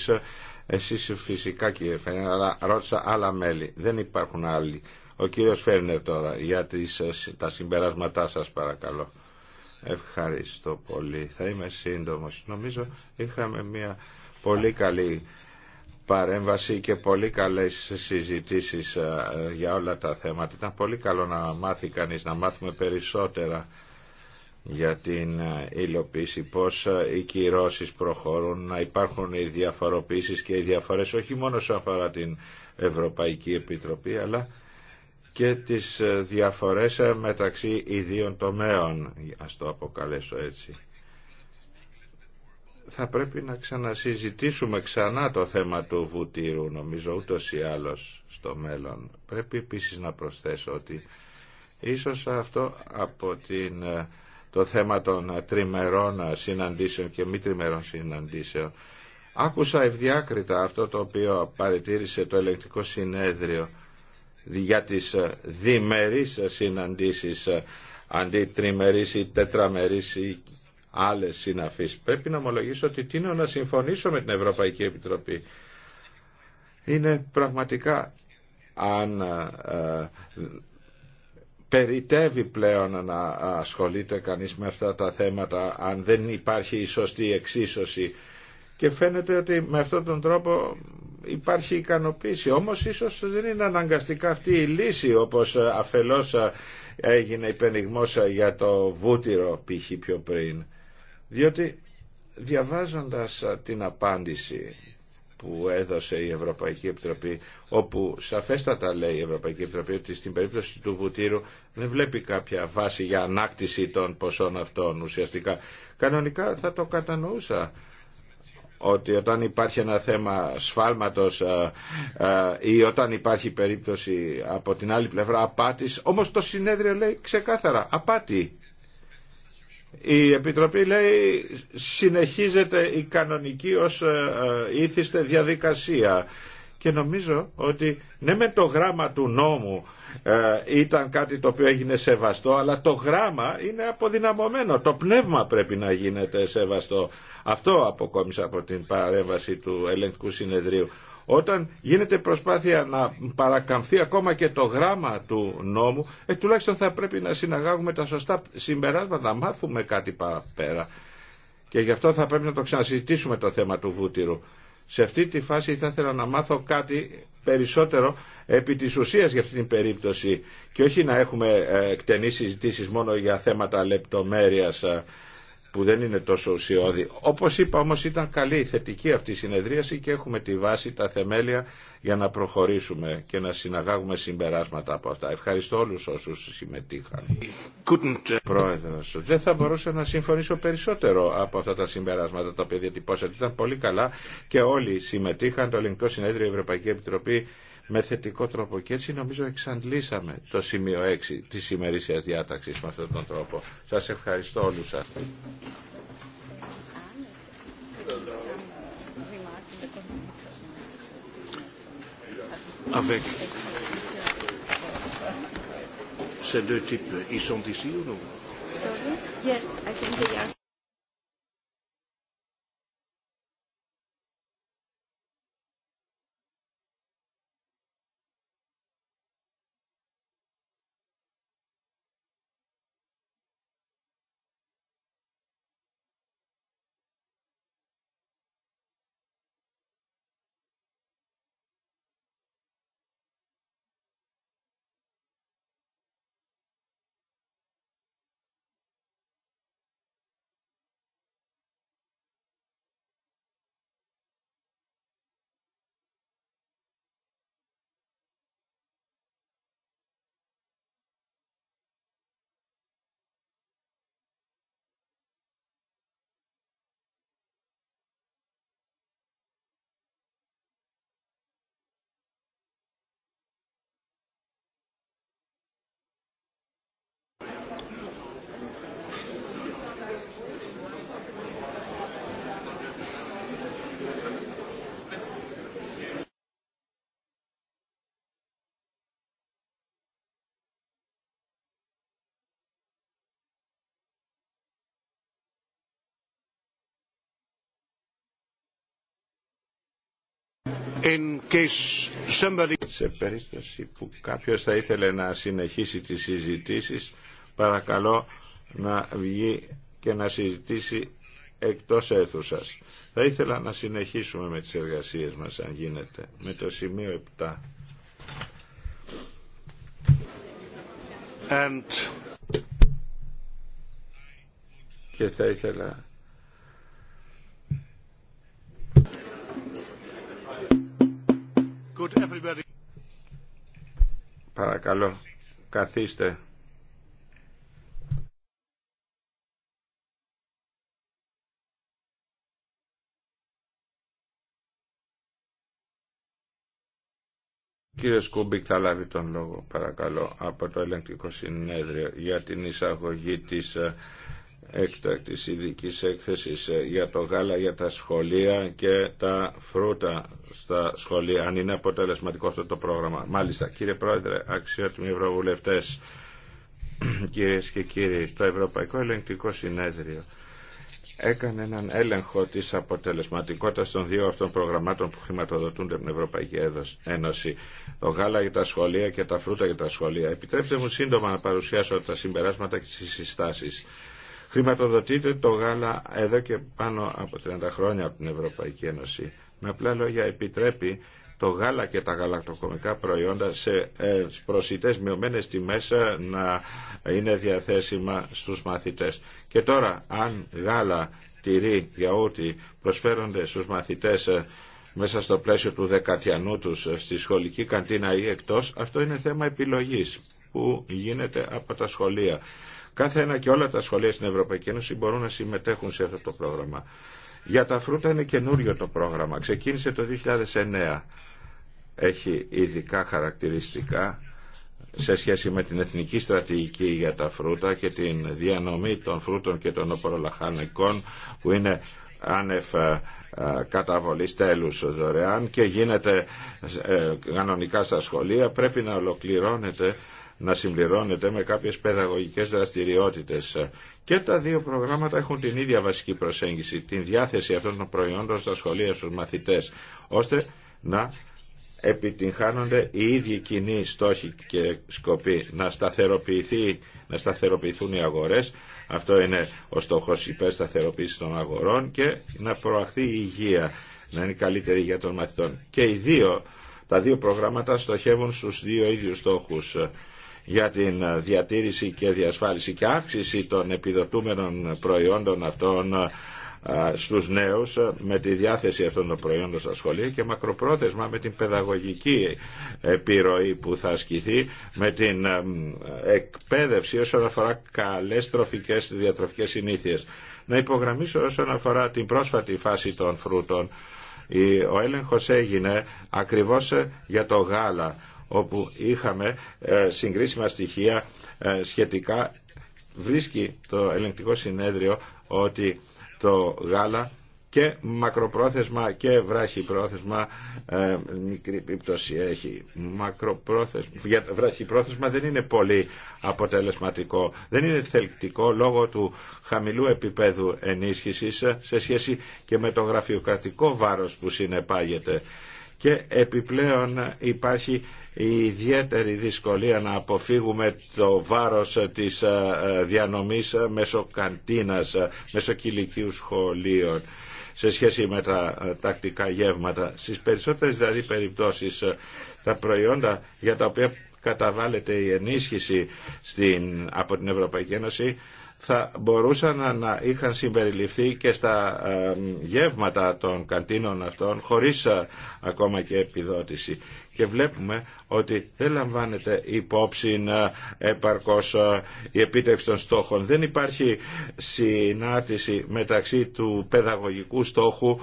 Speaker 1: Εσεί φυσικά κύριε Φέρνερ, αλλά ρώτησα άλλα μέλη. Δεν υπάρχουν άλλοι. Ο κύριος Φέρνερ τώρα για τις, τα συμπεράσματά σας παρακαλώ. Ευχαριστώ πολύ. Θα είμαι σύντομο. Νομίζω είχαμε μια πολύ καλή παρέμβαση και πολύ καλές συζητήσεις ε, για όλα τα θέματα. Ήταν πολύ καλό να μάθει κανείς, να μάθουμε περισσότερα για την ε, υλοποίηση, πώς ε, οι κυρώσεις προχωρούν, να υπάρχουν οι διαφοροποίησεις και οι διαφορές, όχι μόνο σε αφορά την Ευρωπαϊκή Επιτροπή, αλλά και τις διαφορές μεταξύ ιδίων τομέων, ας το αποκαλέσω έτσι θα πρέπει να ξανασυζητήσουμε ξανά το θέμα του βουτύρου νομίζω ούτως ή άλλως στο μέλλον. Πρέπει επίσης να προσθέσω ότι ίσως αυτό από την, ε, το θέμα των ε, τριμερών ε, συναντήσεων και μη τριμερών συναντήσεων άκουσα ευδιάκριτα αυτό το οποίο παρετήρησε το Ελεκτικό συνέδριο για τις διμερείς συναντήσεις αντί τριμερείς ή Άλλε συναφείς. Πρέπει να ομολογήσω ότι τίνω να συμφωνήσω με την Ευρωπαϊκή Επιτροπή. Είναι πραγματικά αν ε, περιτεύει πλέον να ασχολείται κανείς με αυτά τα θέματα αν δεν υπάρχει η σωστή εξίσωση και φαίνεται ότι με αυτόν τον τρόπο υπάρχει ικανοποίηση. Όμως ίσως δεν είναι αναγκαστικά αυτή η λύση όπως αφελώς έγινε υπενιγμός για το βούτυρο π.χ. πιο πριν. Διότι διαβάζοντας την απάντηση που έδωσε η Ευρωπαϊκή Επιτροπή, όπου σαφέστατα λέει η Ευρωπαϊκή Επιτροπή ότι στην περίπτωση του βουτύρου δεν βλέπει κάποια βάση για ανάκτηση των ποσών αυτών ουσιαστικά. Κανονικά θα το κατανοούσα ότι όταν υπάρχει ένα θέμα σφάλματος ή όταν υπάρχει περίπτωση από την άλλη πλευρά απάτης, όμως το συνέδριο λέει ξεκάθαρα απάτη η Επιτροπή λέει συνεχίζεται η κανονική ως ε, ε, ήθιστε διαδικασία και νομίζω ότι ναι με το γράμμα του νόμου ε, ήταν κάτι το οποίο έγινε σεβαστό αλλά το γράμμα είναι αποδυναμωμένο το πνεύμα πρέπει να γίνεται σεβαστό αυτό αποκόμισα από την παρέμβαση του ελεγκτικού συνεδρίου όταν γίνεται προσπάθεια να παρακαμφθεί ακόμα και το γράμμα του νόμου, ε, τουλάχιστον θα πρέπει να συναγάγουμε τα σωστά συμπεράσματα, να μάθουμε κάτι παραπέρα. Και γι' αυτό θα πρέπει να το ξανασυζητήσουμε το θέμα του βούτυρου. Σε αυτή τη φάση θα ήθελα να μάθω κάτι περισσότερο επί της ουσίας για αυτή την περίπτωση και όχι να έχουμε ε, εκτενείς συζητήσεις μόνο για θέματα λεπτομέρειας ε, που δεν είναι τόσο ουσιώδη. Όπως είπα όμως ήταν καλή η θετική αυτή η συνεδρίαση και έχουμε τη βάση, τα θεμέλια για να προχωρήσουμε και να συναγάγουμε συμπεράσματα από αυτά. Ευχαριστώ όλους όσους συμμετείχαν. Ε, δεν θα μπορούσα να συμφωνήσω περισσότερο από αυτά τα συμπεράσματα τα οποία διατυπώσατε. Ήταν πολύ καλά και όλοι συμμετείχαν, το Ελληνικό Συνέδριο, η Ευρωπαϊκή Επιτροπή με θετικό τρόπο. Και έτσι νομίζω εξαντλήσαμε το σημείο 6 της ημερήσιας διάταξης με αυτόν τον τρόπο. Σας ευχαριστώ όλους σας. Avec ces deux types, ils sont ici ou non?
Speaker 2: Sorry? Yes, I
Speaker 1: think they are. Σε περίπτωση που κάποιος θα ήθελε να συνεχίσει τις συζητήσεις, παρακαλώ να βγει και να συζητήσει εκτός αίθουσας. Θα ήθελα να συνεχίσουμε με τις εργασίες μας, αν γίνεται, με το σημείο 7. And... Και θα ήθελα Παρακαλώ, καθίστε. Κύριε Σκούμπικ θα λάβει τον λόγο παρακαλώ από το ελεγκτικό συνέδριο για την εισαγωγή της ε, έκτακτης ειδική έκθεση ε, για το γάλα, για τα σχολεία και τα φρούτα στα σχολεία, αν είναι αποτελεσματικό αυτό το πρόγραμμα. Μάλιστα, κύριε Πρόεδρε, αξιότιμοι ευρωβουλευτές, <clears throat> Κυρίε και κύριοι, το Ευρωπαϊκό Ελεγκτικό Συνέδριο έκανε έναν έλεγχο τη αποτελεσματικότητα των δύο αυτών προγραμμάτων που χρηματοδοτούνται από την Ευρωπαϊκή Ένωση. Το γάλα για τα σχολεία και τα φρούτα για τα σχολεία. Επιτρέψτε μου σύντομα να παρουσιάσω τα συμπεράσματα και τι συστάσει. Χρηματοδοτείται το γάλα εδώ και πάνω από 30 χρόνια από την Ευρωπαϊκή Ένωση. Με απλά λόγια επιτρέπει το γάλα και τα γαλακτοκομικά προϊόντα σε ε, προσιτές μειωμένες τιμές ε, να είναι διαθέσιμα στους μαθητές. Και τώρα αν γάλα, τυρί, γιαούρτι προσφέρονται στους μαθητές ε, μέσα στο πλαίσιο του δεκατιανού τους στη σχολική καντίνα ή εκτός, αυτό είναι θέμα επιλογής που γίνεται από τα σχολεία. Κάθε ένα και όλα τα σχολεία στην Ευρωπαϊκή Ένωση μπορούν να συμμετέχουν σε αυτό το πρόγραμμα. Για τα φρούτα είναι καινούριο το πρόγραμμα. Ξεκίνησε το 2009. Έχει ειδικά χαρακτηριστικά σε σχέση με την εθνική στρατηγική για τα φρούτα και την διανομή των φρούτων και των οπωρολαχανικών που είναι άνευ ε, καταβολής τέλους δωρεάν και γίνεται ε, κανονικά στα σχολεία πρέπει να ολοκληρώνεται να συμπληρώνεται με κάποιες παιδαγωγικές δραστηριότητες. Και τα δύο προγράμματα έχουν την ίδια βασική προσέγγιση, την διάθεση αυτών των προϊόντων στα σχολεία στους μαθητές, ώστε να επιτυγχάνονται οι ίδιοι κοινοί στόχοι και σκοποί, να, σταθεροποιηθεί, να σταθεροποιηθούν οι αγορές, αυτό είναι ο στόχος υπερσταθεροποίησης των αγορών και να προαχθεί η υγεία, να είναι καλύτερη για των μαθητών. Και οι δύο, τα δύο προγράμματα στοχεύουν στους δύο ίδιους στόχους για την διατήρηση και διασφάλιση και αύξηση των επιδοτούμενων προϊόντων αυτών στους νέους με τη διάθεση αυτών των προϊόντων στα σχολεία και μακροπρόθεσμα με την παιδαγωγική επιρροή που θα ασκηθεί με την εκπαίδευση όσον αφορά καλές τροφικές διατροφικές συνήθειες. Να υπογραμμίσω όσον αφορά την πρόσφατη φάση των φρούτων ο έλεγχος έγινε ακριβώς ε, για το γάλα όπου είχαμε ε, συγκρίσιμα στοιχεία ε, σχετικά βρίσκει το ελεγκτικό συνέδριο ότι το γάλα και μακροπρόθεσμα και βράχυπρόθεσμα ε, μικρή πίπτωση έχει. Μακροπρόθεσμα, βράχυπρόθεσμα δεν είναι πολύ αποτελεσματικό. Δεν είναι θελκτικό λόγω του χαμηλού επίπεδου ενίσχυσης ε, σε σχέση και με το γραφειοκρατικό βάρος που συνεπάγεται. Και επιπλέον υπάρχει η ιδιαίτερη δυσκολία να αποφύγουμε το βάρος της ε, ε, διανομής μέσω καντίνας, ε, μέσω κηλικίου σχολείων σε σχέση με τα τακτικά γεύματα. Στις περισσότερες δηλαδή περιπτώσεις τα προϊόντα για τα οποία καταβάλλεται η ενίσχυση στην, από την Ευρωπαϊκή Ένωση θα μπορούσαν να είχαν συμπεριληφθεί και στα ε, γεύματα των καντίνων αυτών χωρίς ε, ακόμα και επιδότηση. Και βλέπουμε ότι δεν λαμβάνεται υπόψη ε, επαρκώς η επίτευξη των στόχων. Δεν υπάρχει συνάρτηση μεταξύ του παιδαγωγικού στόχου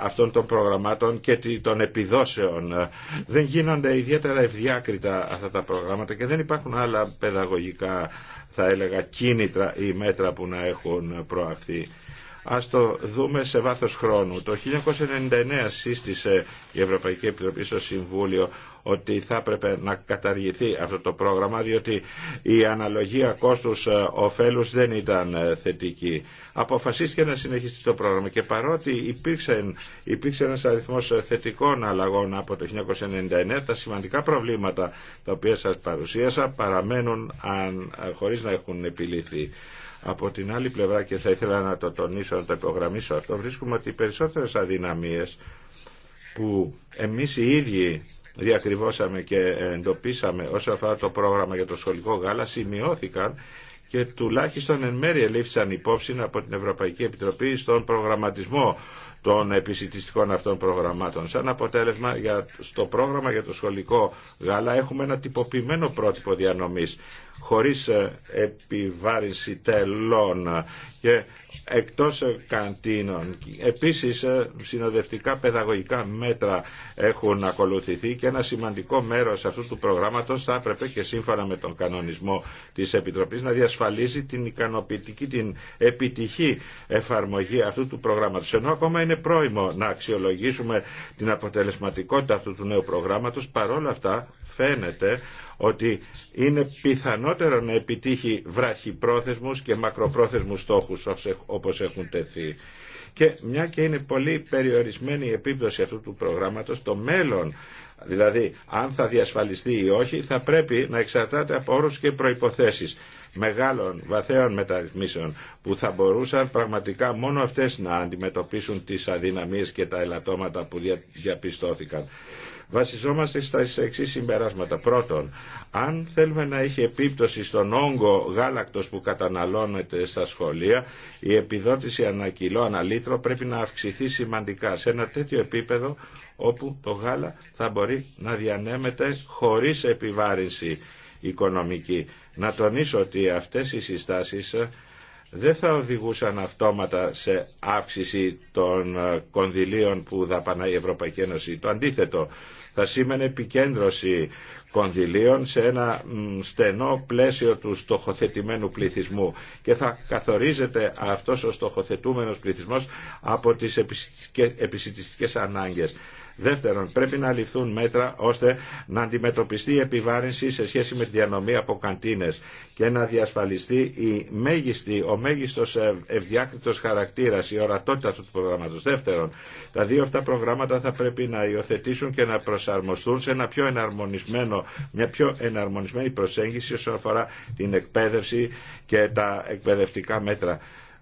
Speaker 1: αυτών των προγραμμάτων και των επιδόσεων. Δεν γίνονται ιδιαίτερα ευδιάκριτα αυτά τα προγράμματα και δεν υπάρχουν άλλα παιδαγωγικά θα έλεγα κίνητρα ή μέτρα που να έχουν προαχθεί. Ας το δούμε σε βάθος χρόνου. Το 1999 σύστησε η Ευρωπαϊκή Επιτροπή στο Συμβούλιο ότι θα έπρεπε να καταργηθεί αυτό το πρόγραμμα διότι η αναλογία κόστους κόστους-οφέλους ε, δεν ήταν ε, θετική. Αποφασίστηκε να συνεχιστεί το πρόγραμμα και παρότι υπήρξε, υπήρξε ένας αριθμός ε, θετικών αλλαγών από το 1999 τα σημαντικά προβλήματα τα οποία σας παρουσίασα παραμένουν αν, χωρίς να έχουν επιλύθει. Από την άλλη πλευρά και θα ήθελα να το τονίσω, να το υπογραμμίσω αυτό, βρίσκουμε ότι οι περισσότερες αδυναμίες που εμείς οι ίδιοι διακριβώσαμε και εντοπίσαμε όσο αφορά το πρόγραμμα για το σχολικό γάλα σημειώθηκαν και τουλάχιστον εν μέρει ελήφθησαν υπόψη από την Ευρωπαϊκή Επιτροπή στον προγραμματισμό των επισητιστικών αυτών προγραμμάτων. Σαν αποτέλεσμα, για, στο πρόγραμμα για το σχολικό γάλα έχουμε ένα τυποποιημένο πρότυπο διανομής, χωρίς ε, επιβάρυνση τελών και εκτός ε, καντίνων. Επίσης ε, συνοδευτικά παιδαγωγικά μέτρα έχουν ακολουθηθεί και ένα σημαντικό μέρος αυτού του προγράμματος θα έπρεπε και σύμφωνα με τον κανονισμό της Επιτροπής να διασφαλίζει την ικανοποιητική, την επιτυχή εφαρμογή αυτού του προγράμματος. Ενώ ακόμα είναι πρόημο να αξιολογήσουμε την αποτελεσματικότητα αυτού του νέου προγράμματος, παρόλα αυτά φαίνεται ότι είναι πιθανότερο να επιτύχει βραχυπρόθεσμους και μακροπρόθεσμους στόχους όπως έχουν τεθεί. Και μια και είναι πολύ περιορισμένη η επίπτωση αυτού του προγράμματος, το μέλλον Δηλαδή, αν θα διασφαλιστεί ή όχι, θα πρέπει να εξαρτάται από όρους και προϋποθέσεις μεγάλων βαθέων μεταρρυθμίσεων που θα μπορούσαν πραγματικά μόνο αυτές να αντιμετωπίσουν τις αδυναμίες και τα ελαττώματα που διαπιστώθηκαν βασιζόμαστε στα εξή συμπεράσματα. Πρώτον, αν θέλουμε να έχει επίπτωση στον όγκο γάλακτος που καταναλώνεται στα σχολεία, η επιδότηση ανά λίτρο πρέπει να αυξηθεί σημαντικά σε ένα τέτοιο επίπεδο όπου το γάλα θα μπορεί να διανέμεται χωρίς επιβάρυνση οικονομική. Να τονίσω ότι αυτές οι συστάσεις δεν θα οδηγούσαν αυτόματα σε αύξηση των ε, κονδυλίων που δαπανάει η Ευρωπαϊκή Ένωση. Το αντίθετο, θα σήμαινε επικέντρωση κονδυλίων σε ένα στενό πλαίσιο του στοχοθετημένου πληθυσμού και θα καθορίζεται αυτός ο στοχοθετούμενος πληθυσμός από τις επισητιστικές ανάγκες. Δεύτερον, πρέπει να ληφθούν μέτρα ώστε να αντιμετωπιστεί η επιβάρυνση σε σχέση με τη διανομή από καντίνε και να διασφαλιστεί η μέγιστη, ο μέγιστο ευδιάκριτος χαρακτήρας, η ορατότητα του προγράμματος. Δεύτερον, τα δύο αυτά προγράμματα θα πρέπει να υιοθετήσουν και να προσαρμοστούν σε ένα πιο εναρμονισμένο, μια πιο εναρμονισμένη προσέγγιση όσον αφορά την εκπαίδευση και τα εκπαιδευτικά μέτρα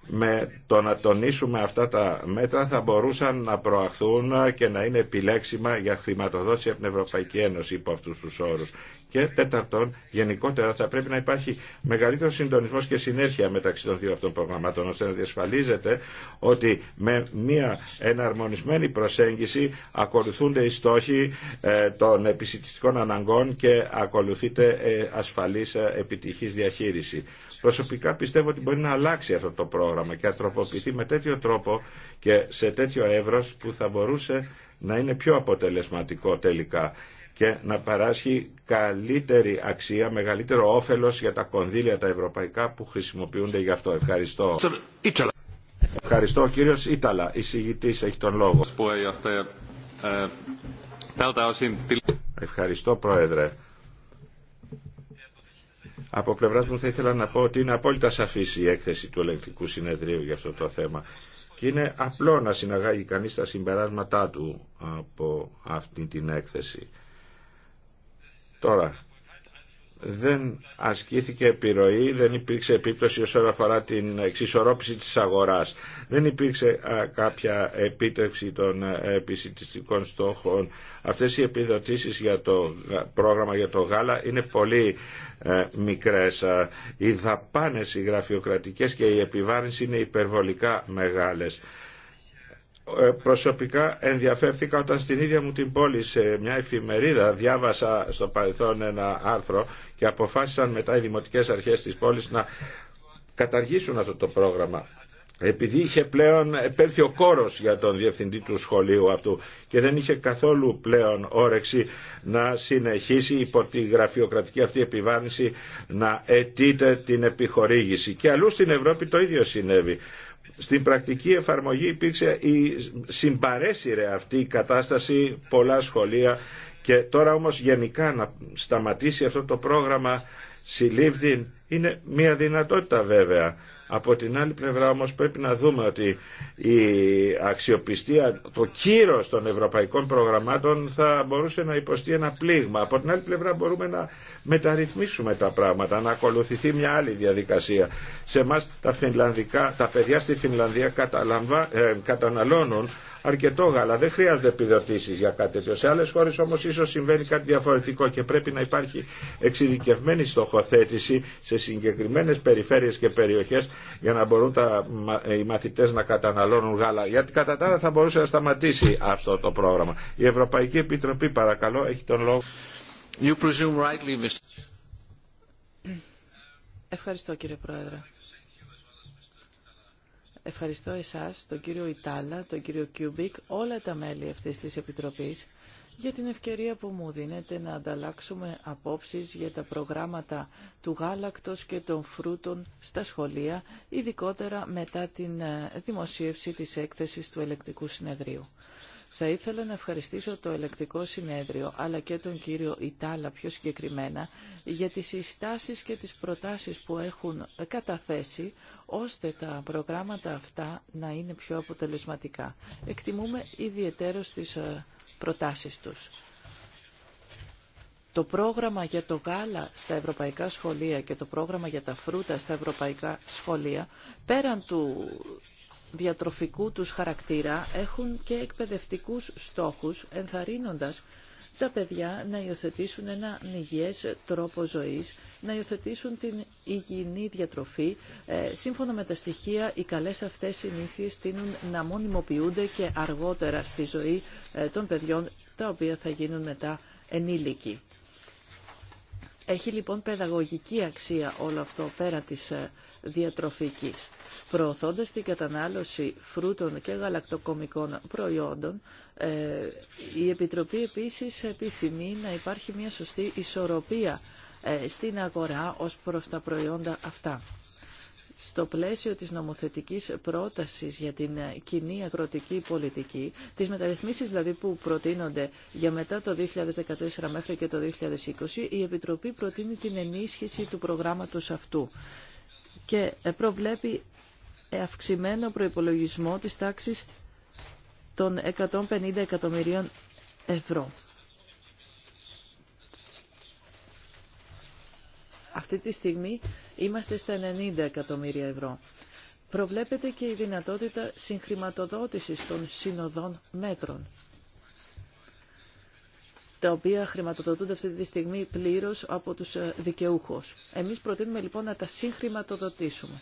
Speaker 1: με το να τονίσουμε αυτά τα μέτρα θα μπορούσαν να προαχθούν και να είναι επιλέξιμα για χρηματοδότηση από την Ευρωπαϊκή Ένωση υπό αυτούς τους όρους. Και τέταρτον, γενικότερα θα πρέπει να υπάρχει μεγαλύτερο συντονισμό και συνέχεια μεταξύ των δύο αυτών προγραμμάτων, ώστε να διασφαλίζεται ότι με μια εναρμονισμένη προσέγγιση ακολουθούνται οι στόχοι ε, των επισητιστικών αναγκών και ακολουθείται ε, ασφαλής ε, επιτυχής διαχείριση. Προσωπικά πιστεύω ότι μπορεί να αλλάξει αυτό το πρόγραμμα και να τροποποιηθεί με τέτοιο τρόπο και σε τέτοιο εύρος που θα μπορούσε να είναι πιο αποτελεσματικό τελικά και να παράσχει καλύτερη αξία, μεγαλύτερο όφελος για τα κονδύλια τα ευρωπαϊκά που χρησιμοποιούνται γι' αυτό. Ευχαριστώ. Ευχαριστώ. Ο κύριος Ήταλα, εισηγητής, έχει τον λόγο. Ε, ε, Ευχαριστώ, Πρόεδρε. Από πλευρά μου θα ήθελα να πω ότι είναι απόλυτα σαφή η έκθεση του ελεγκτικού συνεδρίου για αυτό το θέμα. Και είναι απλό να συναγάγει κανεί τα συμπεράσματά του από αυτή την έκθεση. Τώρα, δεν ασκήθηκε επιρροή, δεν υπήρξε επίπτωση όσον αφορά την εξισορρόπηση της αγοράς δεν υπήρξε κάποια επίτευξη των επισητιστικών στόχων. Αυτές οι επιδοτήσεις για το πρόγραμμα για το γάλα είναι πολύ μικρές. Οι δαπάνες οι γραφειοκρατικές και η επιβάρυνση είναι υπερβολικά μεγάλες ε, προσωπικά ενδιαφέρθηκα όταν στην ίδια μου την πόλη σε μια εφημερίδα διάβασα στο παρελθόν ένα άρθρο και αποφάσισαν μετά οι δημοτικές αρχές της πόλης να καταργήσουν αυτό το πρόγραμμα επειδή είχε πλέον επέλθει ο κόρος για τον διευθυντή του σχολείου αυτού και δεν είχε καθόλου πλέον όρεξη να συνεχίσει υπό τη γραφειοκρατική αυτή επιβάρυνση να αιτείται την επιχορήγηση. Και αλλού στην Ευρώπη το ίδιο συνέβη. Στην πρακτική εφαρμογή υπήρξε η συμπαρέσυρε αυτή η κατάσταση πολλά σχολεία και τώρα όμως γενικά να σταματήσει αυτό το πρόγραμμα συλλήβδιν είναι μια δυνατότητα βέβαια από την άλλη πλευρά όμως πρέπει να δούμε ότι η αξιοπιστία, το κύρος των ευρωπαϊκών προγραμμάτων θα μπορούσε να υποστεί ένα πλήγμα. Από την άλλη πλευρά μπορούμε να μεταρρυθμίσουμε τα πράγματα, να ακολουθηθεί μια άλλη διαδικασία. Σε εμά τα, τα παιδιά στη Φινλανδία ε, καταναλώνουν αρκετό γάλα. Δεν χρειάζονται επιδοτήσει για κάτι τέτοιο. Σε άλλε χώρε όμω ίσω συμβαίνει κάτι διαφορετικό και πρέπει να υπάρχει εξειδικευμένη στοχοθέτηση σε συγκεκριμένε περιφέρειε και περιοχέ για να μπορούν τα, οι μαθητέ να καταναλώνουν γάλα. Γιατί κατά τα άλλα θα μπορούσε να σταματήσει αυτό το πρόγραμμα. Η Ευρωπαϊκή Επιτροπή, παρακαλώ, έχει τον λόγο. You presume rightly, Mr.
Speaker 2: Ευχαριστώ κύριε Πρόεδρε. Ευχαριστώ εσάς, τον κύριο Ιτάλα, τον κύριο Κιούμπικ, όλα τα μέλη αυτής της Επιτροπής για την ευκαιρία που μου δίνετε να ανταλλάξουμε απόψεις για τα προγράμματα του γάλακτος και των φρούτων στα σχολεία, ειδικότερα μετά την ε, δημοσίευση της έκθεσης του ελεκτικού συνεδρίου. Θα ήθελα να ευχαριστήσω το ελεκτικό συνέδριο, αλλά και τον κύριο Ιτάλα πιο συγκεκριμένα, για τις συστάσεις και τις προτάσεις που έχουν καταθέσει, ώστε τα προγράμματα αυτά να είναι πιο αποτελεσματικά. Εκτιμούμε ιδιαιτέρως τις ε, προτάσεις τους. Το πρόγραμμα για το γάλα στα ευρωπαϊκά σχολεία και το πρόγραμμα για τα φρούτα στα ευρωπαϊκά σχολεία, πέραν του διατροφικού τους χαρακτήρα έχουν και εκπαιδευτικούς στόχους, ενθαρρύνοντας τα παιδιά να υιοθετήσουν ένα υγιές τρόπο ζωής, να υιοθετήσουν την υγιεινή διατροφή. Ε, σύμφωνα με τα στοιχεία, οι καλές αυτές συνήθειες τείνουν να μονιμοποιούνται και αργότερα στη ζωή ε, των παιδιών, τα οποία θα γίνουν μετά ενήλικοι. Έχει λοιπόν παιδαγωγική αξία όλο αυτό πέρα της ε, διατροφικής. Προωθώντας την κατανάλωση φρούτων και γαλακτοκομικών προϊόντων, ε, η Επιτροπή επίσης επιθυμεί να υπάρχει μια σωστή ισορροπία ε, στην αγορά ως προς τα προϊόντα αυτά στο πλαίσιο της νομοθετικής πρότασης για την κοινή αγροτική πολιτική, τις μεταρρυθμίσεις δηλαδή που προτείνονται για μετά το 2014 μέχρι και το 2020, η Επιτροπή προτείνει την ενίσχυση του προγράμματος αυτού και προβλέπει αυξημένο προϋπολογισμό της τάξης των 150 εκατομμυρίων ευρώ. Αυτή τη στιγμή Είμαστε στα 90 εκατομμύρια ευρώ. Προβλέπεται και η δυνατότητα συγχρηματοδότησης των συνοδών μέτρων τα οποία χρηματοδοτούνται αυτή τη στιγμή πλήρως από τους ε, δικαιούχους. Εμείς προτείνουμε λοιπόν να τα συγχρηματοδοτήσουμε.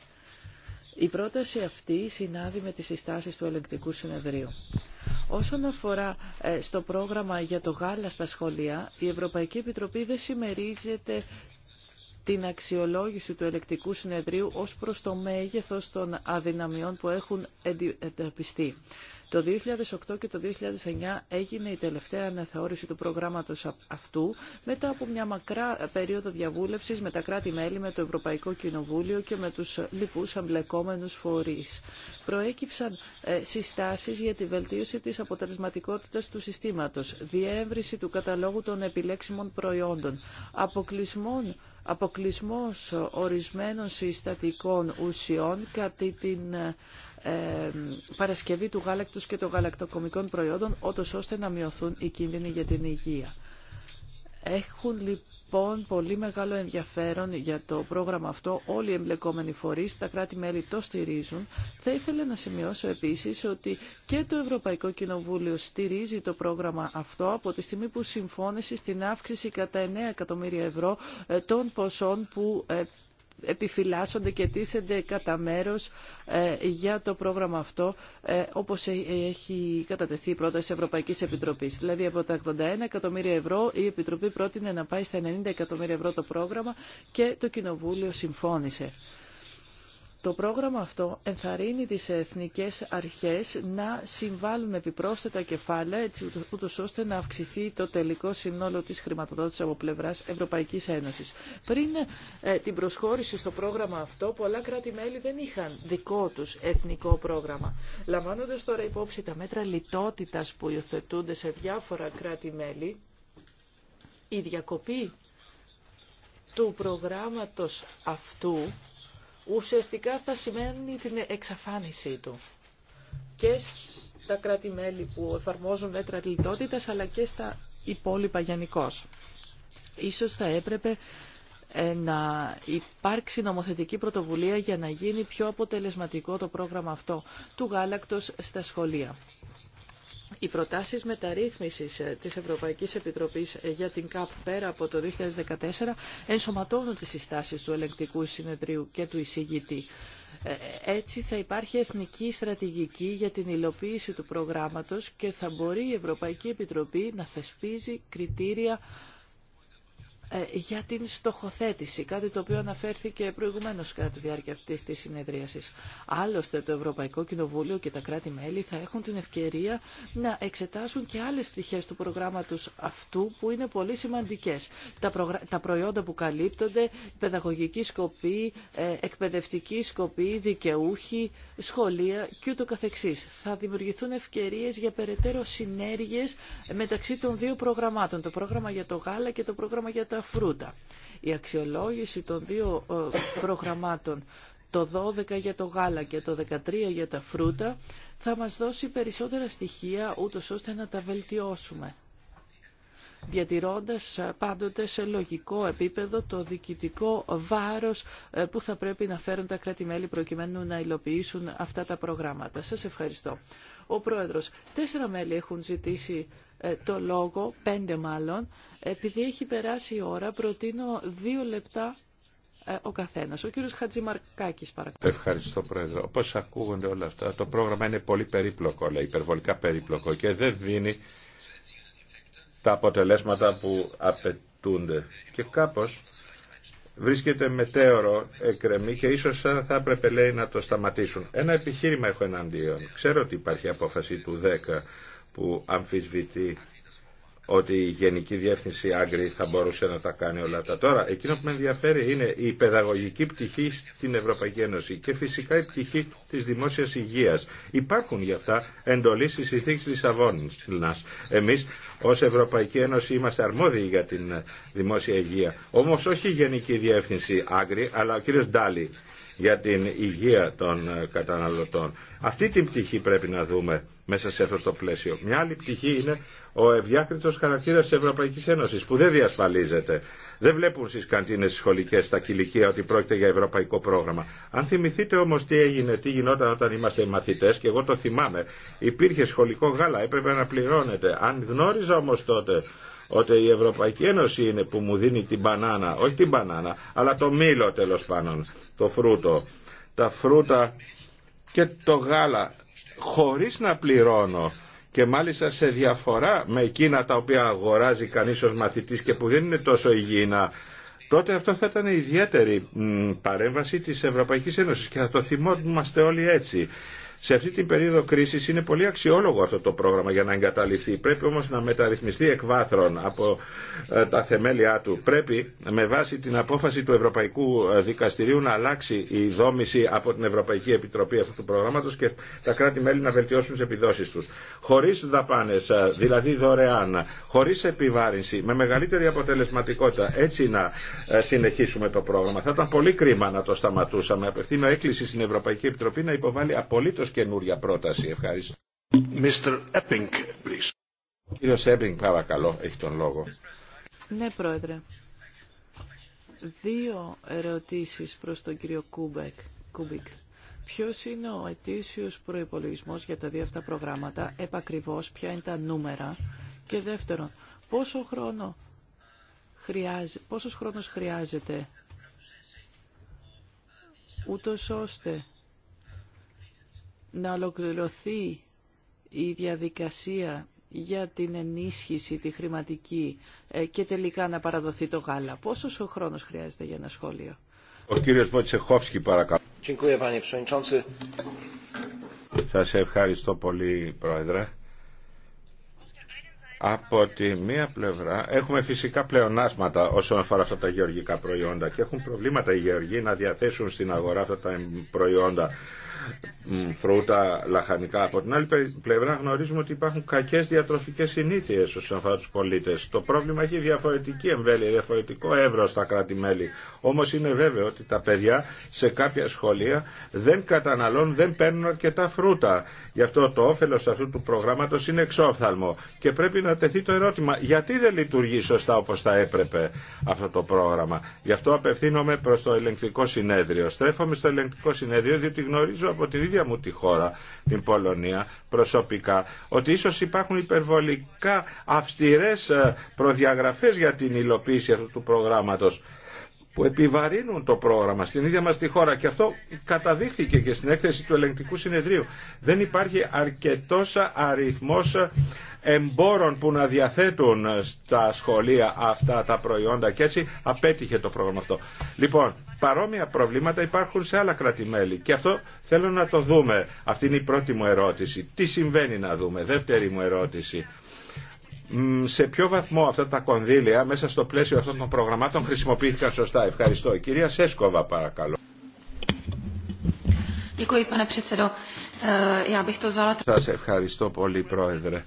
Speaker 2: Η πρόταση αυτή συνάδει με τις συστάσεις του ελεγκτικού συνεδρίου. Όσον αφορά ε, στο πρόγραμμα για το γάλα στα σχολεία, η Ευρωπαϊκή Επιτροπή δεν συμμερίζεται την αξιολόγηση του ελεκτικού συνεδρίου ως προς το μέγεθος των αδυναμιών που έχουν εντοπιστεί. Το 2008 και το 2009 έγινε η τελευταία αναθεώρηση του προγράμματος αυτού μετά από μια μακρά περίοδο διαβούλευσης με τα κράτη-μέλη, με το Ευρωπαϊκό Κοινοβούλιο και με τους λοιπούς αμπλεκόμενους φορείς. Προέκυψαν ε, συστάσεις για τη βελτίωση της αποτελεσματικότητας του συστήματος, διεύρυνση του καταλόγου των επιλέξιμων προϊόντων, αποκλεισμών αποκλεισμός ορισμένων συστατικών ουσιών κατά την ε, παρασκευή του γάλακτος και των γαλακτοκομικών προϊόντων, ώστε να μειωθούν οι κίνδυνοι για την υγεία. Έχουν λοιπόν πολύ μεγάλο ενδιαφέρον για το πρόγραμμα αυτό όλοι οι εμπλεκόμενοι φορείς, τα κράτη-μέλη το στηρίζουν. Θα ήθελα να σημειώσω επίσης ότι και το Ευρωπαϊκό Κοινοβούλιο στηρίζει το πρόγραμμα αυτό από τη στιγμή που συμφώνησε στην αύξηση κατά 9 εκατομμύρια ευρώ ε, των ποσών που ε, επιφυλάσσονται και τίθενται κατά μέρο ε, για το πρόγραμμα αυτό ε, όπως ε, έχει κατατεθεί η πρόταση ευρωπαϊκή Επιτροπής. Δηλαδή από τα 81 εκατομμύρια ευρώ η Επιτροπή πρότεινε να πάει στα 90 εκατομμύρια ευρώ το πρόγραμμα και το Κοινοβούλιο συμφώνησε. Το πρόγραμμα αυτό ενθαρρύνει τις εθνικές αρχές να συμβάλλουν επιπρόσθετα κεφάλαια έτσι ούτως ώστε να αυξηθεί το τελικό συνόλο της χρηματοδότησης από πλευράς Ευρωπαϊκής Ένωσης. Πριν ε, την προσχώρηση στο πρόγραμμα αυτό, πολλά κράτη-μέλη δεν είχαν δικό τους εθνικό πρόγραμμα. Λαμβάνοντας τώρα υπόψη τα μέτρα λιτότητας που υιοθετούνται σε διάφορα κράτη-μέλη, η διακοπή του προγράμματος αυτού ουσιαστικά θα σημαίνει την εξαφάνισή του. Και στα κράτη-μέλη που εφαρμόζουν μέτρα λιτότητας, αλλά και στα υπόλοιπα γενικώ. Ίσως θα έπρεπε ε, να υπάρξει νομοθετική πρωτοβουλία για να γίνει πιο αποτελεσματικό το πρόγραμμα αυτό του γάλακτος στα σχολεία οι προτάσεις μεταρρύθμισης ε, της Ευρωπαϊκής Επιτροπής ε, για την ΚΑΠ πέρα από το 2014 ενσωματώνουν τις συστάσεις του ελεγκτικού συνεδρίου και του εισηγητή. Ε, έτσι θα υπάρχει εθνική στρατηγική για την υλοποίηση του προγράμματος και θα μπορεί η Ευρωπαϊκή Επιτροπή να θεσπίζει κριτήρια ε, για την στοχοθέτηση, κάτι το οποίο αναφέρθηκε προηγουμένως κατά τη διάρκεια αυτής της συνεδρίασης. Άλλωστε το Ευρωπαϊκό Κοινοβούλιο και τα κράτη-μέλη θα έχουν την ευκαιρία να εξετάσουν και άλλες πτυχές του προγράμματος αυτού που είναι πολύ σημαντικές. Τα, τα προϊόντα που καλύπτονται, παιδαγωγική σκοπή, ε, εκπαιδευτική σκοπή, δικαιούχοι, σχολεία κ.ο.κ. Θα δημιουργηθούν ευκαιρίες για περαιτέρω συνέργειες μεταξύ των δύο προγραμμάτων, το πρόγραμμα για το γάλα και το πρόγραμμα για τα φρούτα. Η αξιολόγηση των δύο ε, προγραμμάτων, το 12 για το γάλα και το 13 για τα φρούτα, θα μας δώσει περισσότερα στοιχεία ούτως ώστε να τα βελτιώσουμε διατηρώντας ε, πάντοτε σε λογικό επίπεδο το διοικητικό βάρος ε, που θα πρέπει να φέρουν τα κράτη-μέλη προκειμένου να υλοποιήσουν αυτά τα προγράμματα. Σας ευχαριστώ. Ο Πρόεδρος, τέσσερα μέλη έχουν ζητήσει ε, το λόγο, πέντε μάλλον. Επειδή έχει περάσει η ώρα, προτείνω δύο λεπτά ε, ο καθένα. Ο κύριο Χατζημαρκάκη, παρακαλώ.
Speaker 1: Ευχαριστώ, Πρόεδρε. Όπω ακούγονται όλα αυτά, το πρόγραμμα είναι πολύ περίπλοκο, λέει, υπερβολικά περίπλοκο και δεν δίνει τα αποτελέσματα που απαιτούνται. Και κάπω βρίσκεται μετέωρο εκκρεμή και ίσω θα έπρεπε λέει να το σταματήσουν. Ένα επιχείρημα έχω εναντίον. Ξέρω ότι υπάρχει απόφαση του 10 που αμφισβητεί ότι η Γενική Διεύθυνση Άγκρη θα μπορούσε να τα κάνει όλα αυτά. Τώρα, εκείνο που με ενδιαφέρει είναι η παιδαγωγική πτυχή στην Ευρωπαϊκή Ένωση και φυσικά η πτυχή τη δημόσια υγεία. Υπάρχουν γι' αυτά εντολή στι συνθήκε Λισαβόνα. Εμεί ω Ευρωπαϊκή Ένωση είμαστε αρμόδιοι για την δημόσια υγεία. Όμω όχι η Γενική Διεύθυνση Άγκρη, αλλά ο κ. Ντάλι για την υγεία των ε, καταναλωτών. Αυτή την πτυχή πρέπει να δούμε μέσα σε αυτό το πλαίσιο. Μια άλλη πτυχή είναι ο ευδιάκριτος χαρακτήρας τη Ευρωπαϊκής Ένωση, που δεν διασφαλίζεται. Δεν βλέπουν στι καντίνε σχολικέ στα κηλικεία ότι πρόκειται για ευρωπαϊκό πρόγραμμα. Αν θυμηθείτε όμω τι έγινε, τι γινόταν όταν είμαστε μαθητέ, και εγώ το θυμάμαι, υπήρχε σχολικό γάλα, έπρεπε να πληρώνετε. Αν γνώριζα όμω τότε ότι η Ευρωπαϊκή Ένωση είναι που μου δίνει την μπανάνα, όχι την μπανάνα, αλλά το μήλο τέλος πάντων, το φρούτο, τα φρούτα και το γάλα, χωρίς να πληρώνω και μάλιστα σε διαφορά με εκείνα τα οποία αγοράζει κανείς ως μαθητής και που δεν είναι τόσο υγιεινά, τότε αυτό θα ήταν η ιδιαίτερη παρέμβαση της Ευρωπαϊκής Ένωσης και θα το θυμόμαστε όλοι έτσι. Σε αυτή την περίοδο κρίση είναι πολύ αξιόλογο αυτό το πρόγραμμα για να εγκαταλειφθεί. Πρέπει όμω να μεταρρυθμιστεί εκ βάθρων από ε, τα θεμέλια του. Πρέπει με βάση την απόφαση του Ευρωπαϊκού ε, Δικαστηρίου να αλλάξει η δόμηση από την Ευρωπαϊκή Επιτροπή αυτού του προγράμματο και τα κράτη-μέλη να βελτιώσουν τι επιδόσει του. Χωρί δαπάνε, ε, δηλαδή δωρεάν, χωρί επιβάρυνση, με μεγαλύτερη αποτελεσματικότητα. Έτσι να συνεχίσουμε το πρόγραμμα. Θα ήταν πολύ κρίμα να το σταματούσαμε. Απευθύνω έκκληση στην Ευρωπαϊκή Επιτροπή να υποβάλει απολύτω καινούρια πρόταση. Ευχαριστώ. Mr. Epping, please. κύριος παρακαλώ, έχει τον λόγο.
Speaker 2: Ναι, Πρόεδρε. Δύο ερωτήσεις προς τον κύριο Κούμπεκ. Κούμπικ. Ποιος είναι ο ετήσιος προϋπολογισμός για τα δύο αυτά προγράμματα, επακριβώς ποια είναι τα νούμερα και δεύτερον, πόσο χρόνο χρειάζε, πόσος χρόνος χρειάζεται ούτως ώστε να ολοκληρωθεί η διαδικασία για την ενίσχυση τη χρηματική ε, και τελικά να παραδοθεί το γάλα. Πόσος ο χρόνος χρειάζεται για ένα σχόλιο.
Speaker 1: Ο κύριος Βοτσεχόφσκι παρακαλώ. Σας ευχαριστώ πολύ Πρόεδρε. Από τη μία πλευρά έχουμε φυσικά πλεονάσματα όσον αφορά αυτά τα γεωργικά προϊόντα και έχουν προβλήματα οι γεωργοί να διαθέσουν στην αγορά αυτά τα προϊόντα φρούτα, λαχανικά. Από την άλλη πλευρά γνωρίζουμε ότι υπάρχουν κακές διατροφικές συνήθειες στου αφορά τους πολίτες. Το πρόβλημα έχει διαφορετική εμβέλεια, διαφορετικό εύρος στα κράτη-μέλη. Όμως είναι βέβαιο ότι τα παιδιά σε κάποια σχολεία δεν καταναλώνουν, δεν παίρνουν αρκετά φρούτα. Γι' αυτό το όφελος αυτού του προγράμματος είναι εξόφθαλμο. Και πρέπει να τεθεί το ερώτημα, γιατί δεν λειτουργεί σωστά όπως θα έπρεπε αυτό το πρόγραμμα. Γι' αυτό απευθύνομαι προς το ελεγκτικό συνέδριο. Στρέφομαι στο ελεγκτικό συνέδριο διότι γνωρίζω από την ίδια μου τη χώρα, την Πολωνία, προσωπικά, ότι ίσως υπάρχουν υπερβολικά αυστηρές ε, προδιαγραφές για την υλοποίηση αυτού του προγράμματος που επιβαρύνουν το πρόγραμμα στην ίδια μας τη χώρα και αυτό καταδείχθηκε και στην έκθεση του ελεγκτικού συνεδρίου. Δεν υπάρχει αρκετός αριθμός ε, εμπόρων που να διαθέτουν στα σχολεία αυτά τα προϊόντα και έτσι απέτυχε το πρόγραμμα αυτό. Λοιπόν, παρόμοια προβλήματα υπάρχουν σε άλλα κρατημέλη και αυτό θέλω να το δούμε. Αυτή είναι η πρώτη μου ερώτηση. Τι συμβαίνει να δούμε. Δεύτερη μου ερώτηση σε ποιο βαθμό αυτά τα κονδύλια μέσα στο πλαίσιο αυτών των προγραμμάτων χρησιμοποιήθηκαν σωστά. Ευχαριστώ. Κυρία Σέσκοβα παρακαλώ. Eh, Σα ευχαριστώ πολύ Πρόεδρε.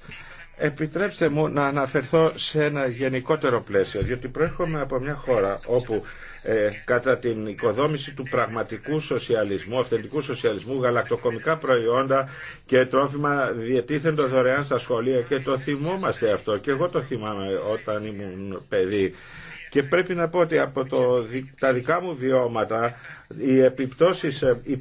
Speaker 1: Επιτρέψτε μου να αναφερθώ σε ένα γενικότερο πλαίσιο, διότι προέρχομαι από μια χώρα όπου ε, κατά την οικοδόμηση του πραγματικού σοσιαλισμού, αυθεντικού σοσιαλισμού, γαλακτοκομικά προϊόντα και τρόφιμα διετίθενται δωρεάν στα σχολεία και το θυμόμαστε αυτό και εγώ το θυμάμαι όταν ήμουν παιδί. Και πρέπει να πω ότι από το, τα δικά μου βιώματα οι επιπτώσεις ε, οι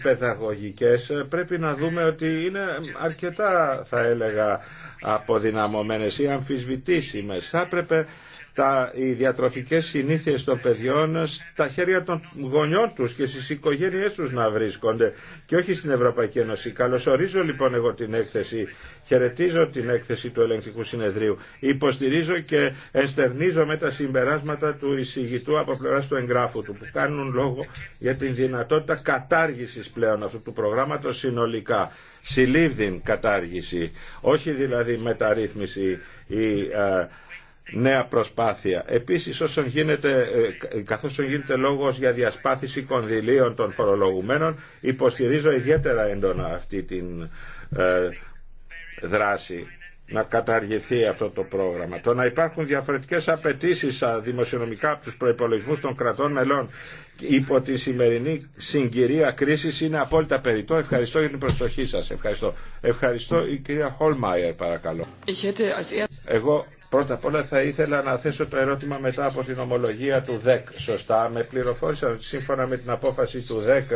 Speaker 1: ε, πρέπει να δούμε ότι είναι αρκετά θα έλεγα αποδυναμωμένες ή αμφισβητήσιμες. Θα έπρεπε τα, οι διατροφικές συνήθειες των παιδιών στα χέρια των γονιών τους και στις οικογένειές τους να βρίσκονται και όχι στην Ευρωπαϊκή Ένωση. Καλωσορίζω λοιπόν εγώ την έκθεση, χαιρετίζω την έκθεση του Ελεγκτικού Συνεδρίου, υποστηρίζω και εστερνίζω με τα συμπεράσματα του εισηγητού από πλευρά του εγγράφου του που κάνουν λόγο για την δυνατότητα κατάργησης πλέον αυτού του προγράμματος συνολικά. Συλλήβδην κατάργηση, όχι δηλαδή μεταρρύθμιση ή ε, νέα προσπάθεια. Επίσης όσον γίνεται, ε, καθώς γίνεται λόγος για διασπάθηση κονδυλίων των φορολογουμένων υποστηρίζω ιδιαίτερα έντονα αυτή τη ε, δράση να καταργηθεί αυτό το πρόγραμμα. Το να υπάρχουν διαφορετικές απαιτήσει δημοσιονομικά από τους προϋπολογισμούς των κρατών μελών υπό τη σημερινή συγκυρία κρίσης είναι απόλυτα περιττό. Ευχαριστώ για την προσοχή σας. Ευχαριστώ. Ευχαριστώ η κυρία Χολμάιερ παρακαλώ. Εγώ Πρώτα απ' όλα θα ήθελα να θέσω το ερώτημα μετά από την ομολογία του ΔΕΚ. Σωστά, με πληροφόρησαν σύμφωνα με την απόφαση του ΔΕΚ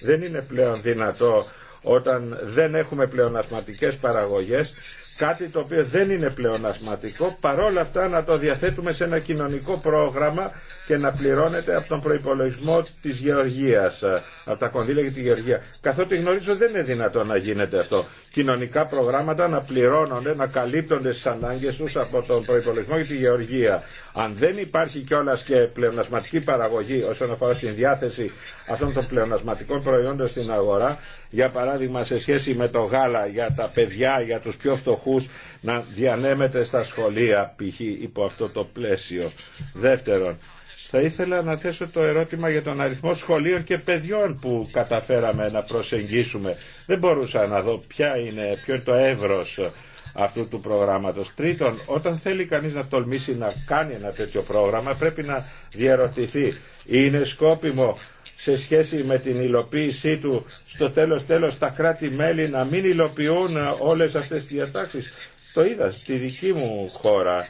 Speaker 1: δεν είναι πλέον δυνατό όταν δεν έχουμε πλεονασματικές παραγωγές, κάτι το οποίο δεν είναι πλεονασματικό, παρόλα αυτά να το διαθέτουμε σε ένα κοινωνικό πρόγραμμα και να πληρώνεται από τον προϋπολογισμό της Γεωργίας, ε, από τα κονδύλια για τη Γεωργία. Καθότι γνωρίζω δεν είναι δυνατό να γίνεται αυτό. Κοινωνικά προγράμματα να πληρώνονται, να καλύπτονται στις ανάγκες τους από τον προϋπολογισμό για τη Γεωργία. Αν δεν υπάρχει κιόλα και πλεονασματική παραγωγή όσον αφορά την διάθεση αυτών των πλεονασματικών προϊόντων στην αγορά, για παράδειγμα σε σχέση με το γάλα για τα παιδιά, για τους πιο φτωχούς να διανέμεται στα σχολεία π.χ. υπό αυτό το πλαίσιο. Δεύτερον, θα ήθελα να θέσω το ερώτημα για τον αριθμό σχολείων και παιδιών που καταφέραμε να προσεγγίσουμε. Δεν μπορούσα να δω ποια είναι, ποιο είναι το εύρος αυτού του προγράμματος. Τρίτον, όταν θέλει κανείς να τολμήσει να κάνει ένα τέτοιο πρόγραμμα πρέπει να διαρωτηθεί είναι σκόπιμο σε σχέση με την υλοποίησή του στο τέλος τέλος τα κράτη-μέλη να μην υλοποιούν όλες αυτές τις διατάξεις. Το είδα στη δική μου χώρα.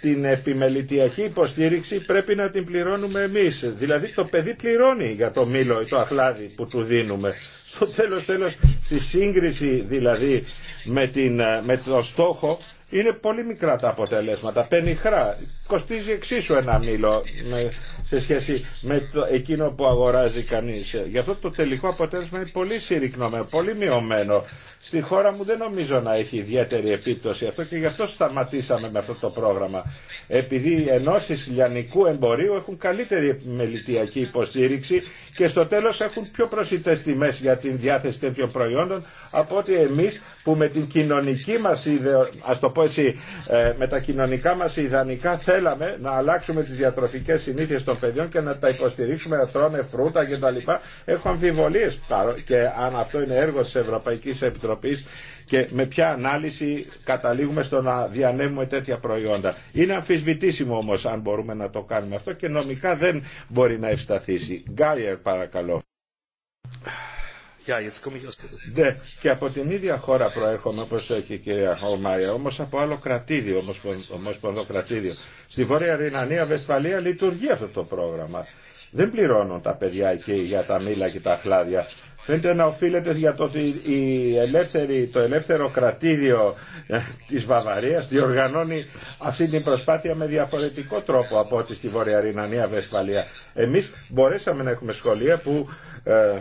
Speaker 1: Την επιμελητιακή υποστήριξη πρέπει να την πληρώνουμε εμείς. Δηλαδή το παιδί πληρώνει για το μήλο ή το αχλάδι που του δίνουμε. Στο τέλος τέλος στη σύγκριση δηλαδή με, την, με το στόχο είναι πολύ μικρά τα αποτελέσματα. Πενιχρά. Κοστίζει εξίσου ένα μήλο σε σχέση με το, εκείνο που αγοράζει κανείς. Γι' αυτό το τελικό αποτέλεσμα είναι πολύ συρρυκνωμένο, πολύ μειωμένο. Στη χώρα μου δεν νομίζω να έχει ιδιαίτερη επίπτωση αυτό και γι' αυτό σταματήσαμε με αυτό το πρόγραμμα. Επειδή οι ενώσεις λιανικού εμπορίου έχουν καλύτερη μελητιακή υποστήριξη και στο τέλος έχουν πιο προσιτές τιμές για την διάθεση τέτοιων προϊόντων από ότι εμείς που με την κοινωνική μας, ας το πω έτσι, ε, με τα κοινωνικά μας ιδανικά θέλαμε να αλλάξουμε τις διατροφικές συνήθειες των των παιδιών και να τα υποστηρίξουμε να τρώνε φρούτα κτλ. Έχω αμφιβολίε και αν αυτό είναι έργο τη ευρωπαϊκή Επιτροπή και με ποια ανάλυση καταλήγουμε στο να διανέμουμε τέτοια προϊόντα. Είναι αμφισβητήσιμο όμω αν μπορούμε να το κάνουμε αυτό και νομικά δεν μπορεί να ευσταθήσει. Γκάιερ παρακαλώ. Ναι, και από την ίδια χώρα προέρχομαι, όπω έχει η κυρία Χολμάια, όμω από άλλο κρατήδιο, ομοσπονδό κρατήδιο. Στη Βόρεια Ρινανία, Βεσφαλία, λειτουργεί αυτό το πρόγραμμα. Δεν πληρώνουν τα παιδιά εκεί για τα μήλα και τα χλάδια. Φαίνεται να οφείλεται για το ότι η ελεύθερη, το ελεύθερο κρατήδιο ε, της Βαβαρίας διοργανώνει αυτή την προσπάθεια με διαφορετικό τρόπο από ό,τι στη Βορεια Ρινανία Βεσφαλία. Εμείς μπορέσαμε να έχουμε σχολεία που ε,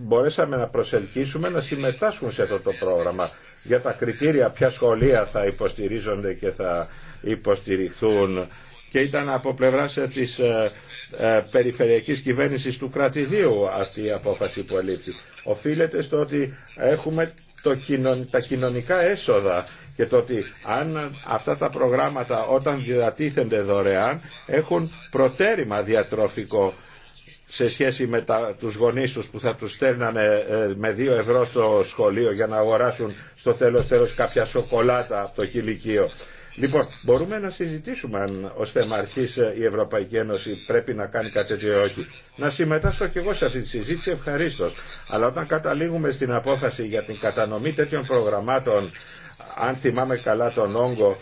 Speaker 1: μπορέσαμε να προσελκύσουμε να συμμετάσχουν σε αυτό το πρόγραμμα για τα κριτήρια ποια σχολεία θα υποστηρίζονται και θα υποστηριχθούν και ήταν από πλευράς ε, της ε, ε, περιφερειακής κυβέρνησης του κρατηδίου αυτή η απόφαση που ελήφθη. Οφείλεται στο ότι έχουμε το τα κοινωνικά έσοδα και το ότι αν αυτά τα προγράμματα όταν διατίθενται δωρεάν έχουν προτέρημα διατροφικό σε σχέση με τα, τους γονείς τους που θα τους στέλνανε ε, με δύο ευρώ στο σχολείο για να αγοράσουν στο τέλος τέλος κάποια σοκολάτα από το κηλικείο. Λοιπόν, μπορούμε να συζητήσουμε αν ως θέμα ε, η Ευρωπαϊκή Ένωση πρέπει να κάνει κάτι τέτοιο ή όχι. Να συμμετάσχω και εγώ σε αυτή τη συζήτηση ευχαρίστω. Αλλά όταν καταλήγουμε στην απόφαση για την κατανομή τέτοιων προγραμμάτων, αν θυμάμαι καλά τον όγκο,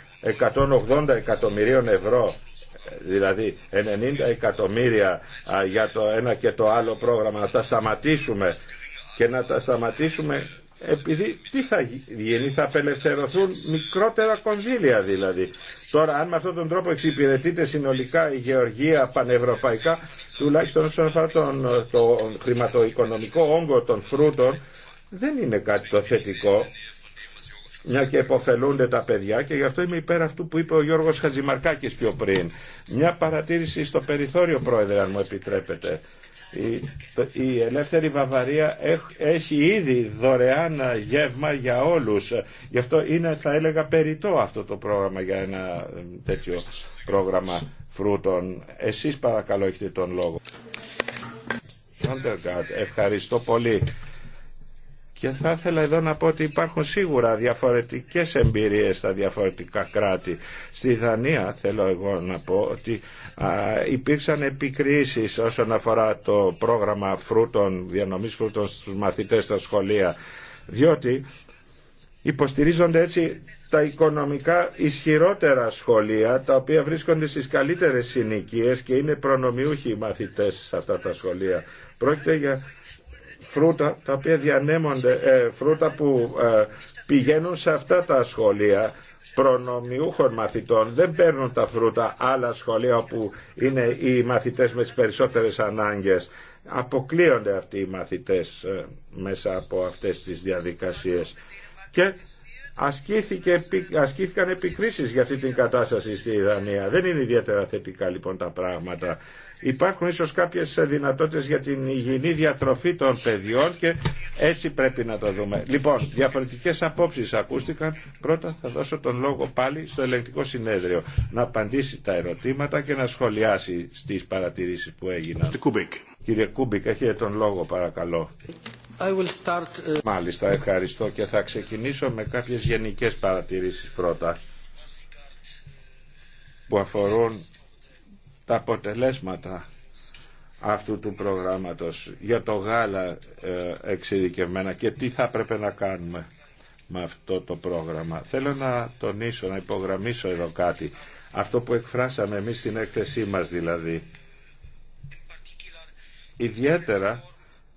Speaker 1: 180 εκατομμυρίων ευρώ δηλαδή 90 εκατομμύρια για το ένα και το άλλο πρόγραμμα, να τα σταματήσουμε και να τα σταματήσουμε επειδή τι θα γίνει, θα απελευθερωθούν μικρότερα κονδύλια δηλαδή. Τώρα αν με αυτόν τον τρόπο εξυπηρετείται συνολικά η γεωργία πανευρωπαϊκά, τουλάχιστον όσον αφορά τον, χρηματοοικονομικό όγκο των φρούτων, δεν είναι κάτι το θετικό μια και υποφελούνται τα παιδιά και γι' αυτό είμαι υπέρ αυτού που είπε ο Γιώργος Χαζημαρκάκης πιο πριν. Μια παρατήρηση στο περιθώριο πρόεδρε αν μου επιτρέπετε. Η, η Ελεύθερη Βαβαρία έχει ήδη δωρεάν γεύμα για όλους. Γι' αυτό είναι θα έλεγα περιτό αυτό το πρόγραμμα για ένα ε, τέτοιο πρόγραμμα φρούτων. Εσείς παρακαλώ έχετε τον λόγο. Ευχαριστώ πολύ. Και θα ήθελα εδώ να πω ότι υπάρχουν σίγουρα διαφορετικές εμπειρίες στα διαφορετικά κράτη. Στη Δανία θέλω εγώ να πω ότι υπήρξαν επικρίσεις όσον αφορά το πρόγραμμα φρούτων, διανομής φρούτων στους μαθητές στα σχολεία. Διότι υποστηρίζονται έτσι τα οικονομικά ισχυρότερα σχολεία τα οποία βρίσκονται στις καλύτερες συνοικίες και είναι προνομιούχοι οι μαθητές σε αυτά τα σχολεία. για φρούτα τα οποία διανέμονται, ε, φρούτα που ε, πηγαίνουν σε αυτά τα σχολεία προνομιούχων μαθητών δεν παίρνουν τα φρούτα άλλα σχολεία όπου είναι οι μαθητές με τις περισσότερες ανάγκες αποκλείονται αυτοί οι μαθητές ε, μέσα από αυτές τις διαδικασίες και ασκήθηκε, ασκήθηκαν επικρίσεις για αυτή την κατάσταση στη Ιδανία. δεν είναι ιδιαίτερα θετικά λοιπόν τα πράγματα Υπάρχουν ίσως κάποιες δυνατότητες για την υγιεινή διατροφή των παιδιών και έτσι πρέπει να το δούμε. Λοιπόν, διαφορετικές απόψεις ακούστηκαν. Πρώτα θα δώσω τον λόγο πάλι στο ελεγκτικό συνέδριο να απαντήσει τα ερωτήματα και να σχολιάσει στις παρατηρήσεις που έγιναν. Κύριε Κούμπικ, έχετε τον λόγο παρακαλώ. I will start... Ε, Μάλιστα, ευχαριστώ και θα ξεκινήσω με κάποιες γενικές παρατηρήσεις πρώτα που αφορούν τα αποτελέσματα αυτού του προγράμματος για το γάλα ε, εξειδικευμένα και τι θα πρέπει να κάνουμε με αυτό το πρόγραμμα. Θέλω να τονίσω, να υπογραμμίσω εδώ κάτι. Αυτό που εκφράσαμε εμείς στην έκθεσή μας δηλαδή. Ιδιαίτερα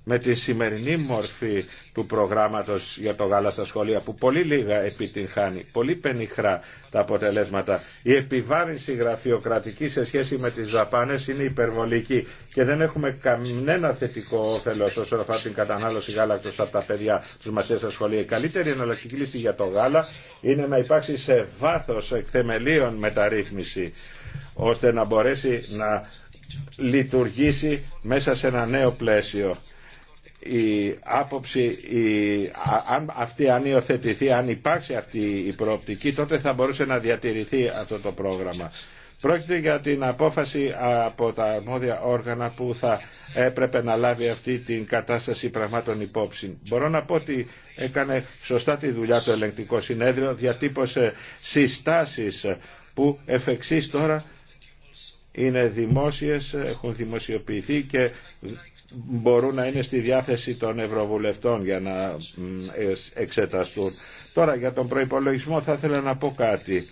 Speaker 1: με τη σημερινή μορφή του προγράμματος για το γάλα στα σχολεία που πολύ λίγα επιτυγχάνει, πολύ πενιχρά τα αποτελέσματα. Η επιβάρυνση γραφειοκρατική σε σχέση με τις δαπάνες είναι υπερβολική και δεν έχουμε κανένα θετικό όφελος όσον αφορά την κατανάλωση γάλακτος από τα παιδιά του μαθητέ στα σχολεία. Η καλύτερη εναλλακτική λύση για το γάλα είναι να υπάρξει σε βάθος εκθεμελίων μεταρρύθμιση ώστε να μπορέσει να λειτουργήσει μέσα σε ένα νέο πλαίσιο η άποψη, αν αυτή αν υιοθετηθεί, αν υπάρξει αυτή η προοπτική, τότε θα μπορούσε να διατηρηθεί αυτό το πρόγραμμα. Πρόκειται για την απόφαση από τα αρμόδια όργανα που θα έπρεπε να λάβει αυτή την κατάσταση πραγμάτων υπόψη. Μπορώ να πω ότι έκανε σωστά τη δουλειά το ελεγκτικό συνέδριο, διατύπωσε συστάσεις που εφ' τώρα είναι δημόσιες, έχουν δημοσιοποιηθεί και μπορούν να είναι στη διάθεση των Ευρωβουλευτών για να εξεταστούν. Τώρα για τον προϋπολογισμό θα ήθελα να πω κάτι.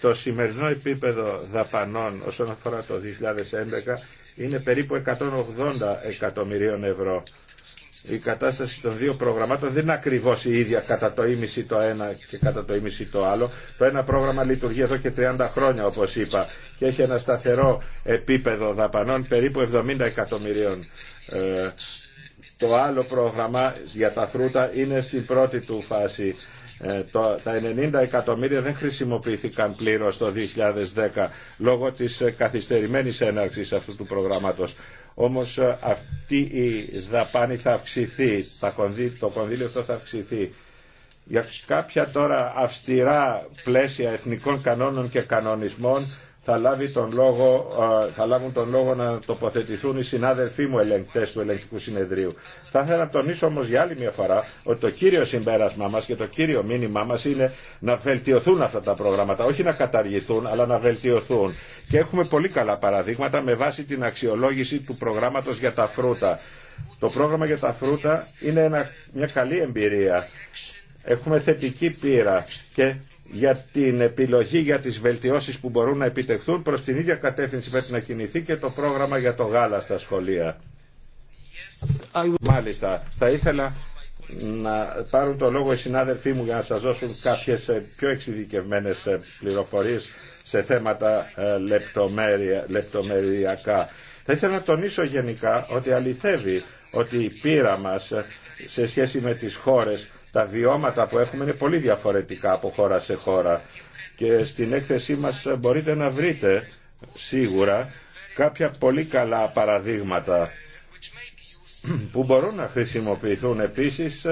Speaker 1: Το σημερινό επίπεδο δαπανών όσον αφορά το 2011 είναι περίπου 180 εκατομμυρίων ευρώ η κατάσταση των δύο προγραμμάτων δεν είναι ακριβώ η ίδια κατά το ίμιση το ένα και κατά το ίμιση το άλλο. Το ένα πρόγραμμα λειτουργεί εδώ και 30 χρόνια όπω είπα και έχει ένα σταθερό επίπεδο δαπανών περίπου 70 εκατομμυρίων. Ε, το άλλο πρόγραμμα για τα φρούτα είναι στην πρώτη του φάση. Ε, το, τα 90 εκατομμύρια δεν χρησιμοποιήθηκαν πλήρως το 2010 λόγω της καθυστερημένης έναρξης αυτού του προγράμματος. Όμως ε, αυτή η δαπάνη θα αυξηθεί, το κονδύλιο αυτό θα αυξηθεί. Για κάποια τώρα αυστηρά πλαίσια εθνικών κανόνων και κανονισμών θα, λάβει τον λόγο, θα λάβουν τον λόγο να τοποθετηθούν οι συνάδελφοί μου ελεγκτέ του ελεγκτικού συνεδρίου. Θα ήθελα να τονίσω όμω για άλλη μια φορά ότι το κύριο συμπέρασμά μα και το κύριο μήνυμά μα είναι να βελτιωθούν αυτά τα προγράμματα. Όχι να καταργηθούν, αλλά να βελτιωθούν. Και έχουμε πολύ καλά παραδείγματα με βάση την αξιολόγηση του προγράμματο για τα φρούτα. Το πρόγραμμα για τα φρούτα είναι μια καλή εμπειρία. Έχουμε θετική πείρα και για την επιλογή για τις βελτιώσεις που μπορούν να επιτευχθούν προς την ίδια κατεύθυνση πρέπει να κινηθεί και το πρόγραμμα για το γάλα στα σχολεία. Μάλιστα, θα ήθελα να πάρουν το λόγο οι συνάδελφοί μου για να σας δώσουν κάποιες ε, πιο εξειδικευμένες ε, πληροφορίες σε θέματα ε, λεπτομεριακά. Θα ήθελα να τονίσω γενικά ότι αληθεύει ότι η πείρα μας σε σχέση με τις χώρες τα βιώματα που έχουμε είναι πολύ διαφορετικά από χώρα σε χώρα και στην έκθεσή μας μπορείτε να βρείτε σίγουρα κάποια πολύ καλά παραδείγματα που μπορούν να χρησιμοποιηθούν επίσης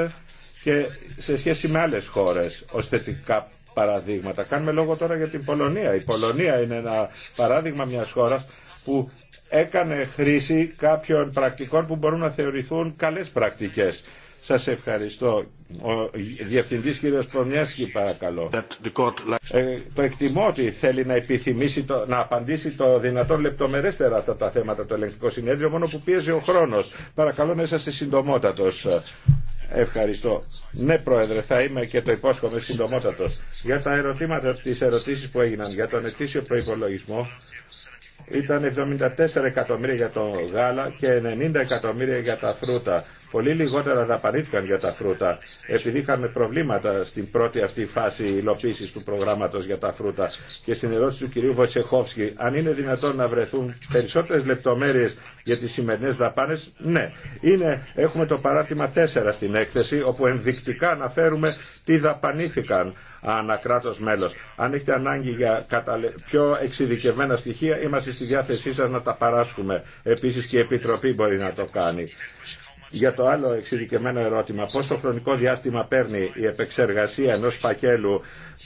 Speaker 1: και σε σχέση με άλλες χώρες ως θετικά παραδείγματα. Κάνουμε λόγο τώρα για την Πολωνία. Η Πολωνία είναι ένα παράδειγμα μιας χώρας που έκανε χρήση κάποιων πρακτικών που μπορούν να θεωρηθούν καλές πρακτικές σας ευχαριστώ. Ο Διευθυντής κύριος Προμιάσκη, παρακαλώ. Ε, το εκτιμώ ότι θέλει να επιθυμήσει, το, να απαντήσει το δυνατόν λεπτομερέστερα αυτά τα θέματα το ελεγκτικό συνέδριο, μόνο που πίεζε ο χρόνος. Παρακαλώ να είσαστε συντομότατος. Ευχαριστώ. Ναι, Πρόεδρε, θα είμαι και το υπόσχομαι συντομότατο. Για τα ερωτήματα, τι ερωτήσει που έγιναν για τον ετήσιο προπολογισμό, ήταν 74 εκατομμύρια για το γάλα και 90 εκατομμύρια για τα φρούτα πολύ λιγότερα δαπανήθηκαν για τα φρούτα. Επειδή είχαμε προβλήματα στην πρώτη αυτή φάση υλοποίηση του προγράμματο για τα φρούτα και στην ερώτηση του κυρίου Βοτσεχόφσκι, αν είναι δυνατόν να βρεθούν περισσότερε λεπτομέρειε για τι σημερινέ δαπάνε, ναι. Είναι, έχουμε το παράρτημα 4 στην έκθεση, όπου ενδεικτικά αναφέρουμε τι δαπανήθηκαν ανά κράτος μέλος. Αν έχετε ανάγκη για πιο εξειδικευμένα στοιχεία, είμαστε στη διάθεσή σα να τα παράσχουμε. επίση και η Επιτροπή μπορεί να το κάνει. Για το άλλο εξειδικευμένο ερώτημα, πόσο χρονικό διάστημα παίρνει η επεξεργασία ενός φακέλου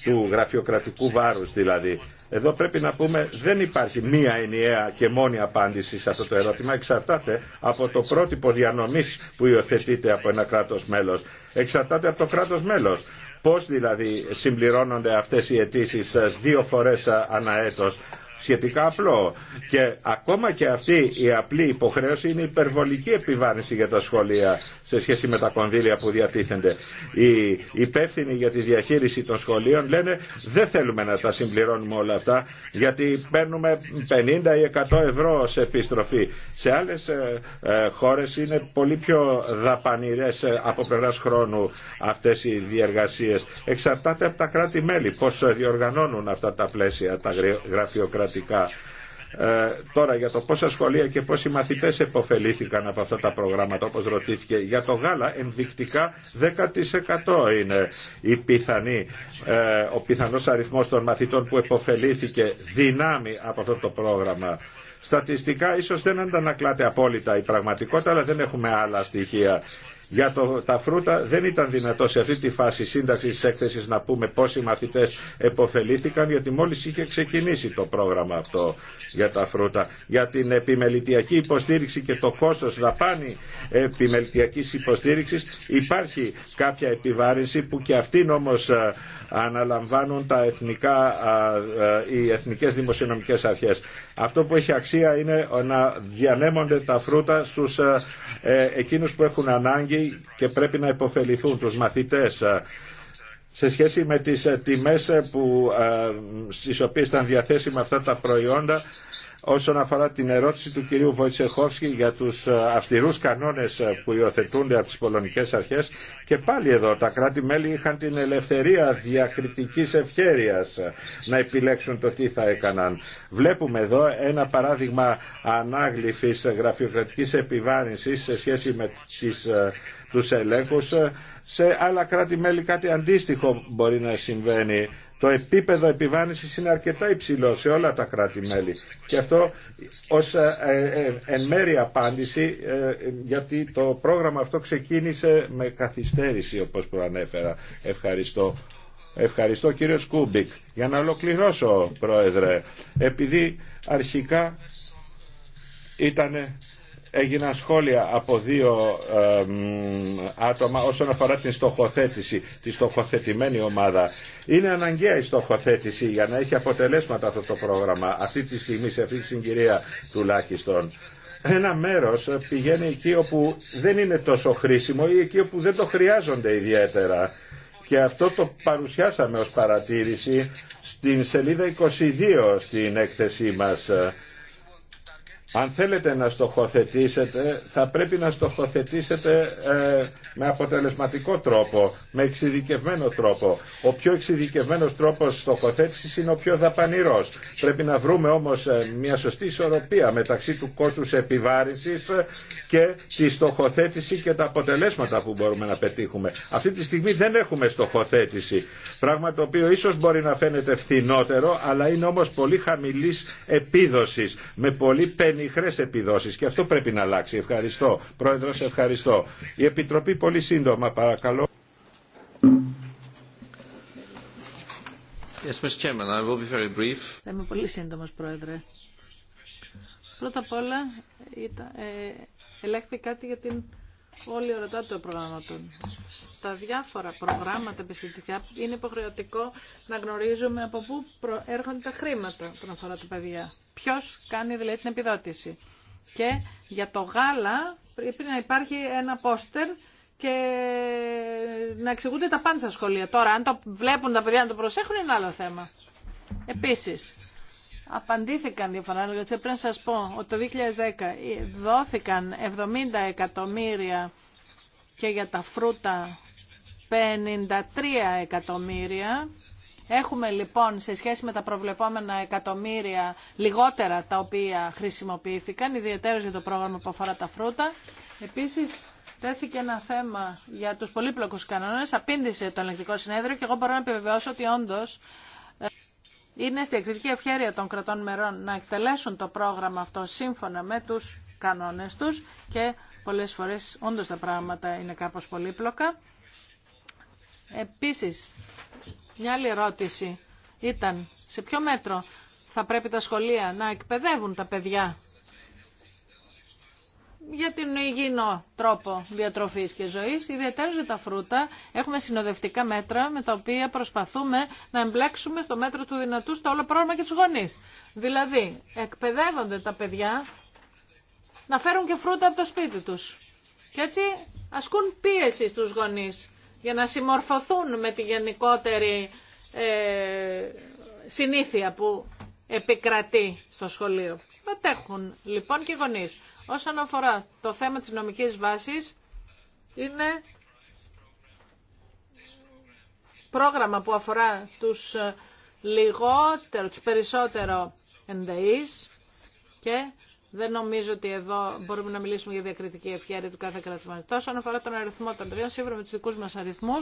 Speaker 1: του γραφειοκρατικού βάρους δηλαδή. Εδώ πρέπει να πούμε δεν υπάρχει μία ενιαία και μόνη απάντηση σε αυτό το ερώτημα. Εξαρτάται από το πρότυπο διανομής που υιοθετείται από ένα κράτος μέλος. Εξαρτάται από το κράτος μέλος. Πώς δηλαδή συμπληρώνονται αυτές οι αιτήσει ε, δύο φορές ε, ανά έτος σχετικά απλό. Και ακόμα και αυτή η απλή υποχρέωση είναι υπερβολική επιβάρυνση για τα σχολεία σε σχέση με τα κονδύλια που διατίθενται. Οι υπεύθυνοι για τη διαχείριση των σχολείων λένε δεν θέλουμε να τα συμπληρώνουμε όλα αυτά γιατί παίρνουμε 50 ή 100 ευρώ σε επιστροφή. Σε άλλες ε, ε, χώρες είναι πολύ πιο δαπανηρές ε, από πλευρά χρόνου αυτές οι διεργασίες. Εξαρτάται από τα κράτη-μέλη πώς διοργανώνουν αυτά τα πλαίσια, τα γραφειοκρατικά ε, τώρα για το πόσα σχολεία και πόσοι μαθητές επωφελήθηκαν από αυτά τα προγράμματα όπως ρωτήθηκε για το γάλα ενδεικτικά 10% είναι η πιθανή, ε, ο πιθανός αριθμός των μαθητών που επωφελήθηκε δυνάμει από αυτό το πρόγραμμα Στατιστικά ίσως δεν αντανακλάται απόλυτα η πραγματικότητα, αλλά δεν έχουμε άλλα στοιχεία για το, τα φρούτα δεν ήταν δυνατό σε αυτή τη φάση σύνταξη τη έκθεση να πούμε πόσοι μαθητέ επωφελήθηκαν, γιατί μόλι είχε ξεκινήσει το πρόγραμμα αυτό για τα φρούτα. Για την επιμελητιακή υποστήριξη και το κόστο δαπάνη επιμελητιακή υποστήριξη υπάρχει κάποια επιβάρυνση που και αυτήν όμω ε, αναλαμβάνουν τα εθνικά, ε, οι εθνικές δημοσιονομικές αρχές. Αυτό που έχει αξία είναι να διανέμονται τα φρούτα στους ε, εκείνους που έχουν ανάγκη και πρέπει να υποφεληθούν τους μαθητές σε σχέση με τις ε, τιμές ε, που, στις οποίες ήταν διαθέσιμα αυτά τα προϊόντα όσον αφορά την ερώτηση του κυρίου Βοητσεχόφσκι για τους ε, αυστηρούς κανόνες ε, που υιοθετούνται από τις πολωνικές αρχές και πάλι εδώ τα κράτη-μέλη είχαν την ελευθερία διακριτικής ευχέρειας ε, να επιλέξουν το τι θα έκαναν. Βλέπουμε εδώ ένα παράδειγμα ανάγλυφης γραφειοκρατικής επιβάρυνσης σε σχέση με τις τους Σε άλλα κράτη-μέλη κάτι αντίστοιχο μπορεί να συμβαίνει το επίπεδο επιβάρυνσης είναι αρκετά υψηλό σε όλα τα κράτη-μέλη. Και αυτό ως ε, ε, ε, εν μέρη απάντηση, γιατί το πρόγραμμα αυτό ξεκίνησε με καθυστέρηση, όπως προανέφερα. Ευχαριστώ. Ευχαριστώ κύριο Σκούμπικ. Για να ολοκληρώσω, Πρόεδρε, επειδή αρχικά ήταν έγιναν σχόλια από δύο άτομα όσον αφορά την στοχοθέτηση, τη στοχοθετημένη ομάδα. Είναι αναγκαία η στοχοθέτηση για να έχει αποτελέσματα αυτό το πρόγραμμα, αυτή τη στιγμή, σε αυτή τη συγκυρία τουλάχιστον. Ένα μέρος πηγαίνει εκεί όπου δεν είναι τόσο χρήσιμο ή εκεί όπου δεν το χρειάζονται ιδιαίτερα. Και αυτό το παρουσιάσαμε ως παρατήρηση στην σελίδα 22 στην έκθεσή μας αν θέλετε να στοχοθετήσετε, θα πρέπει να στοχοθετήσετε ε, με αποτελεσματικό τρόπο, με εξειδικευμένο τρόπο. Ο πιο εξειδικευμένος τρόπος στοχοθέτησης είναι ο πιο δαπανηρός. Πρέπει να βρούμε όμως ε, μια σωστή ισορροπία μεταξύ του κόστους επιβάρησης και τη στοχοθέτηση και τα αποτελέσματα που μπορούμε να πετύχουμε. Αυτή τη στιγμή δεν έχουμε στοχοθέτηση, πράγμα το οποίο ίσως μπορεί να φαίνεται φθηνότερο, αλλά είναι όμως πολύ χαμηλής επίδοσης, με πολύ χρέση επιδόσει και αυτό πρέπει να αλλάξει. Ευχαριστώ. Πρόεδρο, ευχαριστώ. Η Επιτροπή πολύ σύντομα, παρακαλώ.
Speaker 2: Yes, Mr. Chairman, I will be very brief.
Speaker 3: είμαι πολύ σύντομο, Πρόεδρε. Πρώτα απ' όλα, ε, ελέγχθη κάτι για την όλη ορατά του προγράμματων. Στα διάφορα προγράμματα επιστημικά είναι υποχρεωτικό να γνωρίζουμε από πού προέρχονται τα χρήματα που αφορά τα παιδιά. Ποιο κάνει δηλαδή την επιδότηση. Και για το γάλα πρέπει να υπάρχει ένα πόστερ και να εξηγούνται τα πάντα στα σχολεία. Τώρα, αν το βλέπουν τα παιδιά να το προσέχουν, είναι άλλο θέμα. Επίσης, απαντήθηκαν διαφορά, πρέπει να σα πω ότι το 2010 δόθηκαν 70 εκατομμύρια και για τα φρούτα 53 εκατομμύρια Έχουμε λοιπόν σε σχέση με τα προβλεπόμενα εκατομμύρια λιγότερα τα οποία χρησιμοποιήθηκαν, ιδιαίτερα για το πρόγραμμα που αφορά τα φρούτα. Επίσης τέθηκε ένα θέμα για τους πολύπλοκους κανόνες, απήντησε το ελεγκτικό συνέδριο και εγώ μπορώ να επιβεβαιώσω ότι όντως ε, είναι στη εκκριτική ευχαίρεια των κρατών μερών να εκτελέσουν το πρόγραμμα αυτό σύμφωνα με τους κανόνες τους και πολλές φορές όντως τα πράγματα είναι κάπως πολύπλοκα. Επίσης, μια άλλη ερώτηση ήταν σε ποιο μέτρο θα πρέπει τα σχολεία να εκπαιδεύουν τα παιδιά για την υγιεινό τρόπο διατροφής και ζωής, ιδιαίτερα για τα φρούτα. Έχουμε συνοδευτικά μέτρα με τα οποία προσπαθούμε να εμπλέξουμε στο μέτρο του δυνατού στο όλο πρόγραμμα και τους γονείς. Δηλαδή, εκπαιδεύονται τα παιδιά να φέρουν και φρούτα από το σπίτι τους. Και έτσι ασκούν πίεση στους γονείς για να συμμορφωθούν με τη γενικότερη ε, συνήθεια που επικρατεί στο σχολείο. Μετέχουν λοιπόν και οι γονείς. Όσον αφορά το θέμα της νομικής βάσης, είναι πρόγραμμα που αφορά τους ε, λιγότερο, τους περισσότερο ενδεείς και δεν νομίζω ότι εδώ μπορούμε να μιλήσουμε για διακριτική ευχαίρεια του κάθε κρατήματο. Τόσο αφορά τον αριθμό των παιδιών, σύμφωνα με του δικού μα αριθμού,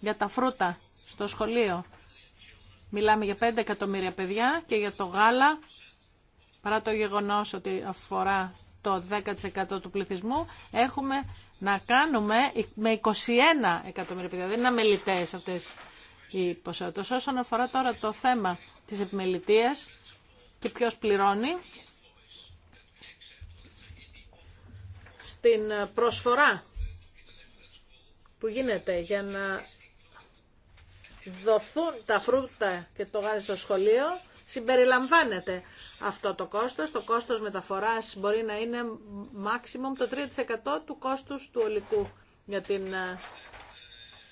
Speaker 3: για τα φρούτα στο σχολείο. Μιλάμε για 5 εκατομμύρια παιδιά και για το γάλα, παρά το γεγονό ότι αφορά το 10% του πληθυσμού, έχουμε να κάνουμε με 21 εκατομμύρια παιδιά. Δεν είναι αμελητέ αυτέ οι ποσότητε. Όσον αφορά τώρα το θέμα τη επιμελητία και ποιο πληρώνει, την προσφορά που γίνεται για να δοθούν τα φρούτα και το γάλα στο σχολείο, συμπεριλαμβάνεται αυτό το κόστος. Το κόστος μεταφοράς μπορεί να είναι maximum το 3% του κόστους του ολικού για την ε,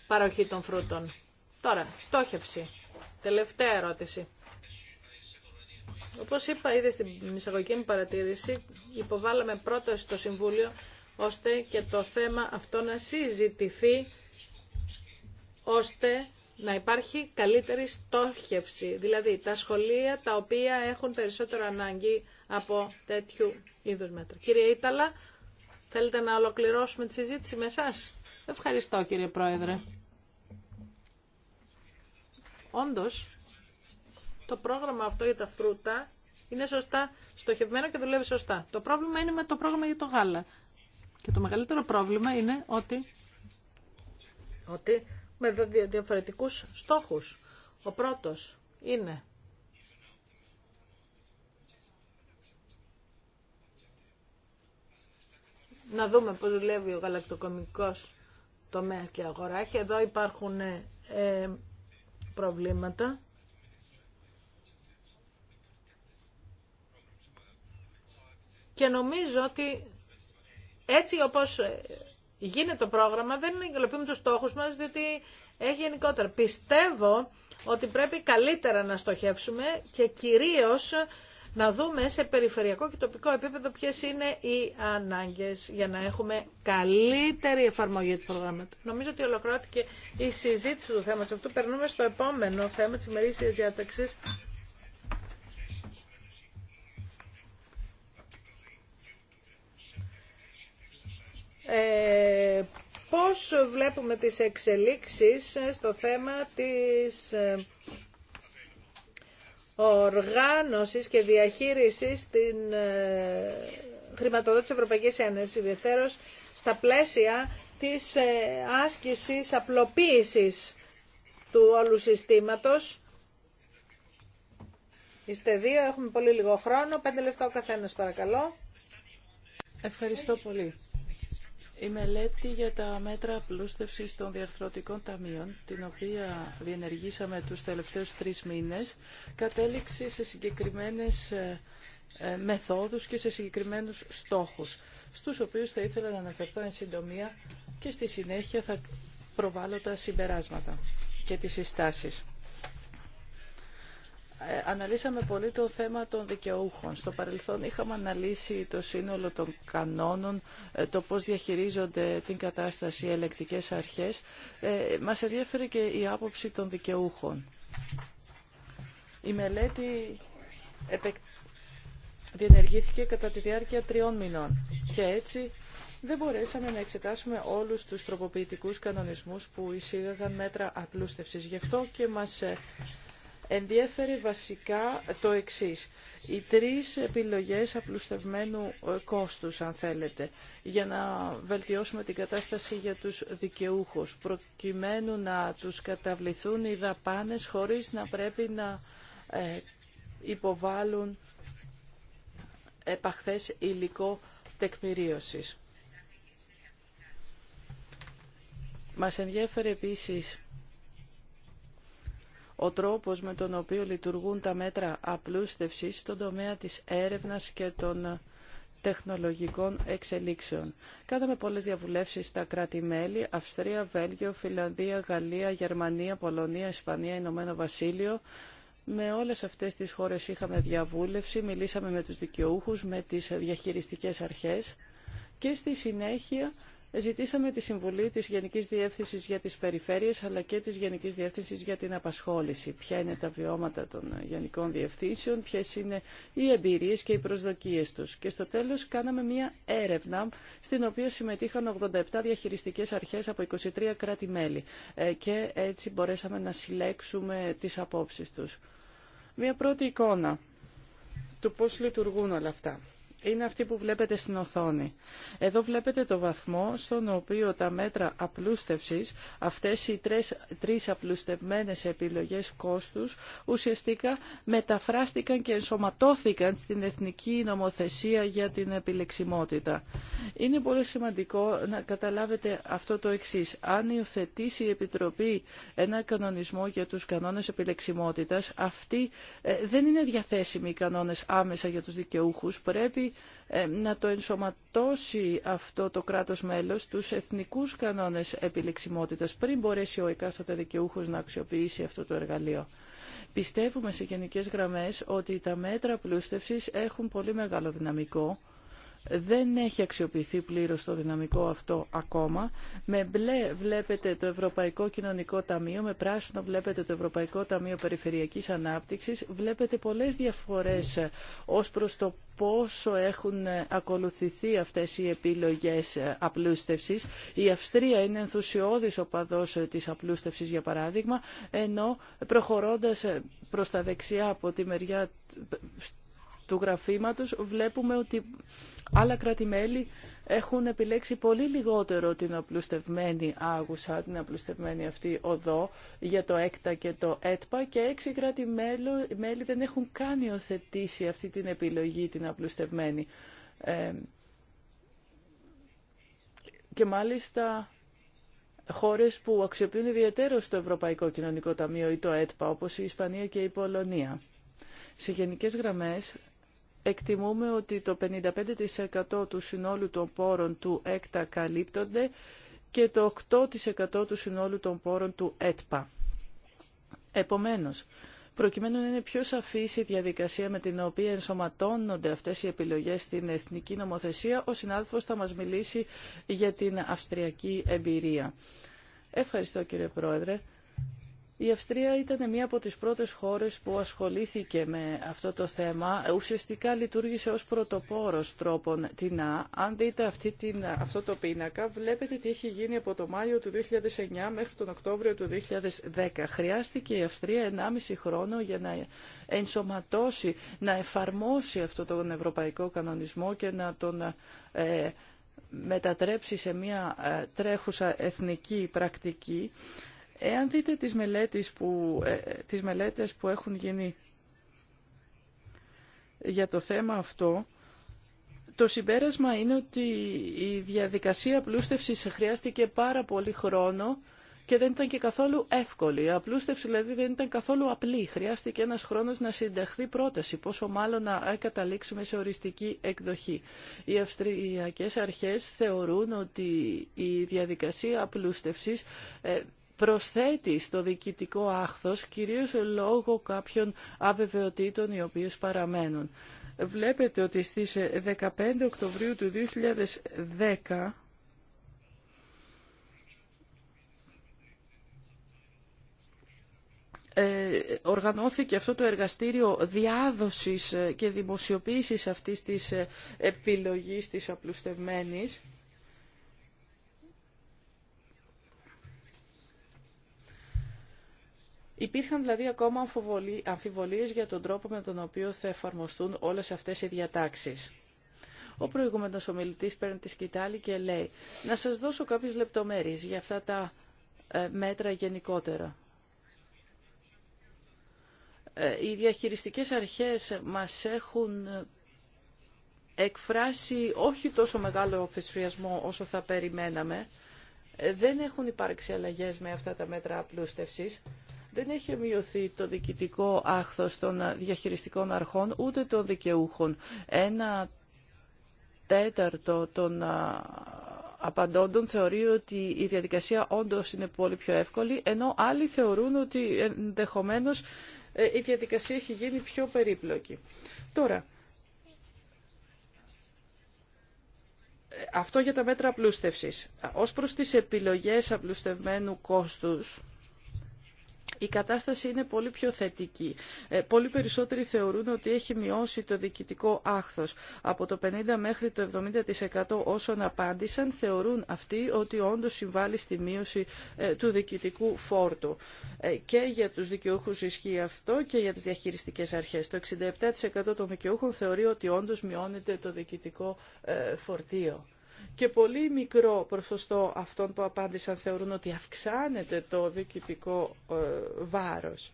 Speaker 3: παροχή των φρούτων. Τώρα, στόχευση. Τελευταία ερώτηση. Όπως είπα ήδη στην εισαγωγική μου παρατήρηση, υποβάλαμε πρώτα στο Συμβούλιο ώστε και το θέμα αυτό να συζητηθεί ώστε να υπάρχει καλύτερη στόχευση. Δηλαδή τα σχολεία τα οποία έχουν περισσότερο ανάγκη από τέτοιου είδους μέτρα. Κύριε Ήταλα, θέλετε να ολοκληρώσουμε τη συζήτηση με εσάς. Ευχαριστώ κύριε Πρόεδρε. Όντως, το πρόγραμμα αυτό για τα φρούτα είναι σωστά στοχευμένο και δουλεύει σωστά. Το πρόβλημα είναι με το πρόγραμμα για το γάλα. Και το μεγαλύτερο πρόβλημα είναι ότι, ότι με διαφορετικούς στόχους. Ο πρώτος είναι να δούμε πώς δουλεύει ο γαλακτοκομικός τομέας και αγορά και εδώ υπάρχουν ε, προβλήματα. Και νομίζω ότι έτσι όπως ε, γίνεται το πρόγραμμα δεν υλοποιούμε τους στόχους μας διότι έχει γενικότερα. Πιστεύω ότι πρέπει καλύτερα να στοχεύσουμε και κυρίως να δούμε σε περιφερειακό και τοπικό επίπεδο ποιες είναι οι ανάγκες για να έχουμε καλύτερη εφαρμογή του προγράμματος. Νομίζω ότι ολοκληρώθηκε η συζήτηση του θέματος αυτού. Περνούμε στο επόμενο θέμα της ημερήσιας διάταξης ε, πώς βλέπουμε τις εξελίξεις ε, στο θέμα της ε, οργάνωσης και διαχείρισης στην ε, χρηματοδότηση Ευρωπαϊκής Ένωσης, ιδιαίτερως στα πλαίσια της άσκησης απλοποίησης του όλου συστήματος. Είστε δύο, έχουμε πολύ λίγο χρόνο. Πέντε λεπτά ο καθένας παρακαλώ.
Speaker 2: Ευχαριστώ πολύ. Η μελέτη για τα μέτρα πλούστευσης των διαρθρωτικών ταμείων, την οποία διενεργήσαμε τους τελευταίους τρεις μήνες, κατέληξε σε συγκεκριμένες ε, ε, μεθόδους και σε συγκεκριμένους στόχους, στους οποίους θα ήθελα να αναφερθώ εν συντομία και στη συνέχεια θα προβάλλω τα συμπεράσματα και τις συστάσεις. Ε, αναλύσαμε πολύ το θέμα των δικαιούχων. Στο παρελθόν είχαμε αναλύσει το σύνολο των κανόνων, ε, το πώς διαχειρίζονται την κατάσταση οι ελεκτικές αρχές. Ε, μας ενδιαφέρει και η άποψη των δικαιούχων. Η μελέτη διενεργήθηκε κατά τη διάρκεια τριών μηνών και έτσι δεν μπορέσαμε να εξετάσουμε όλους τους τροποποιητικούς κανονισμούς που εισήγαγαν μέτρα απλούστευσης. Γι' αυτό και μας ενδιέφερε βασικά το εξής. Οι τρεις επιλογές απλουστευμένου ε, κόστους, αν θέλετε, για να βελτιώσουμε την κατάσταση για τους δικαιούχους, προκειμένου να τους καταβληθούν οι δαπάνες χωρίς να πρέπει να ε, υποβάλουν επαχθές υλικό τεκμηρίωσης. Μας ενδιέφερε επίσης ο τρόπος με τον οποίο λειτουργούν τα μέτρα απλούστευσης στον τομέα της έρευνας και των τεχνολογικών εξελίξεων. Κάναμε πολλές διαβουλεύσεις στα κράτη-μέλη, Αυστρία, Βέλγιο, Φιλανδία, Γαλλία, Γερμανία, Πολωνία, Ισπανία, Ηνωμένο Βασίλειο. Με όλες αυτές τις χώρες είχαμε διαβούλευση, μιλήσαμε με τους δικαιούχους, με τις διαχειριστικές αρχές και στη συνέχεια ζητήσαμε τη Συμβουλή της Γενικής Διεύθυνσης για τις Περιφέρειες αλλά και της Γενικής Διεύθυνσης για την Απασχόληση. Ποια είναι τα βιώματα των Γενικών Διευθύνσεων, ποιες είναι οι εμπειρίες και οι προσδοκίες τους. Και στο τέλος κάναμε μια έρευνα στην οποία συμμετείχαν 87 διαχειριστικές αρχές από 23 κράτη-μέλη ε, και έτσι μπορέσαμε να συλλέξουμε τις απόψεις τους. Μια πρώτη εικόνα του πώς λειτουργούν όλα αυτά είναι αυτή που βλέπετε στην οθόνη. Εδώ βλέπετε το βαθμό στον οποίο τα μέτρα απλούστευσης, αυτές οι τρεις, τρεις απλουστευμένες επιλογές κόστους, ουσιαστικά μεταφράστηκαν και ενσωματώθηκαν στην Εθνική Νομοθεσία για την Επιλεξιμότητα. Είναι πολύ σημαντικό να καταλάβετε αυτό το εξής. Αν υιοθετήσει η Επιτροπή ένα κανονισμό για τους κανόνες επιλεξιμότητας, αυτοί ε, δεν είναι διαθέσιμοι οι κανόνες άμεσα για τους δικαιούχους. Πρέπει ε, να το ενσωματώσει αυτό το κράτος μέλος τους εθνικούς κανόνες επιλεξιμότητας πριν μπορέσει ο εκάστοτε δικαιούχος να αξιοποιήσει αυτό το εργαλείο. Πιστεύουμε σε γενικές γραμμές ότι τα μέτρα πλούστευσης έχουν πολύ μεγάλο δυναμικό δεν έχει αξιοποιηθεί πλήρως το δυναμικό αυτό ακόμα. Με μπλε βλέπετε το Ευρωπαϊκό Κοινωνικό Ταμείο, με πράσινο βλέπετε το Ευρωπαϊκό Ταμείο Περιφερειακής Ανάπτυξης. Βλέπετε πολλές διαφορές ε, ως προς το πόσο έχουν ε, ακολουθηθεί αυτές οι επιλογές ε, απλούστευσης. Η Αυστρία είναι ενθουσιώδης οπαδός της απλούστευσης, για παράδειγμα, ενώ προχωρώντας προς τα δεξιά από τη μεριά του γραφήματος βλέπουμε ότι άλλα κράτη-μέλη έχουν επιλέξει πολύ λιγότερο την απλουστευμένη άγουσα, την απλουστευμένη αυτή οδό για το ΕΚΤΑ και το ΕΤΠΑ και έξι κράτη-μέλη δεν έχουν καν υιοθετήσει αυτή την επιλογή την απλουστευμένη. Ε, και μάλιστα χώρες που αξιοποιούν ιδιαίτερο στο Ευρωπαϊκό Κοινωνικό Ταμείο ή το ΕΤΠΑ, όπως η Ισπανία και η Πολωνία. Σε γενικές γραμμές εκτιμούμε ότι το 55% του συνόλου των πόρων του ΕΚΤΑ καλύπτονται και το 8% του συνόλου των πόρων του ΕΤΠΑ. Επομένως, προκειμένου να είναι πιο σαφής η διαδικασία με την οποία ενσωματώνονται αυτές οι επιλογές στην εθνική νομοθεσία, ο συνάδελφος θα μας μιλήσει για την αυστριακή εμπειρία. Ευχαριστώ κύριε Πρόεδρε. Η Αυστρία ήταν μία από τις πρώτες χώρες που ασχολήθηκε με αυτό το θέμα. Ουσιαστικά λειτουργήσε ως πρωτοπόρος τρόπον την Α. Αν δείτε αυτή την, αυτό το πίνακα, βλέπετε τι έχει γίνει από το Μάιο του 2009 μέχρι τον Οκτώβριο του 2010. Χρειάστηκε η Αυστρία 1,5 χρόνο για να ενσωματώσει, να εφαρμόσει αυτό τον ευρωπαϊκό κανονισμό και να τον... Ε, μετατρέψει σε μια ε, τρέχουσα εθνική πρακτική Εάν δείτε τις μελέτες που, ε, τις μελέτες που έχουν γίνει για το θέμα αυτό, το συμπέρασμα είναι ότι η διαδικασία απλούστευσης χρειάστηκε πάρα πολύ χρόνο και δεν ήταν και καθόλου εύκολη. Η απλούστευση δηλαδή δεν ήταν καθόλου απλή. Χρειάστηκε ένας χρόνος να συνταχθεί πρόταση, πόσο μάλλον να καταλήξουμε σε οριστική εκδοχή. Οι αυστριακές αρχές θεωρούν ότι η διαδικασία απλούστευσης ε, προσθέτει στο διοικητικό άχθος, κυρίως λόγω κάποιων αβεβαιοτήτων οι οποίες παραμένουν. Βλέπετε ότι στις 15 ε, Οκτωβρίου του 2010 ε, οργανώθηκε αυτό το εργαστήριο διάδοσης ε, και δημοσιοποίησης αυτής της επιλογής της απλουστευμένης Υπήρχαν δηλαδή ακόμα αμφιβολίες για τον τρόπο με τον οποίο θα εφαρμοστούν όλες αυτές οι διατάξεις. Ο προηγούμενος ομιλητής παίρνει τη σκητάλη και λέει «Να σας δώσω κάποιες λεπτομέρειες για αυτά τα ε, μέτρα γενικότερα». Ε, οι διαχειριστικές αρχές μας έχουν ε, εκφράσει όχι τόσο μεγάλο θεσουριασμό όσο θα περιμέναμε. Δεν έχουν υπάρξει αλλαγές με αυτά τα μέτρα απλούστευσης δεν έχει μειωθεί το διοικητικό άχθος των διαχειριστικών αρχών ούτε των δικαιούχων. Ένα τέταρτο των απαντώντων θεωρεί ότι η διαδικασία όντως είναι πολύ πιο εύκολη, ενώ άλλοι θεωρούν ότι ενδεχομένω ε, η διαδικασία έχει γίνει πιο περίπλοκη. Τώρα, ε, αυτό για τα μέτρα απλούστευσης. Ως προς τις επιλογές απλουστευμένου κόστους, η κατάσταση είναι πολύ πιο θετική. Ε, πολύ περισσότεροι θεωρούν ότι έχει μειώσει το διοικητικό άχθος. Από το 50% μέχρι το 70% όσων απάντησαν θεωρούν αυτοί ότι όντως συμβάλλει στη μείωση ε, του διοικητικού φόρτου. Ε, και για τους δικαιούχους ισχύει αυτό και για τις διαχειριστικές αρχές. Το 67% των δικαιούχων θεωρεί ότι όντως μειώνεται το διοικητικό ε, φορτίο και πολύ μικρό προσωστό αυτών που απάντησαν θεωρούν ότι αυξάνεται το διοικητικό ε, βάρος.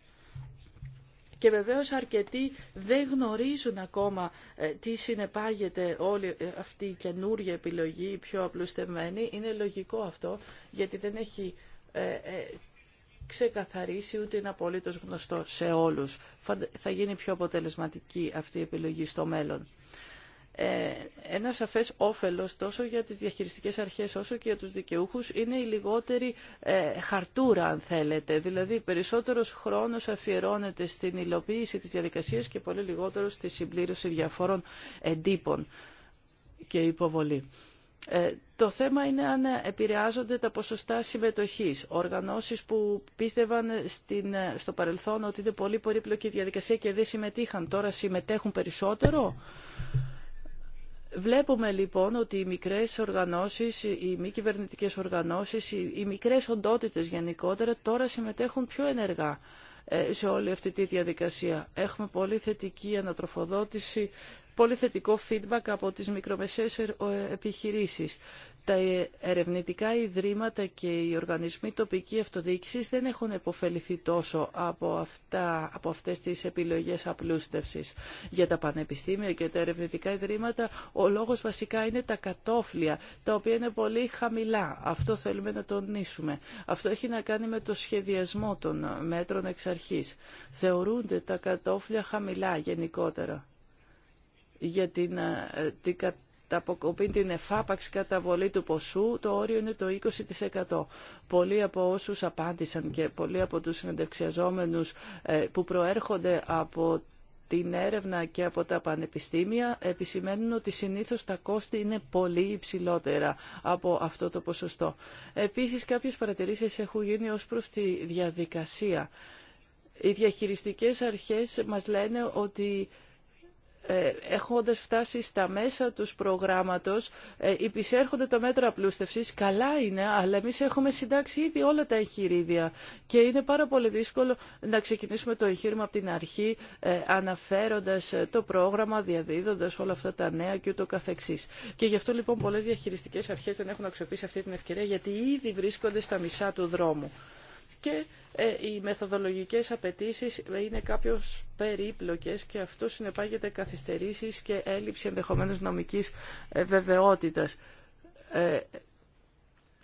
Speaker 2: Και βεβαίως αρκετοί δεν γνωρίζουν ακόμα ε, τι συνεπάγεται όλη ε, αυτή η καινούργια επιλογή, η πιο απλουστευμένη. Είναι λογικό αυτό, γιατί δεν έχει ξεκαθαρίσει ούτε είναι απολύτως γνωστό σε όλους. Θα γίνει πιο αποτελεσματική αυτή η επιλογή στο μέλλον. Ε, ένα σαφές όφελος τόσο για τις διαχειριστικές αρχές όσο και για τους δικαιούχους είναι η λιγότερη ε, χαρτούρα αν θέλετε. Δηλαδή περισσότερος χρόνος αφιερώνεται στην υλοποίηση της διαδικασίας και πολύ λιγότερο στη συμπλήρωση διαφόρων εντύπων και υποβολή. Ε, το θέμα είναι αν επηρεάζονται τα ποσοστά συμμετοχής. Οργανώσεις που πίστευαν στην, στο παρελθόν ότι είναι πολύ πολύπλοκη διαδικασία και δεν συμμετείχαν, τώρα συμμετέχουν περισσότερο. Βλέπουμε λοιπόν ότι οι μικρές οργανώσεις, οι μη κυβερνητικέ οργανώσεις, οι μικρές οντότητες γενικότερα τώρα συμμετέχουν πιο ενεργά ε, σε όλη αυτή τη διαδικασία. Έχουμε πολύ θετική ανατροφοδότηση, πολύ θετικό feedback από τις μικρομεσαίες ε, επιχειρήσεις τα ερευνητικά ιδρύματα και οι οργανισμοί τοπική αυτοδιοίκησης δεν έχουν επωφεληθεί τόσο από, αυτά, από αυτές τις επιλογές απλούστευσης. Για τα πανεπιστήμια και τα ερευνητικά ιδρύματα ο λόγος βασικά είναι τα κατόφλια, τα οποία είναι πολύ χαμηλά. Αυτό θέλουμε να τονίσουμε. Αυτό έχει να κάνει με το σχεδιασμό των μέτρων εξ αρχής. Θεωρούνται τα κατόφλια χαμηλά γενικότερα για την, ε, την αποκοπή, την εφάπαξη καταβολή του ποσού, το όριο είναι το 20%. Πολλοί από όσους απάντησαν και πολλοί από τους συνεντευξιαζόμενους ε, που προέρχονται από την έρευνα και από τα πανεπιστήμια επισημαίνουν ότι συνήθως τα κόστη είναι πολύ υψηλότερα από αυτό το ποσοστό. Επίσης κάποιες παρατηρήσεις έχουν γίνει ως προς τη διαδικασία. Οι διαχειριστικές αρχές μας λένε ότι ε, έχοντας φτάσει στα μέσα τους προγράμματος, ε, υπησέρχονται τα μέτρα απλούστευσης. Καλά είναι, αλλά εμείς έχουμε συντάξει ήδη όλα τα εγχειρίδια και είναι πάρα πολύ δύσκολο να ξεκινήσουμε το εγχείρημα από την αρχή, ε, αναφέροντας το πρόγραμμα, διαδίδοντας όλα αυτά τα νέα και ούτω καθεξής. Και γι' αυτό λοιπόν πολλές διαχειριστικές αρχές δεν έχουν αξιοποιήσει αυτή την ευκαιρία, γιατί ήδη βρίσκονται στα μισά του δρόμου. Και ε, οι μεθοδολογικές απαιτήσεις είναι κάποιος περίπλοκες και αυτό συνεπάγεται καθυστερήσεις και έλλειψη ενδεχομένως νομικής ε, βεβαιότητας. Ε,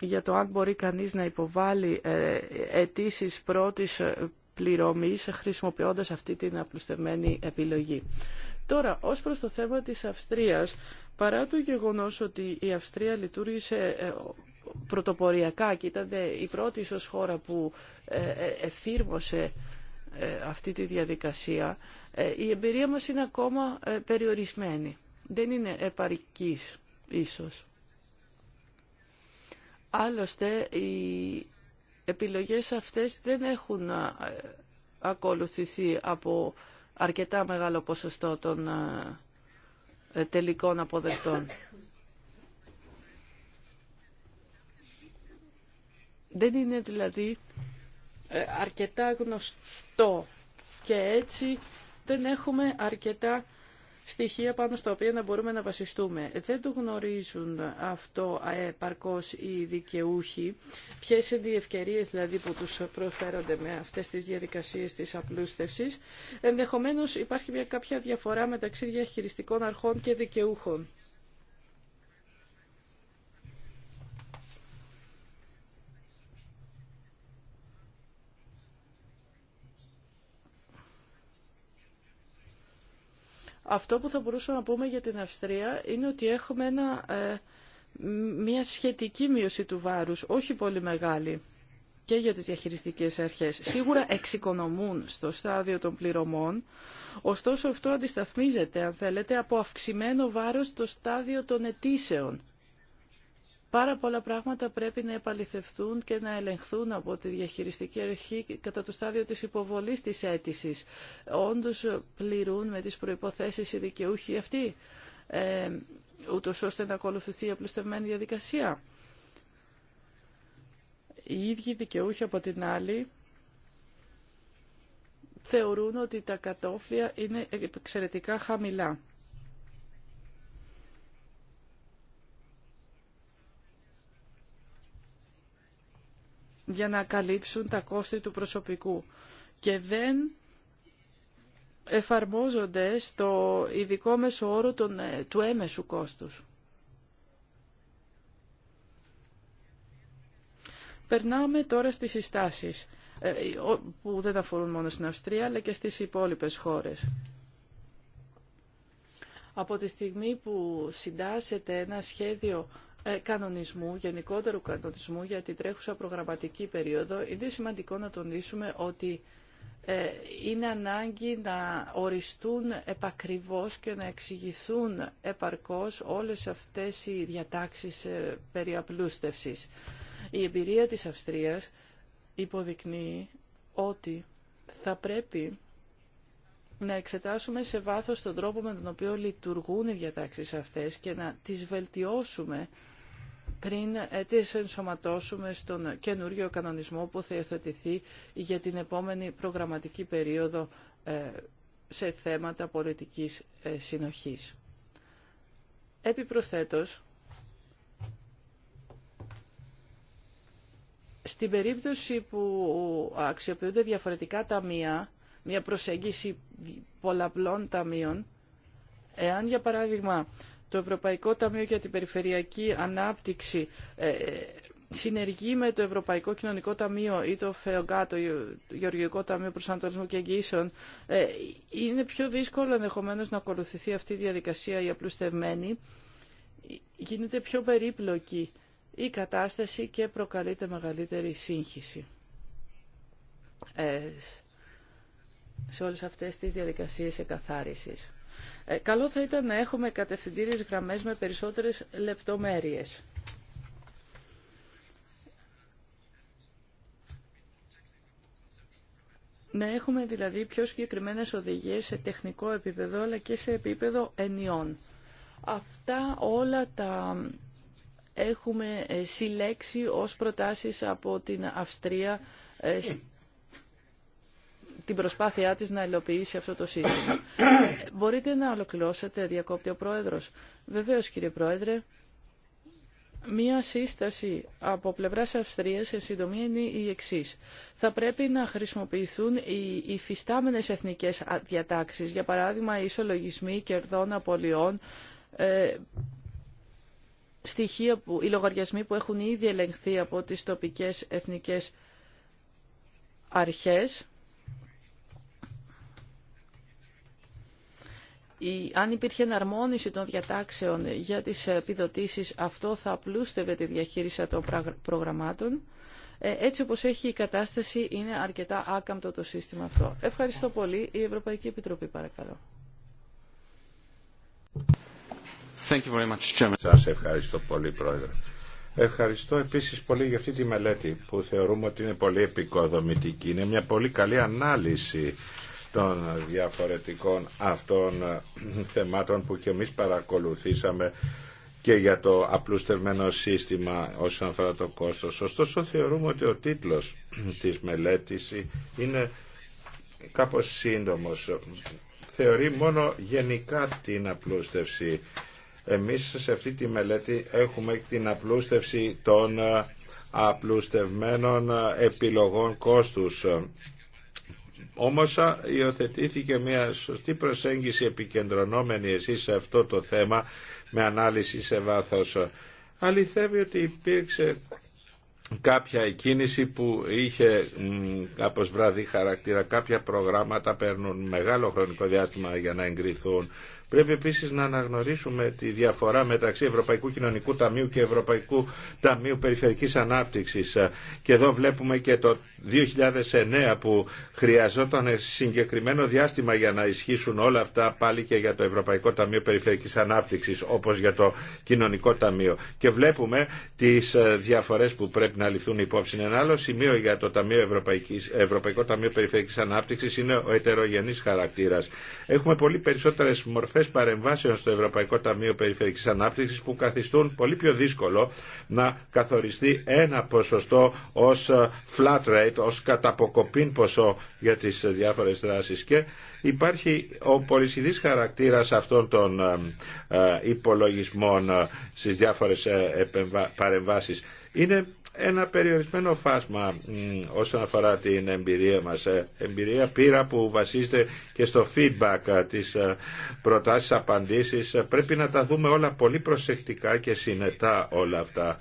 Speaker 2: για το αν μπορεί κανείς να υποβάλει αιτήσει πρώτης πληρωμής χρησιμοποιώντας αυτή την απλουστευμένη επιλογή. Τώρα, ως προς το θέμα της Αυστρίας, παρά το γεγονός ότι η Αυστρία λειτουργήσε πρωτοποριακά και ήταν η πρώτη ίσως χώρα που ε, ε, εφήρμοσε ε, αυτή τη διαδικασία, η εμπειρία μας είναι ακόμα περιορισμένη. Δεν είναι επαρικής ίσως. Άλλωστε, οι επιλογές αυτές δεν έχουν ακολουθηθεί από αρκετά μεγάλο ποσοστό των τελικών αποδεκτών. Δεν είναι δηλαδή ε, αρκετά γνωστό και έτσι δεν έχουμε αρκετά στοιχεία πάνω στα οποία να μπορούμε να βασιστούμε. Δεν το γνωρίζουν αυτό παρκώς οι δικαιούχοι, ποιες είναι οι ευκαιρίες δηλαδή που τους προσφέρονται με αυτές τις διαδικασίες της απλούστευσης. Ενδεχομένως υπάρχει μια κάποια διαφορά μεταξύ διαχειριστικών αρχών και δικαιούχων. Αυτό που θα μπορούσαμε να πούμε για την Αυστρία είναι ότι έχουμε ε, μια σχετική μείωση του βάρους, όχι πολύ μεγάλη και για τις διαχειριστικές αρχές. Σίγουρα εξοικονομούν στο στάδιο των πληρωμών, ωστόσο αυτό αντισταθμίζεται, αν θέλετε, από αυξημένο βάρος στο στάδιο των αιτήσεων Πάρα πολλά πράγματα πρέπει να επαληθευτούν και να ελεγχθούν από τη διαχειριστική αρχή κατά το στάδιο της υποβολής της αίτηση. Όντως πληρούν με τις προϋποθέσεις οι δικαιούχοι αυτοί, ε, ούτως ώστε να ακολουθηθεί η απλουστευμένη διαδικασία. Οι ίδιοι δικαιούχοι από την άλλη θεωρούν ότι τα κατόφλια είναι εξαιρετικά χαμηλά για να καλύψουν τα κόστη του προσωπικού και δεν εφαρμόζονται στο ειδικό των ε, του έμεσου κόστους. Περνάμε τώρα στις συστάσεις, ε, που δεν αφορούν μόνο στην Αυστρία, αλλά και στις υπόλοιπες χώρες. Από τη στιγμή που συντάσσεται ένα σχέδιο ε, κανονισμού, γενικότερου κανονισμού για την τρέχουσα προγραμματική περίοδο, είναι σημαντικό να τονίσουμε ότι ε, είναι ανάγκη να οριστούν επακριβώς και να εξηγηθούν επαρκώς όλες αυτές οι διατάξεις ε, περί απλούστευσης. Η εμπειρία της Αυστρίας υποδεικνύει ότι θα πρέπει να εξετάσουμε σε βάθος τον τρόπο με τον οποίο λειτουργούν οι διατάξεις αυτές και να τις βελτιώσουμε πριν ε, τις ενσωματώσουμε στον καινούριο κανονισμό που θα υιοθετηθεί για την επόμενη προγραμματική περίοδο ε, σε θέματα πολιτικής ε, συνοχής. Επιπροσθέτως, στην περίπτωση που αξιοποιούνται διαφορετικά ταμεία, μια προσέγγιση πολλαπλών ταμείων, εάν για παράδειγμα το Ευρωπαϊκό Ταμείο για την Περιφερειακή Ανάπτυξη ε, ε, συνεργεί με το Ευρωπαϊκό Κοινωνικό Ταμείο ή το ΦΕΟΚΑ, ε, το Γεωργικό Ταμείο Προσανατολισμού και Εγγύσεων, είναι πιο δύσκολο ενδεχομένω να ακολουθηθεί αυτή η διαδικασία η απλουστευμένη. Γίνεται πιο περίπλοκη η κατάσταση και προκαλείται μεγαλύτερη σύγχυση σε όλες αυτές τις διαδικασίες εκαθάρισης. Ε, καλό θα ήταν να έχουμε κατευθυντήριες γραμμές με περισσότερες λεπτομέρειες. Να έχουμε δηλαδή πιο συγκεκριμένες οδηγίες σε τεχνικό επίπεδο αλλά και σε επίπεδο ενιών. Αυτά όλα τα έχουμε συλλέξει ως προτάσεις από την Αυστρία ε, την προσπάθειά της να ελοποιήσει αυτό το σύστημα. Μπορείτε να ολοκληρώσετε, διακόπτει ο Πρόεδρος. Βεβαίως, κύριε Πρόεδρε. Μία σύσταση από πλευράς Αυστρίας σε συντομία είναι η εξής. Θα πρέπει να χρησιμοποιηθούν οι υφιστάμενες εθνικές διατάξεις, για παράδειγμα ισολογισμοί κερδών απολειών, ε, στοιχεία που, οι λογαριασμοί που έχουν ήδη ελεγχθεί από τις τοπικές εθνικές αρχές αν υπήρχε εναρμόνιση των διατάξεων για τις επιδοτήσεις, αυτό θα απλούστευε τη διαχείριση των προγραμμάτων. Ε, έτσι όπως έχει η κατάσταση είναι αρκετά άκαμπτο το σύστημα αυτό. Ευχαριστώ πολύ. Η Ευρωπαϊκή Επιτροπή παρακαλώ.
Speaker 1: Thank you very much, Σας ευχαριστώ πολύ Πρόεδρε. Ευχαριστώ επίσης πολύ για αυτή τη μελέτη που θεωρούμε ότι είναι πολύ επικοδομητική. Είναι μια πολύ καλή ανάλυση των διαφορετικών αυτών ε, θεμάτων που και εμείς παρακολουθήσαμε και για το απλούστευμένο σύστημα όσον αφορά το κόστος. Ωστόσο θεωρούμε ότι ο τίτλος της μελέτης είναι κάπως σύντομος. Θεωρεί μόνο γενικά την απλούστευση. Εμείς σε αυτή τη μελέτη έχουμε την απλούστευση των απλούστευμένων επιλογών κόστους όμως υιοθετήθηκε μια σωστή προσέγγιση επικεντρωνόμενη εσείς σε αυτό το θέμα με ανάλυση σε βάθος. Αληθεύει ότι υπήρξε κάποια κίνηση που είχε κάπως βράδυ χαρακτήρα. Κάποια προγράμματα παίρνουν μεγάλο χρονικό διάστημα για να εγκριθούν. Πρέπει επίση να αναγνωρίσουμε τη διαφορά μεταξύ Ευρωπαϊκού Κοινωνικού Ταμείου και Ευρωπαϊκού Ταμείου Περιφερική Ανάπτυξη. Και εδώ βλέπουμε και το 2009 που χρειαζόταν συγκεκριμένο διάστημα για να ισχύσουν όλα αυτά πάλι και για το Ευρωπαϊκό Ταμείο Περιφερική Ανάπτυξη, όπω για το Κοινωνικό Ταμείο. Και βλέπουμε τι ε, διαφορέ που πρέπει να ληφθούν υπόψη. Ένα άλλο σημείο για το Ταμείο Ευρωπαϊκό Ταμείο Περιφερική ανάπτυξη είναι ο ετερογενή χαρακτήρα. Έχουμε πολύ περισσότερε μορφέ παρεμβάσεων στο Ευρωπαϊκό Ταμείο Περιφερειακής Ανάπτυξη που καθιστούν πολύ πιο δύσκολο να καθοριστεί ένα ποσοστό ως ε, flat rate, ως καταποκοπήν ποσό για τις διάφορες δράσει. και Υπάρχει ο πολυσυδής χαρακτήρας αυτών των ε, ε, υπολογισμών ε, στις διάφορες παρεμβάσεις. Είναι ένα περιορισμένο φάσμα όσον αφορά την εμπειρία μας. Εμπειρία πείρα που βασίζεται και στο feedback της προτάσεις, απαντήσεις. Πρέπει να τα δούμε όλα πολύ προσεκτικά και συνετά όλα αυτά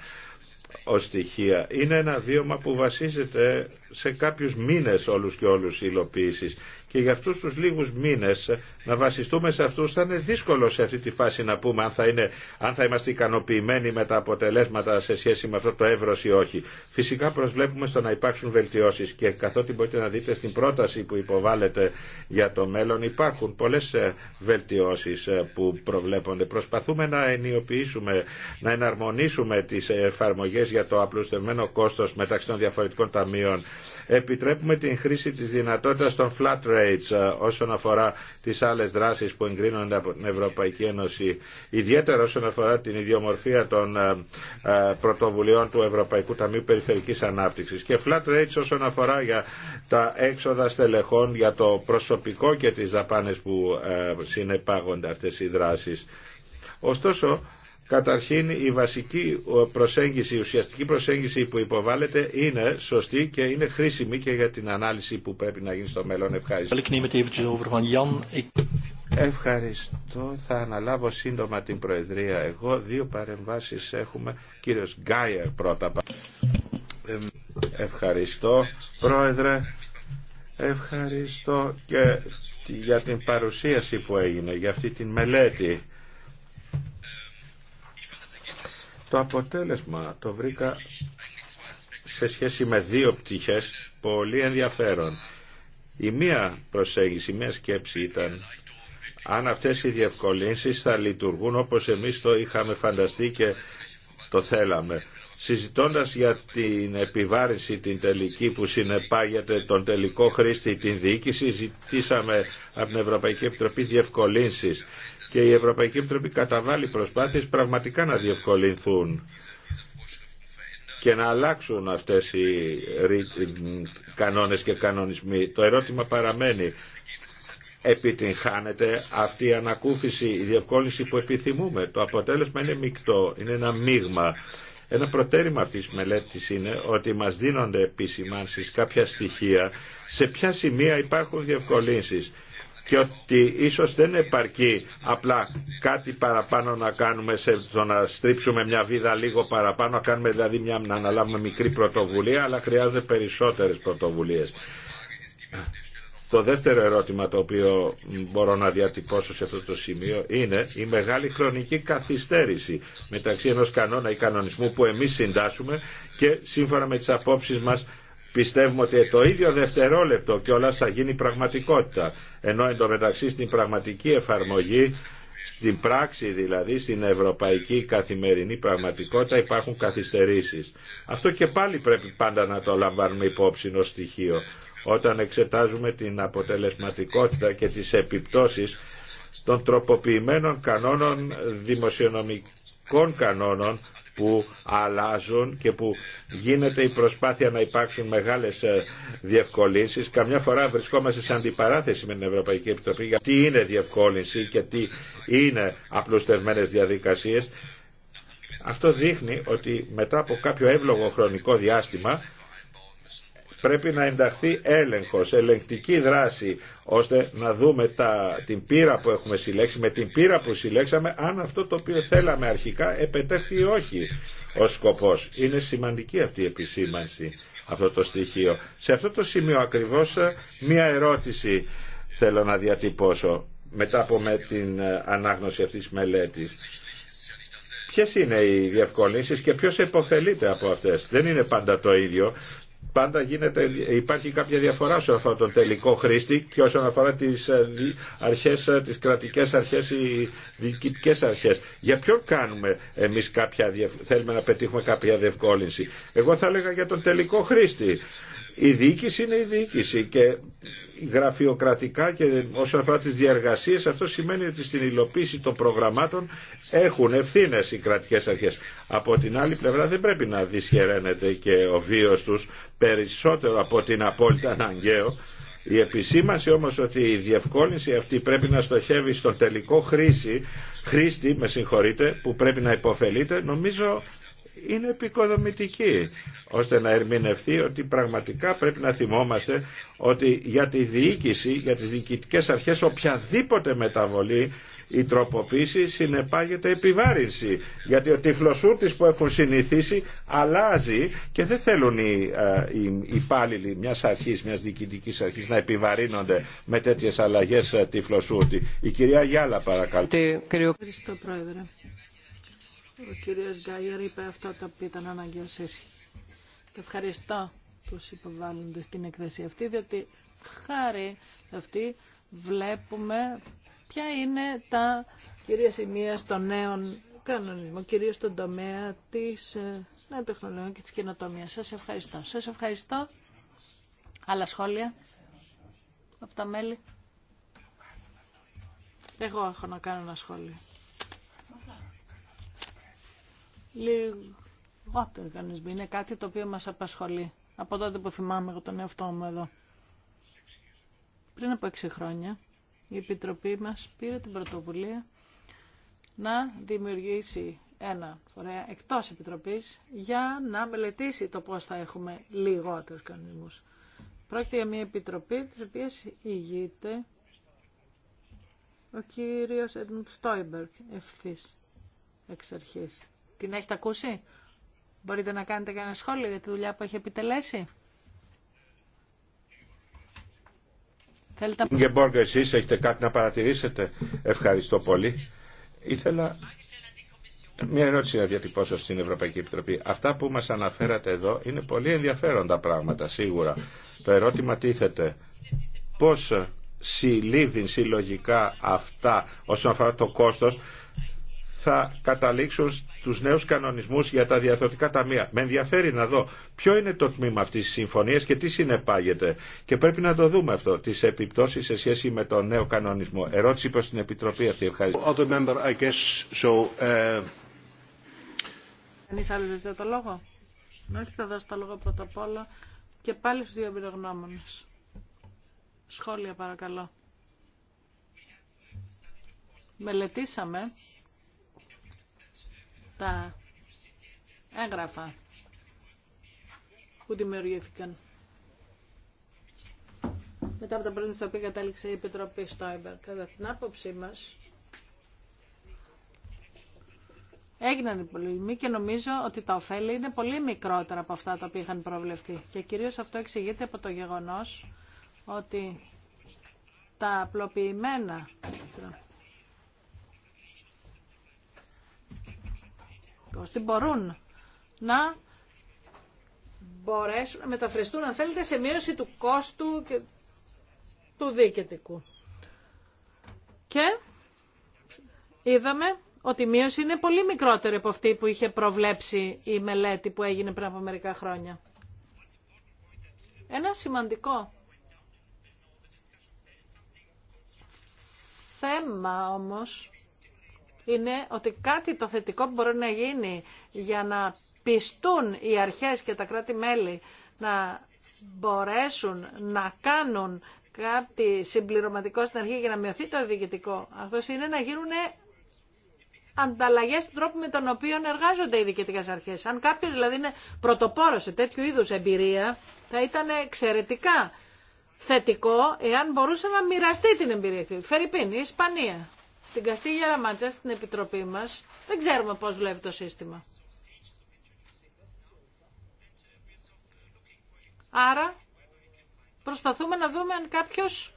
Speaker 1: ως στοιχεία. Είναι ένα βίωμα που βασίζεται σε κάποιους μήνες όλους και όλους υλοποίησης και για αυτούς τους λίγους μήνες ε, να βασιστούμε σε αυτούς θα είναι δύσκολο σε αυτή τη φάση να πούμε αν θα, είναι, αν θα είμαστε ικανοποιημένοι με τα αποτελέσματα σε σχέση με αυτό το εύρος ή όχι. Φυσικά προσβλέπουμε στο να υπάρξουν βελτιώσεις και καθότι μπορείτε να δείτε στην πρόταση που υποβάλλεται για το μέλλον υπάρχουν πολλές ε, βελτιώσεις ε, που προβλέπονται. Προσπαθούμε να ενιοποιήσουμε, να εναρμονίσουμε τις εφαρμογές για το απλουστευμένο κόστος μεταξύ των διαφορετικών ταμείων. Επιτρέπουμε την χρήση της δυνατότητας των flat ε, όσον αφορά τις άλλες δράσεις που εγκρίνονται από την Ευρωπαϊκή Ένωση, ιδιαίτερα όσον αφορά την ιδιομορφία των ε, ε, πρωτοβουλειών του Ευρωπαϊκού Ταμείου Περιφερική Ανάπτυξης και flat rates όσον αφορά για τα έξοδα στελεχών, για το προσωπικό και τις δαπάνε που συνεπάγονται αυτές οι δράσεις. Ωστόσο, Καταρχήν η βασική προσέγγιση, η ουσιαστική προσέγγιση που υποβάλλεται είναι σωστή και είναι χρήσιμη και για την ανάλυση που πρέπει να γίνει στο μέλλον. Ευχαριστώ. Ευχαριστώ. Θα αναλάβω σύντομα την Προεδρία. Εγώ δύο παρεμβάσεις έχουμε. Κύριος Γκάιερ πρώτα. Ευχαριστώ. Πρόεδρε, ευχαριστώ και για την παρουσίαση που έγινε, για αυτή την μελέτη Το αποτέλεσμα το βρήκα σε σχέση με δύο πτυχές πολύ ενδιαφέρον. Η μία προσέγγιση, η μία σκέψη ήταν αν αυτές οι διευκολύνσεις θα λειτουργούν όπως εμείς το είχαμε φανταστεί και το θέλαμε. Συζητώντας για την επιβάρηση την τελική που συνεπάγεται τον τελικό χρήστη την διοίκηση, ζητήσαμε από την Ευρωπαϊκή Επιτροπή διευκολύνσεις και η Ευρωπαϊκή Επιτροπή καταβάλει προσπάθειες πραγματικά να διευκολυνθούν και να αλλάξουν αυτές οι κανόνες και κανονισμοί. Το ερώτημα παραμένει, επιτυγχάνεται αυτή η ανακούφιση, η διευκόλυνση που επιθυμούμε. Το αποτέλεσμα είναι μεικτό, είναι ένα μείγμα. Ένα προτέρημα αυτής της μελέτης είναι ότι μας δίνονται επισημάνσεις κάποια στοιχεία σε ποια σημεία υπάρχουν διευκολύνσεις και ότι ίσως δεν επαρκεί απλά κάτι παραπάνω να κάνουμε σε να στρίψουμε μια βίδα λίγο παραπάνω, να κάνουμε δηλαδή μια, να αναλάβουμε μικρή πρωτοβουλία, αλλά χρειάζονται περισσότερες πρωτοβουλίες. Το δεύτερο ερώτημα το οποίο μπορώ να διατυπώσω σε αυτό το σημείο είναι η μεγάλη χρονική καθυστέρηση μεταξύ ενός κανόνα ή κανονισμού που εμείς συντάσσουμε και σύμφωνα με τις απόψεις μας Πιστεύουμε ότι το ίδιο δευτερόλεπτο και όλα θα γίνει πραγματικότητα. Ενώ εντωμεταξύ στην πραγματική εφαρμογή, στην πράξη δηλαδή, στην ευρωπαϊκή καθημερινή πραγματικότητα υπάρχουν καθυστερήσεις. Αυτό και πάλι πρέπει πάντα να το λαμβάνουμε υπόψη ως στοιχείο. Όταν εξετάζουμε την αποτελεσματικότητα και τις επιπτώσεις των τροποποιημένων κανόνων δημοσιονομικών κανόνων που αλλάζουν και που γίνεται η προσπάθεια να υπάρξουν μεγάλες ε, διευκολύνσεις. Καμιά φορά βρισκόμαστε σε αντιπαράθεση με την Ευρωπαϊκή Επιτροπή για τι είναι διευκόλυνση και τι είναι απλουστευμένες διαδικασίες. Αυτό δείχνει ότι μετά από κάποιο εύλογο χρονικό διάστημα πρέπει να ενταχθεί έλεγχος, ελεγκτική δράση, ώστε να δούμε τα, την πείρα που έχουμε συλλέξει, με την πείρα που συλλέξαμε, αν αυτό το οποίο θέλαμε αρχικά επετέφθη ή όχι ο σκοπός. Είναι σημαντική αυτή η επισήμανση, αυτό το στοιχείο. Σε αυτό το σημείο ακριβώς ε, μία ερώτηση θέλω να διατυπώσω μετά από με την ε, ανάγνωση αυτής της μελέτης. Ποιε είναι οι διευκολύνσεις και ποιο επωφελείται από αυτέ. Δεν είναι πάντα το ίδιο πάντα γίνεται, υπάρχει κάποια διαφορά σε αυτό το τελικό χρήστη και όσον αφορά τις, ε, αρχές, ε, τις κρατικές αρχές ή διοικητικές αρχές. Για ποιον κάνουμε εμείς κάποια, θέλουμε να πετύχουμε κάποια διευκόλυνση. Εγώ θα έλεγα για τον τελικό χρήστη. Η διοίκηση είναι η διοίκηση και γραφειοκρατικά και όσον αφορά τις διαργασίες αυτό σημαίνει ότι στην υλοποίηση των προγραμμάτων έχουν ευθύνε οι κρατικές αρχές. Από την άλλη πλευρά δεν πρέπει να δυσχεραίνεται και ο βίος τους περισσότερο από την απόλυτα αναγκαίο η επισήμανση όμως ότι η διευκόλυνση αυτή πρέπει να στοχεύει στον τελικό χρήση, χρήστη με που πρέπει να υποφελείται, νομίζω είναι επικοδομητική ώστε να ερμηνευθεί ότι πραγματικά πρέπει να θυμόμαστε ότι για τη διοίκηση, για τις διοικητικές αρχές οποιαδήποτε μεταβολή η τροποποίηση συνεπάγεται επιβάρυνση γιατί ο τυφλοσούρτης που έχουν συνηθίσει αλλάζει και δεν θέλουν οι, ε, οι υπάλληλοι μιας αρχής, μιας διοικητικής αρχής να επιβαρύνονται με τέτοιες αλλαγές ε, τυφλοσούρτη. Η κυρία Γιάλα παρακαλώ.
Speaker 3: Ο κύριος Γκάιερ είπε αυτά τα οποία ήταν Και ευχαριστώ τους υποβάλλοντες στην εκθέση αυτή, διότι χάρη σε αυτή βλέπουμε ποια είναι τα κυρία σημεία των νέων κανονισμό, κυρίως στον τομέα της ε, νέων τεχνολογιών και της καινοτομίας. Σας ευχαριστώ. Σας ευχαριστώ. Άλλα σχόλια από τα μέλη. Εγώ έχω να κάνω ένα σχόλιο. λιγότεροι οργανισμοί, Είναι κάτι το οποίο μας απασχολεί. Από τότε που θυμάμαι εγώ τον εαυτό μου εδώ. Πριν από έξι χρόνια η Επιτροπή μας πήρε την πρωτοβουλία να δημιουργήσει ένα φορέα εκτός Επιτροπής για να μελετήσει το πώς θα έχουμε λιγότερους κανονισμούς. Πρόκειται για μια επιτροπή της οποίας ηγείται ο κύριος Edmund Στόιμπερκ ευθύς εξ αρχής. Την έχετε ακούσει? Μπορείτε να κάνετε κανένα σχόλιο για τη δουλειά που έχει επιτελέσει. Θέλετε...
Speaker 1: εσείς έχετε κάτι να παρατηρήσετε. Ευχαριστώ πολύ. Ήθελα μια ερώτηση να διατυπώσω στην Ευρωπαϊκή Επιτροπή. Αυτά που μας αναφέρατε εδώ είναι πολύ ενδιαφέροντα πράγματα, σίγουρα. Το ερώτημα τίθεται. Πώς συλλήβει συλλογικά αυτά όσον αφορά το κόστος θα καταλήξουν στους νέους κανονισμούς για τα διαδοτικά ταμεία. Με ενδιαφέρει να δω ποιο είναι το τμήμα αυτής της συμφωνία και τι συνεπάγεται. Και πρέπει να το δούμε αυτό, τι επιπτώσεις σε σχέση με τον νέο κανονισμό. Ερώτηση προς την Επιτροπή αυτή. Ευχαριστώ. Uh,
Speaker 3: Κανείς άλλος δεν το λόγο. Όχι, θα δώσω το λόγο πρώτα απ' όλα και πάλι στους δύο Σχόλια παρακαλώ. Μελετήσαμε τα έγγραφα που δημιουργήθηκαν μετά από τα πρώτα που κατάληξε η Επιτροπή Στόιμπερ. Κατά την άποψή μας, έγιναν οι πολεμοί και νομίζω ότι τα ωφέλη είναι πολύ μικρότερα από αυτά τα οποία είχαν προβλεφθεί. Και κυρίως αυτό εξηγείται από το γεγονός ότι τα απλοποιημένα
Speaker 1: ώστε μπορούν
Speaker 3: να μπορέσουν να μεταφραστούν, αν θέλετε, σε μείωση του κόστου και του διοικητικού. Και είδαμε ότι η μείωση είναι πολύ μικρότερη από αυτή που είχε προβλέψει η μελέτη που έγινε πριν από μερικά χρόνια. Ένα σημαντικό θέμα όμως είναι ότι κάτι το θετικό που μπορεί να γίνει για να πιστούν οι αρχές και τα κράτη-μέλη να μπορέσουν να κάνουν κάτι συμπληρωματικό στην αρχή για να μειωθεί το διοικητικό. Αυτό είναι να γίνουν ανταλλαγές του τρόπου με τον οποίο εργάζονται οι διοικητικές αρχές. Αν κάποιος δηλαδή είναι πρωτοπόρος σε τέτοιου είδους εμπειρία, θα ήταν εξαιρετικά θετικό εάν μπορούσε να μοιραστεί την εμπειρία. Φερρυπίν, η Ισπανία στην Καστίγια Ραματζά, στην Επιτροπή μας, δεν ξέρουμε πώς δουλεύει το σύστημα. Άρα, προσπαθούμε να δούμε αν κάποιος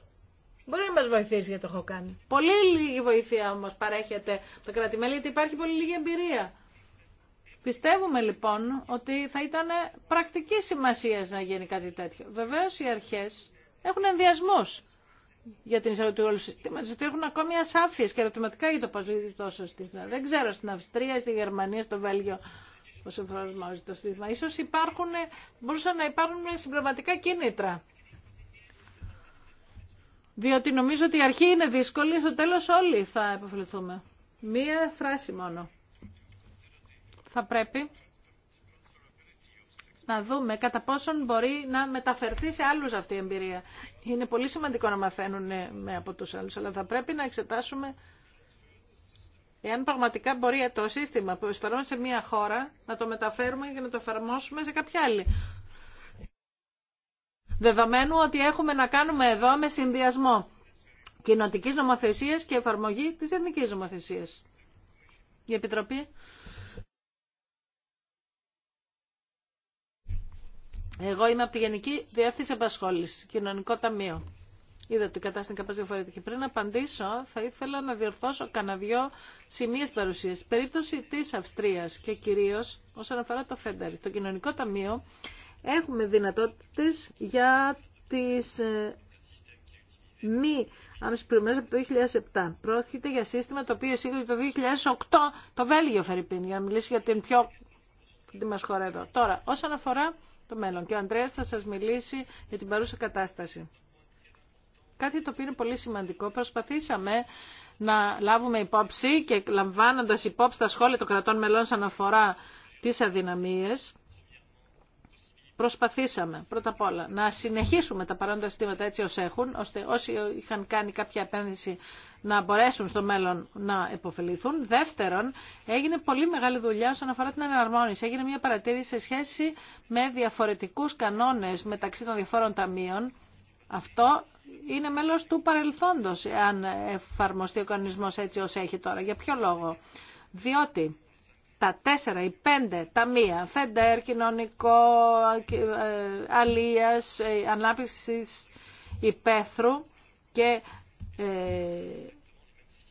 Speaker 3: μπορεί να μας βοηθήσει για το έχω κάνει. Πολύ λίγη βοήθεια όμως παρέχεται το κράτη-μέλη γιατί υπάρχει πολύ λίγη εμπειρία. Πιστεύουμε λοιπόν ότι θα ήταν πρακτική σημασία να γίνει κάτι τέτοιο. Βεβαίως οι αρχές έχουν ενδιασμούς για την εισαγωγή του όλου συστήματο, ότι έχουν ακόμη ασάφειε και ερωτηματικά για το πώ ζει το σύστημα. Δεν ξέρω στην Αυστρία, στη Γερμανία, στο Βέλγιο πώ εμφανίζεται το σύστημα. σω μπορούσαν να υπάρχουν συμπληρωματικά κίνητρα. Διότι νομίζω ότι η αρχή είναι δύσκολη, στο τέλο όλοι θα επωφεληθούμε. Μία φράση μόνο. Θα πρέπει να δούμε κατά πόσον μπορεί να μεταφερθεί σε άλλους αυτή η εμπειρία. Είναι πολύ σημαντικό να μαθαίνουν ε, με από τους άλλους, αλλά θα πρέπει να εξετάσουμε εάν πραγματικά μπορεί το σύστημα που εισφερώνει σε μία χώρα να το μεταφέρουμε και να το εφαρμόσουμε σε κάποια άλλη. Δεδομένου ότι έχουμε να κάνουμε εδώ με συνδυασμό κοινοτικής νομοθεσίας και εφαρμογή της εθνικής νομοθεσίας. Η Επιτροπή Εγώ είμαι από τη Γενική Διεύθυνση Επασχόληση, Κοινωνικό Ταμείο. Είδατε η κατάσταση είναι κάπως διαφορετική. Πριν απαντήσω, θα ήθελα να διορθώσω κανένα δυο σημεία παρουσία. Περίπτωση τη Αυστρία και κυρίω όσον αφορά το Φέντερ. Το Κοινωνικό Ταμείο έχουμε δυνατότητε για τι ε, μη ανοσπληρωμένε από το 2007. Πρόκειται για σύστημα το οποίο εισήγαγε το 2008 το Βέλγιο Φερρυπίν, για να μιλήσει για την πιο Τι μα χώρα εδώ. Τώρα, όσον αφορά το μέλλον. Και ο Ανδρέας θα σας μιλήσει για την παρούσα κατάσταση. Κάτι το οποίο είναι πολύ σημαντικό. Προσπαθήσαμε να λάβουμε υπόψη και λαμβάνοντας υπόψη τα σχόλια των κρατών μελών σαν αφορά τις αδυναμίες προσπαθήσαμε πρώτα απ' όλα να συνεχίσουμε τα παρόντα συστήματα έτσι ως έχουν, ώστε όσοι είχαν κάνει κάποια επένδυση να μπορέσουν στο μέλλον να επωφεληθούν. Δεύτερον, έγινε πολύ μεγάλη δουλειά όσον αφορά την εναρμόνιση. Έγινε μια παρατήρηση σε σχέση με διαφορετικούς κανόνες μεταξύ των διαφόρων ταμείων. Αυτό είναι μέλος του παρελθόντος, αν εφαρμοστεί ο κανονισμός έτσι ως έχει τώρα. Για ποιο λόγο. Διότι τα τέσσερα ή πέντε ταμεία, ΦΕΝΤΕΡ, κοινωνικό, ε, αλίας, ε, ανάπτυξης υπαίθρου και ε,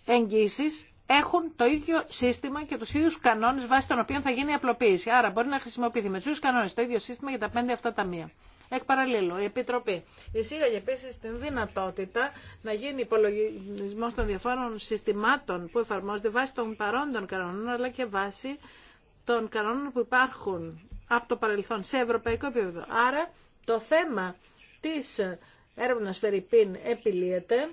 Speaker 3: εγγύσεις έχουν το ίδιο σύστημα και του ίδιου κανόνε βάσει των οποίων θα γίνει η απλοποίηση. Άρα μπορεί να χρησιμοποιηθεί με του ίδιου κανόνε το ίδιο σύστημα για τα πέντε αυτά ταμεία. Εκ παραλίλου, η Επιτροπή εισήγαγε επίση την δυνατότητα να γίνει υπολογισμό των διαφόρων συστημάτων που εφαρμόζονται βάσει των παρόντων κανόνων αλλά και βάσει των κανόνων που υπάρχουν από το παρελθόν σε ευρωπαϊκό επίπεδο. Άρα το θέμα τη έρευνα Φερρυπίν επιλύεται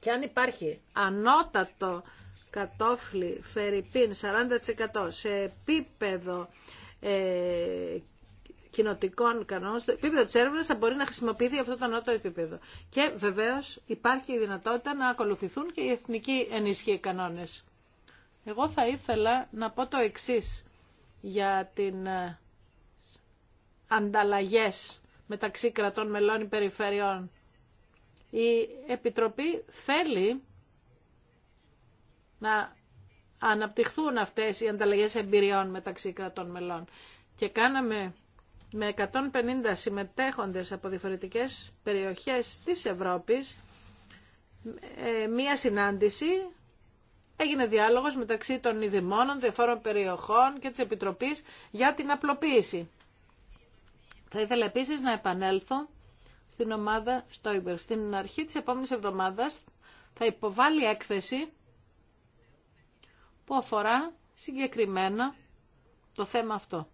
Speaker 3: και αν υπάρχει ανώτατο κατόφλι φεριπίν 40% σε επίπεδο ε, κοινοτικών κανόνων, στο επίπεδο τη έρευνα θα μπορεί να χρησιμοποιηθεί αυτό το ανώτατο επίπεδο. Και βεβαίω υπάρχει η δυνατότητα να ακολουθηθούν και οι εθνικοί ενισχύοι κανόνε. Εγώ θα ήθελα να πω το εξή για την ε, ανταλλαγές μεταξύ κρατών μελών υπεριφερειών. Η Επιτροπή θέλει να αναπτυχθούν αυτές οι ανταλλαγές εμπειριών μεταξύ κρατών μελών. Και κάναμε με 150 συμμετέχοντες από διαφορετικές περιοχές της Ευρώπης ε, μία συνάντηση. Έγινε διάλογος μεταξύ των ειδημόνων, διαφόρων περιοχών και της Επιτροπής για την απλοποίηση. Θα ήθελα επίσης να επανέλθω στην ομάδα Στόιμπερ. Στην αρχή της επόμενης εβδομάδας θα υποβάλει έκθεση που αφορά συγκεκριμένα το θέμα αυτό.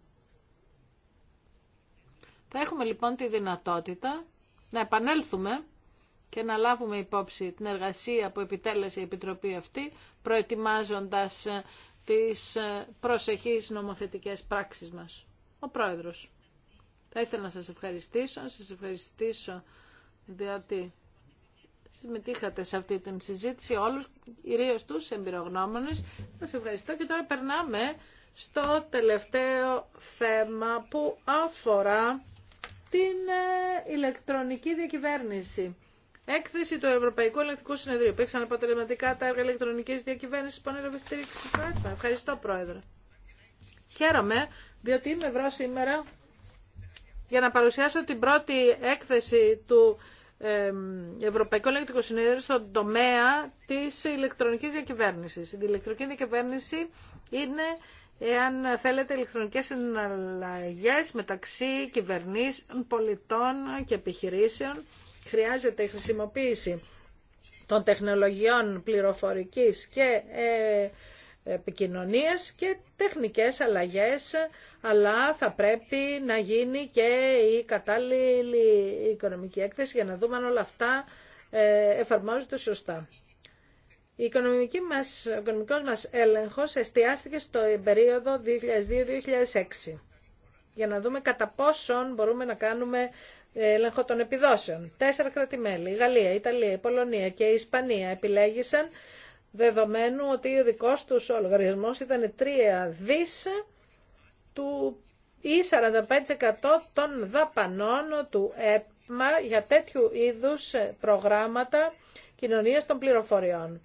Speaker 3: Θα έχουμε λοιπόν τη δυνατότητα να επανέλθουμε και να λάβουμε υπόψη την εργασία που επιτέλεσε η Επιτροπή αυτή, προετοιμάζοντας τις προσεχείς νομοθετικές πράξεις μας. Ο Πρόεδρος. Θα ήθελα να σας ευχαριστήσω, να σας ευχαριστήσω διότι συμμετείχατε σε αυτή την συζήτηση όλους, κυρίως τους εμπειρογνώμονες. Σας ευχαριστώ και τώρα περνάμε στο τελευταίο θέμα που αφορά την ε, ηλεκτρονική διακυβέρνηση. Έκθεση του Ευρωπαϊκού Ελεκτρικού Συνεδρίου. Παίξαν αποτελεσματικά τα έργα ηλεκτρονική διακυβέρνηση που ανέλαβε στήριξη Ευχαριστώ, Πρόεδρε. Χαίρομαι, διότι είμαι ευρώ σήμερα για να παρουσιάσω την πρώτη έκθεση του Ευρωπαϊκού Ελεκτρικού Συνέδριου στον τομέα της ηλεκτρονικής διακυβέρνησης. Η ηλεκτρονική διακυβέρνηση είναι, εάν θέλετε, ηλεκτρονικές συναλλαγές μεταξύ κυβερνήσεων, πολιτών και επιχειρήσεων. Χρειάζεται η χρησιμοποίηση των τεχνολογιών πληροφορικής και ε, επικοινωνίας και τεχνικές αλλαγές, αλλά θα πρέπει να γίνει και η κατάλληλη οικονομική έκθεση για να δούμε αν όλα αυτά ε, εφαρμόζονται σωστά. μας, ο οικονομικός μας έλεγχος εστιάστηκε στο περίοδο 2002-2006 για να δούμε κατά πόσον μπορούμε να κάνουμε έλεγχο των επιδόσεων. Τέσσερα κρατημέλη, η Γαλλία, η Ιταλία, η Πολωνία και η Ισπανία επιλέγησαν δεδομένου ότι ο δικός τους ο λογαριασμός ήταν 3 δις του ή 45% των δαπανών του ΕΠΜΑ για τέτοιου είδους προγράμματα κοινωνίας των πληροφοριών.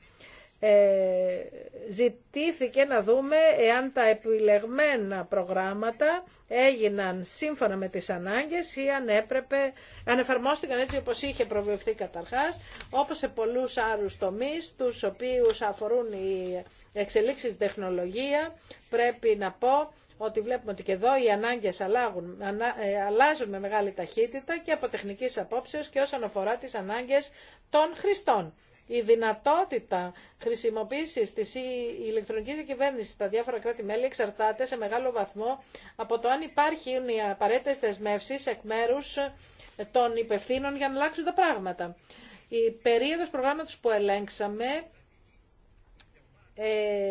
Speaker 3: Ε, ζητήθηκε να δούμε εάν τα επιλεγμένα προγράμματα έγιναν σύμφωνα με τις ανάγκες ή αν έπρεπε, αν εφαρμόστηκαν έτσι όπως είχε προβλεφθεί καταρχάς, όπως σε πολλούς άλλους τομείς, τους οποίους αφορούν οι εξελίξεις τεχνολογία, πρέπει να πω ότι βλέπουμε ότι και εδώ οι ανάγκες ε, αλλάζουν με μεγάλη ταχύτητα και από τεχνικής απόψεως και όσον αφορά τις ανάγκες των χρηστών η δυνατότητα χρησιμοποίησης της ηλεκτρονικής κυβέρνησης στα διάφορα κράτη-μέλη εξαρτάται σε μεγάλο βαθμό από το αν υπάρχουν οι απαραίτητε δεσμεύσει εκ μέρους των υπευθύνων για να αλλάξουν τα πράγματα. Η περίοδος προγράμματος που ελέγξαμε ε,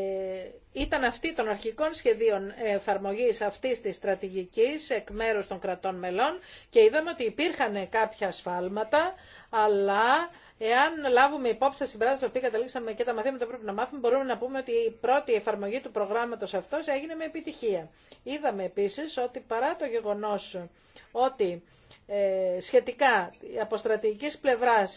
Speaker 3: ήταν αυτή των αρχικών σχεδίων εφαρμογή αυτής της στρατηγική, εκ μέρου των κρατών μελών και είδαμε ότι υπήρχαν κάποια ασφάλματα, αλλά Εάν λάβουμε υπόψη τα συμπράσματα που καταλήξαμε και τα μαθήματα που πρέπει να μάθουμε, μπορούμε να πούμε ότι η πρώτη εφαρμογή του προγράμματο αυτό έγινε με επιτυχία. Είδαμε επίση ότι παρά το γεγονό ότι ε, σχετικά από στρατηγική πλευρά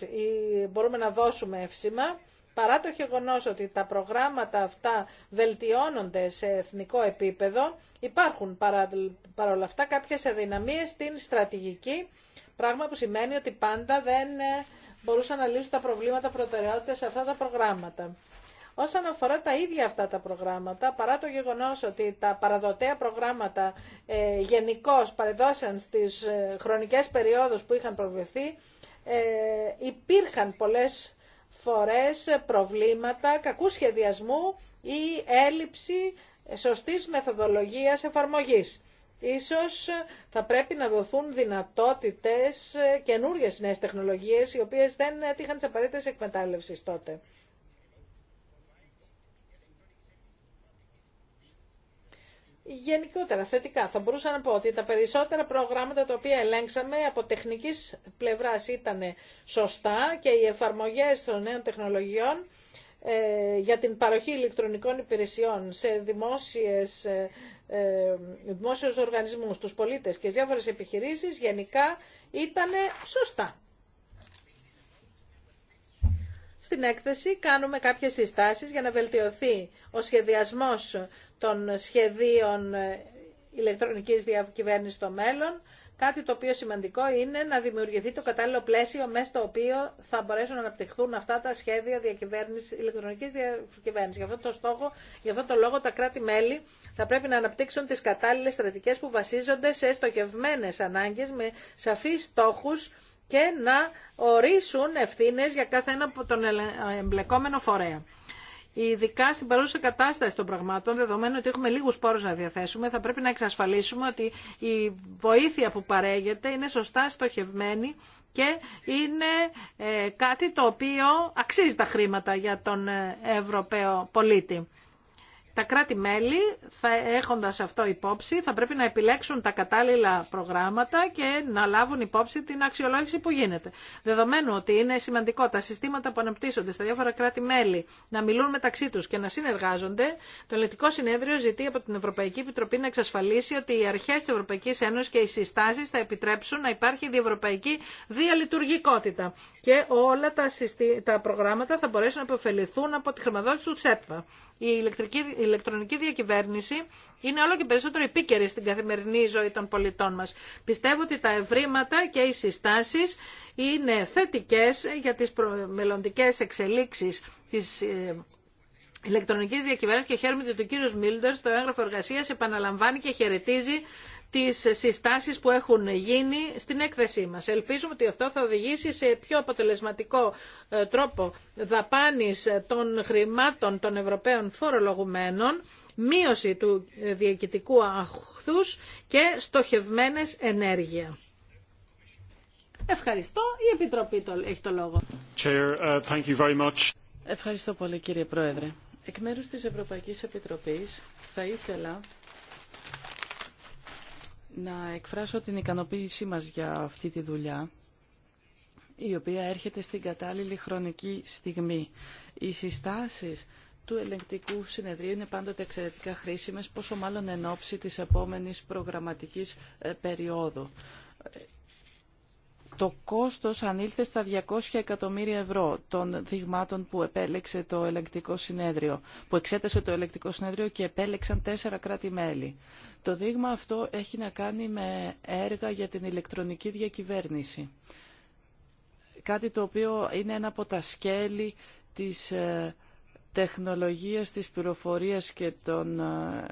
Speaker 3: μπορούμε να δώσουμε εύσημα, παρά το γεγονό ότι τα προγράμματα αυτά βελτιώνονται σε εθνικό επίπεδο, υπάρχουν παρόλα αυτά κάποιε αδυναμίε στην στρατηγική, πράγμα που σημαίνει ότι πάντα δεν ε, μπορούσαν να λύσουν τα προβλήματα προτεραιότητα σε αυτά τα προγράμματα. Όσον αφορά τα ίδια αυτά τα προγράμματα, παρά το γεγονός ότι τα παραδοτέα προγράμματα ε, γενικώ παρεδώσαν στις ε, χρονικές περιόδους που είχαν προβληθεί, ε, υπήρχαν πολλές φορές προβλήματα κακού σχεδιασμού ή έλλειψη σωστής μεθοδολογίας εφαρμογής. Ίσως θα πρέπει να δοθούν δυνατότητες ε, καινούριε νέες τεχνολογίες, οι οποίες δεν έτυχαν τις απαραίτητες εκμετάλλευση τότε. Γενικότερα, θετικά, θα μπορούσα να πω ότι τα περισσότερα προγράμματα τα οποία ελέγξαμε από τεχνικής πλευράς ήταν σωστά και οι εφαρμογές των νέων τεχνολογιών ε, για την παροχή ηλεκτρονικών υπηρεσιών σε δημόσιες ε, ε, δημόσιους οργανισμούς, τους πολίτες και διάφορες επιχειρήσεις γενικά ήταν σωστά. Στην έκθεση κάνουμε κάποιες συστάσεις για να βελτιωθεί ο σχεδιασμός των σχεδίων ε, ηλεκτρονικής διακυβέρνησης στο μέλλον, Κάτι το οποίο σημαντικό είναι να δημιουργηθεί το κατάλληλο πλαίσιο μέσα στο οποίο θα μπορέσουν να αναπτυχθούν αυτά τα σχέδια διακυβέρνηση, ηλεκτρονική διακυβέρνηση. Γι' αυτό το στόχο, γι' αυτό το λόγο τα κράτη-μέλη θα πρέπει να αναπτύξουν τι κατάλληλε στρατηγικέ που βασίζονται σε στοχευμένε ανάγκε με σαφεί στόχου και να ορίσουν ευθύνε για κάθε ένα από τον εμπλεκόμενο φορέα. Ειδικά στην παρούσα κατάσταση των πραγμάτων, δεδομένου ότι έχουμε λίγους πόρους να διαθέσουμε, θα πρέπει να εξασφαλίσουμε ότι η βοήθεια που παρέγεται είναι σωστά στοχευμένη και είναι ε, κάτι το οποίο αξίζει τα χρήματα για τον ε, Ευρωπαίο πολίτη. Τα κράτη-μέλη, θα, έχοντας αυτό υπόψη, θα πρέπει να επιλέξουν τα κατάλληλα προγράμματα και να λάβουν υπόψη την αξιολόγηση που γίνεται. Δεδομένου ότι είναι σημαντικό τα συστήματα που αναπτύσσονται στα διάφορα κράτη-μέλη να μιλούν μεταξύ τους και να συνεργάζονται, το Ελληνικό Συνέδριο ζητεί από την Ευρωπαϊκή Επιτροπή να εξασφαλίσει ότι οι αρχές της Ευρωπαϊκής Ένωσης και οι συστάσεις θα επιτρέψουν να υπάρχει διευρωπαϊκή διαλειτουργικότητα και όλα τα, προγράμματα θα μπορέσουν να επωφεληθούν από τη χρηματοδότηση του ΣΕΤΠΑ. Η ηλεκτρική η ηλεκτρονική διακυβέρνηση είναι όλο και περισσότερο επίκαιρη στην καθημερινή ζωή των πολιτών μας. Πιστεύω ότι τα ευρήματα και οι συστάσεις είναι θετικές για τις μελλοντικές εξελίξεις της ε, ηλεκτρονικής διακυβέρνησης και χαίρομαι ότι ο κύριος Μίλντερ στο έγγραφο εργασίας επαναλαμβάνει και χαιρετίζει τις συστάσεις που έχουν γίνει στην έκθεσή μας. Ελπίζουμε ότι αυτό θα οδηγήσει σε πιο αποτελεσματικό ε, τρόπο δαπάνης των χρημάτων των Ευρωπαίων φορολογουμένων, μείωση του διοικητικού αχθούς και στοχευμένες ενέργεια. Ευχαριστώ. Η
Speaker 2: Επιτροπή έχει το λόγο.
Speaker 1: Chair, uh, thank you very much.
Speaker 2: Ευχαριστώ πολύ κύριε Πρόεδρε. Εκ μέρους της Ευρωπαϊκής Επιτροπής θα ήθελα να εκφράσω την ικανοποίησή μας για αυτή τη δουλειά η οποία έρχεται στην κατάλληλη χρονική στιγμή. Οι συστάσεις του ελεγκτικού συνεδρίου είναι πάντοτε εξαιρετικά χρήσιμες, πόσο μάλλον εν ώψη της επόμενης προγραμματικής ε, περίοδου το κόστος ανήλθε στα 200 εκατομμύρια ευρώ των δειγμάτων που επέλεξε το ελεγκτικό συνέδριο, που εξέτασε το ελεγκτικό συνέδριο και επέλεξαν τέσσερα κράτη-μέλη. Το δείγμα αυτό έχει να κάνει με έργα για την ηλεκτρονική διακυβέρνηση. Κάτι το οποίο είναι ένα από τα σκέλη της ε, τεχνολογίας της πληροφορίας και των, ε,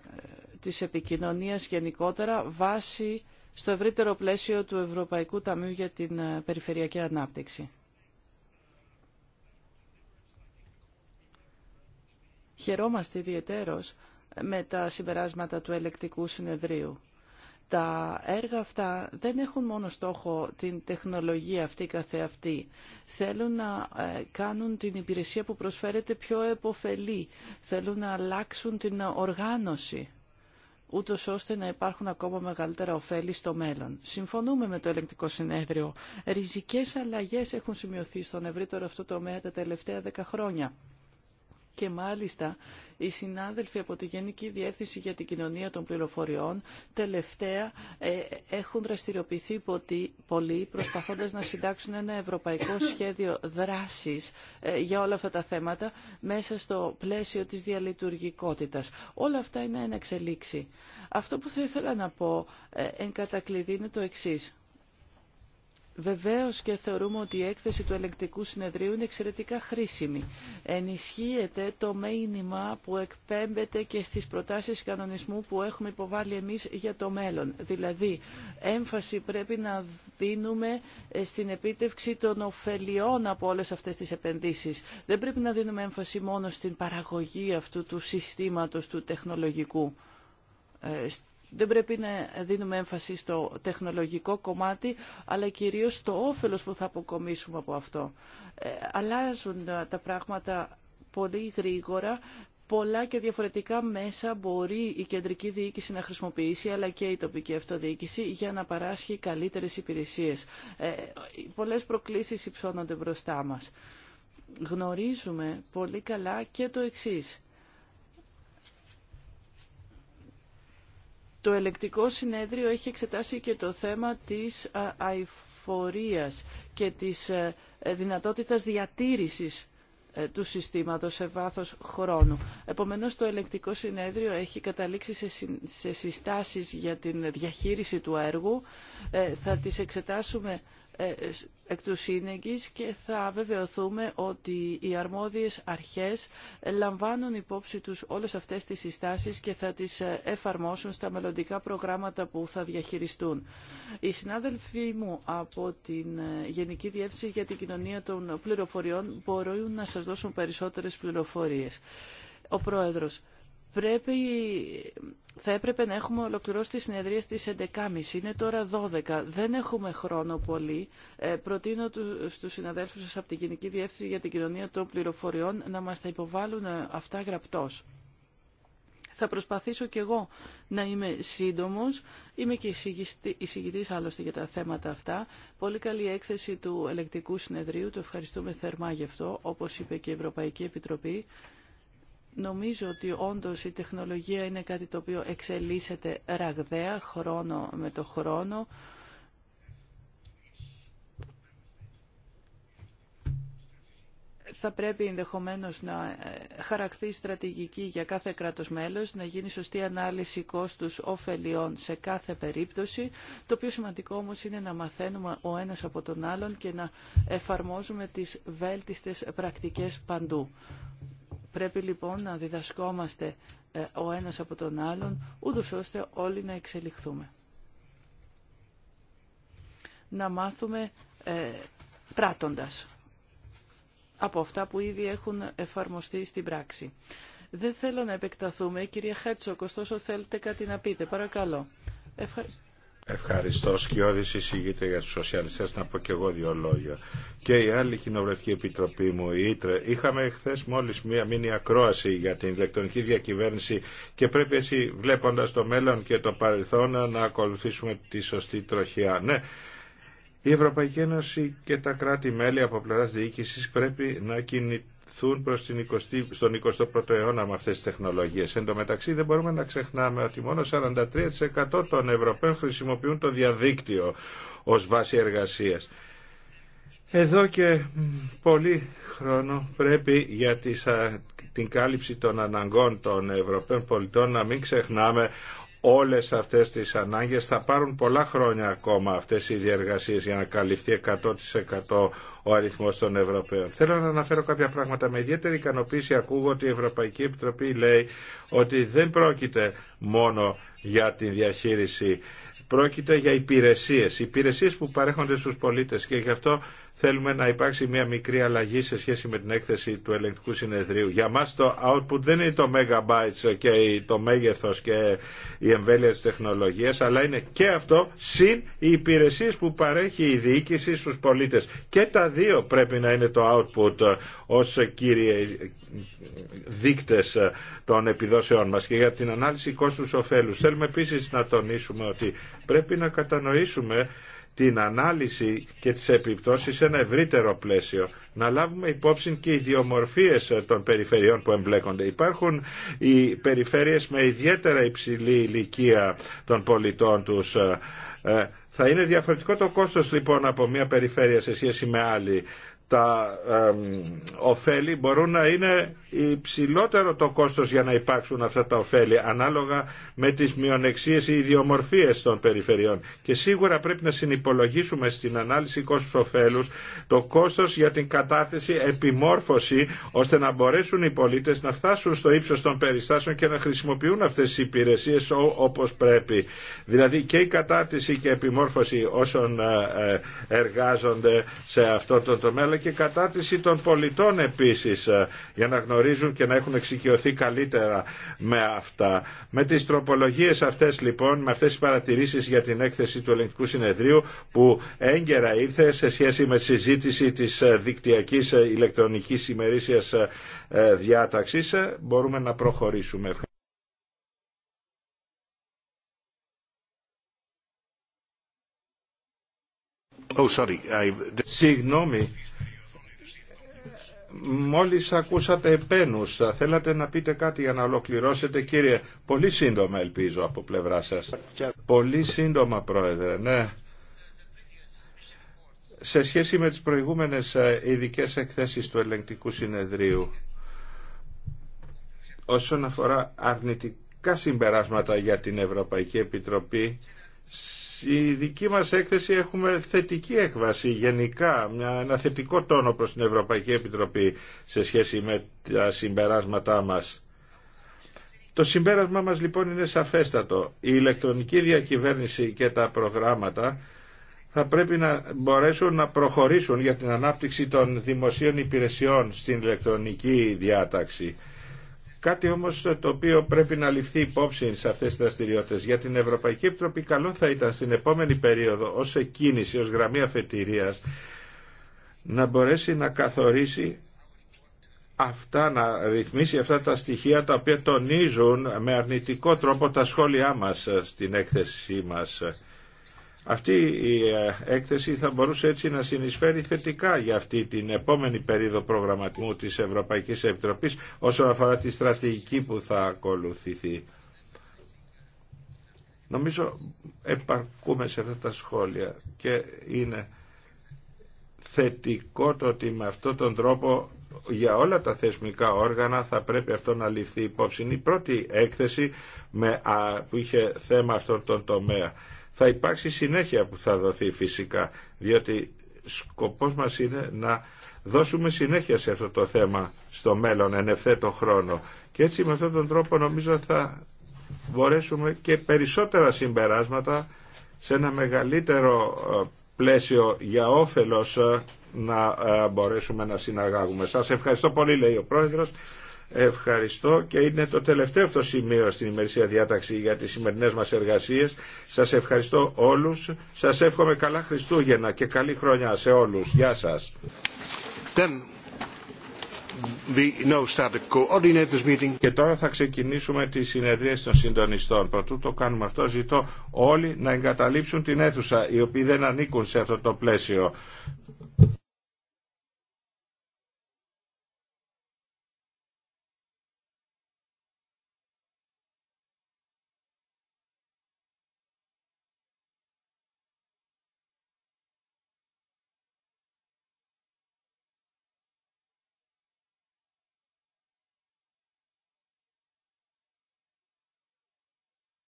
Speaker 2: της επικοινωνίας γενικότερα βάσει στο ευρύτερο πλαίσιο του Ευρωπαϊκού Ταμείου για την ε, Περιφερειακή Ανάπτυξη. Χαιρόμαστε ιδιαιτέρως ε, με τα συμπεράσματα του ελεκτικού συνεδρίου. Τα έργα αυτά δεν έχουν μόνο στόχο την τεχνολογία αυτή καθεαυτή. Θέλουν να ε, κάνουν την υπηρεσία που προσφέρεται πιο επωφελή. Θέλουν να αλλάξουν την οργάνωση ούτω ώστε να υπάρχουν ακόμα μεγαλύτερα ωφέλη στο μέλλον. Συμφωνούμε με το ελεγκτικό συνέδριο. Ριζικές αλλαγές έχουν σημειωθεί στον ευρύτερο αυτό τομέα τα τελευταία δέκα χρόνια και μάλιστα οι συνάδελφοι από τη Γενική Διεύθυνση για την Κοινωνία των Πληροφοριών τελευταία ε, έχουν δραστηριοποιηθεί πολύ προσπαθώντας να συντάξουν ένα ευρωπαϊκό σχέδιο δράσης ε, για όλα αυτά τα θέματα μέσα στο πλαίσιο της διαλειτουργικότητας. Όλα αυτά είναι ένα εξελίξη. Αυτό που θα ήθελα να πω ε, εν κατακλειδί είναι το εξής. Βεβαίως και θεωρούμε ότι η έκθεση του ελεγκτικού συνεδρίου είναι εξαιρετικά χρήσιμη. Ενισχύεται το μήνυμα που εκπέμπεται και στις προτάσεις κανονισμού που έχουμε υποβάλει εμείς για το μέλλον. Δηλαδή, έμφαση πρέπει να δίνουμε ε, στην επίτευξη των ωφελιών από όλες αυτές τις επενδύσεις. Δεν πρέπει να δίνουμε έμφαση μόνο στην παραγωγή αυτού του συστήματος του τεχνολογικού ε, δεν πρέπει να δίνουμε έμφαση στο τεχνολογικό κομμάτι, αλλά κυρίως στο όφελος που θα αποκομίσουμε από αυτό. Ε, αλλάζουν τα πράγματα πολύ γρήγορα. Πολλά και διαφορετικά μέσα μπορεί η κεντρική διοίκηση να χρησιμοποιήσει, αλλά και η τοπική αυτοδιοίκηση, για να παράσχει καλύτερες υπηρεσίες. Ε, πολλές προκλήσεις υψώνονται μπροστά μας. Γνωρίζουμε πολύ καλά και το εξής Το ελεκτικό συνέδριο έχει εξετάσει και το θέμα της αηφορίας και της ε, ε, δυνατότητας διατήρησης ε, του συστήματος σε βάθος χρόνου. Επομένως, το ελεκτικό συνέδριο έχει καταλήξει σε συστάσεις για την διαχείριση του έργου. Θα τις εξετάσουμε εκ του και θα βεβαιωθούμε ότι οι αρμόδιες αρχές λαμβάνουν υπόψη τους όλες αυτές τις συστάσεις και θα τις ε, εφαρμόσουν στα μελλοντικά προγράμματα που θα διαχειριστούν. Οι συνάδελφοί μου από την ε, Γενική Διεύθυνση για την Κοινωνία των Πληροφοριών μπορούν να σας δώσουν περισσότερες πληροφορίες. Ο Πρόεδρος θα έπρεπε να έχουμε ολοκληρώσει τις συνεδρίες στις 11.30. Είναι τώρα 12. Δεν έχουμε χρόνο πολύ. Ε, προτείνω του, στους συναδέλφους σας από την Γενική Διεύθυνση για την Κοινωνία των Πληροφοριών να μας τα υποβάλουν ε, αυτά γραπτός. Θα προσπαθήσω κι εγώ να είμαι σύντομος. Είμαι και εισηγητής άλλωστε για τα θέματα αυτά. Πολύ καλή έκθεση του ελεκτικού συνεδρίου. Το ευχαριστούμε θερμά γι' αυτό, όπως είπε και η Ευρωπαϊκή Επιτροπή. Νομίζω ότι όντως η τεχνολογία είναι κάτι το οποίο εξελίσσεται ραγδαία χρόνο με το χρόνο. θα πρέπει ενδεχομένως να ε, χαρακτεί στρατηγική για κάθε κράτος μέλος, να γίνει σωστή ανάλυση κόστους ωφελιών σε κάθε περίπτωση. Το πιο σημαντικό όμως είναι να μαθαίνουμε ο ένας από τον άλλον και να εφαρμόζουμε τις βέλτιστες πρακτικές παντού. Πρέπει λοιπόν να διδασκόμαστε ε, ο ένας από τον άλλον, ούτως ώστε όλοι να εξελιχθούμε. Να μάθουμε ε, πράτοντας από αυτά που ήδη έχουν εφαρμοστεί στην πράξη. Δεν θέλω να επεκταθούμε. Κυρία Χέρτσοκ, ωστόσο θέλετε κάτι να πείτε. Παρακαλώ.
Speaker 1: Ευχαριστώ Σκιώδη, εισηγείται για του σοσιαλιστές να πω και εγώ δύο λόγια. Και η άλλη κοινοβουλευτική επιτροπή μου, η Ήτρε, είχαμε χθε μόλις μία μήνυα ακρόαση για την ηλεκτρονική διακυβέρνηση και πρέπει εσύ βλέποντας το μέλλον και το παρελθόν να ακολουθήσουμε τη σωστή τροχιά. Ναι, η Ευρωπαϊκή Ένωση και τα κράτη-μέλη από πλευρά διοίκηση πρέπει να κινηθούν οδηγηθούν προς την 20, στον 21ο αιώνα με αυτές τις τεχνολογίες. Εν τω μεταξύ δεν μπορούμε να ξεχνάμε ότι μόνο 43% των Ευρωπαίων χρησιμοποιούν το διαδίκτυο ως βάση εργασίας. Εδώ και πολύ χρόνο πρέπει για τις, την κάλυψη των αναγκών των Ευρωπαίων πολιτών να μην ξεχνάμε όλες αυτές τις ανάγκες θα πάρουν πολλά χρόνια ακόμα αυτές οι διεργασίες για να καλυφθεί 100% ο αριθμός των Ευρωπαίων. Θέλω να αναφέρω κάποια πράγματα. Με ιδιαίτερη ικανοποίηση ακούγω ότι η Ευρωπαϊκή Επιτροπή λέει ότι δεν πρόκειται μόνο για τη διαχείριση. Πρόκειται για υπηρεσίες, υπηρεσίες που παρέχονται στους πολίτες και γι' αυτό θέλουμε να υπάρξει μια μικρή αλλαγή σε σχέση με την έκθεση του ελεγκτικού συνεδρίου. Για μας το output δεν είναι το megabytes και το μέγεθος και η εμβέλεια της τεχνολογίας, αλλά είναι και αυτό συν οι υπηρεσίες που παρέχει η διοίκηση στους πολίτες. Και τα δύο πρέπει να είναι το output ως κύριε δείκτες των επιδόσεών μας και για την ανάλυση κόστους-οφέλους. Θέλουμε επίσης να τονίσουμε ότι πρέπει να κατανοήσουμε την ανάλυση και τις επιπτώσεις σε ένα ευρύτερο πλαίσιο. Να λάβουμε υπόψη και οι ιδιομορφίες των περιφερειών που εμπλέκονται. Υπάρχουν οι περιφέρειες με ιδιαίτερα υψηλή ηλικία των πολιτών τους. Ε, ε, θα είναι διαφορετικό το κόστος λοιπόν από μια περιφέρεια σε σχέση με άλλη τα ωφέλη μπορούν να είναι υψηλότερο το κόστος για να υπάρξουν αυτά τα ωφέλη ανάλογα με τις μειονεξίες ή ιδιομορφίες των περιφερειών. Και σίγουρα πρέπει να συνυπολογίσουμε στην ανάλυση κόστους ωφέλους το κόστος για την κατάθεση επιμόρφωση ώστε να μπορέσουν οι πολίτες να φτάσουν στο ύψος των περιστάσεων και να χρησιμοποιούν αυτές τις υπηρεσίες όπως πρέπει. Δηλαδή και η κατάρτιση και επιμόρφωση όσων ε, ε, εργάζονται σε αυτό το τομέα και κατάρτιση των πολιτών επίσης ε, για να γνωρίζουν και να έχουν εξοικειωθεί καλύτερα με αυτά. Με τις τροπολογίες αυτές λοιπόν, με αυτές τις παρατηρήσεις για την έκθεση του Ελληνικού Συνεδρίου που έγκαιρα ήρθε σε σχέση με τη συζήτηση της ε, δικτυακής ε, ηλεκτρονικής ημερήσιας διάταξης μπορούμε να προχωρήσουμε. Oh, sorry. Συγγνώμη, μόλις ακούσατε επένους, θέλατε να πείτε κάτι για να ολοκληρώσετε κύριε. Πολύ σύντομα ελπίζω από πλευρά σας. Πολύ σύντομα πρόεδρε, ναι. Σε σχέση με τις προηγούμενες ε, ειδικέ εκθέσεις του ελεγκτικού συνεδρίου, όσον αφορά αρνητικά συμπεράσματα για την Ευρωπαϊκή Επιτροπή, Στη δική μας έκθεση έχουμε θετική έκβαση γενικά, μια, ένα θετικό τόνο προς την Ευρωπαϊκή Επιτροπή σε σχέση με τα συμπεράσματά μας. Το συμπέρασμα μας λοιπόν είναι σαφέστατο. Η ηλεκτρονική διακυβέρνηση και τα προγράμματα θα πρέπει να μπορέσουν να προχωρήσουν για την ανάπτυξη των δημοσίων υπηρεσιών στην ηλεκτρονική διάταξη. Κάτι όμως το οποίο πρέπει να ληφθεί υπόψη σε αυτές τις δραστηριότητε, Για την Ευρωπαϊκή Επιτροπή καλό θα ήταν στην επόμενη περίοδο ως εκκίνηση, ως γραμμή αφετηρία, να μπορέσει να καθορίσει αυτά, να ρυθμίσει αυτά τα στοιχεία τα οποία τονίζουν με αρνητικό τρόπο τα σχόλιά μας στην έκθεσή μας αυτή η ε, έκθεση θα μπορούσε έτσι να συνεισφέρει θετικά για αυτή την επόμενη περίοδο προγραμματισμού της Ευρωπαϊκής Επιτροπής όσον αφορά τη στρατηγική που θα ακολουθηθεί. Νομίζω επαρκούμε σε αυτά τα σχόλια και είναι θετικό το ότι με αυτόν τον τρόπο για όλα τα θεσμικά όργανα θα πρέπει αυτό να ληφθεί υπόψη. Είναι η πρώτη έκθεση που είχε θέμα αυτόν τον τομέα θα υπάρξει συνέχεια που θα δοθεί φυσικά, διότι σκοπός μας είναι να δώσουμε συνέχεια σε αυτό το θέμα στο μέλλον, εν ευθέτω χρόνο. Και έτσι με αυτόν τον τρόπο νομίζω θα μπορέσουμε και περισσότερα συμπεράσματα σε ένα μεγαλύτερο ε, πλαίσιο για όφελος ε, να ε, μπορέσουμε να συναγάγουμε. Σας ευχαριστώ πολύ λέει ο Πρόεδρος. Ευχαριστώ και είναι το τελευταίο αυτό σημείο στην ημερησία διάταξη για τις σημερινές μας εργασίες. Σας ευχαριστώ όλους. Σας εύχομαι καλά Χριστούγεννα και καλή χρόνια σε όλους. Γεια σας. Then we the coordinators meeting. Και τώρα θα ξεκινήσουμε τις συνεδρίες των συντονιστών. Προτού το κάνουμε αυτό, ζητώ όλοι να εγκαταλείψουν την αίθουσα, οι οποίοι δεν ανήκουν σε αυτό το πλαίσιο.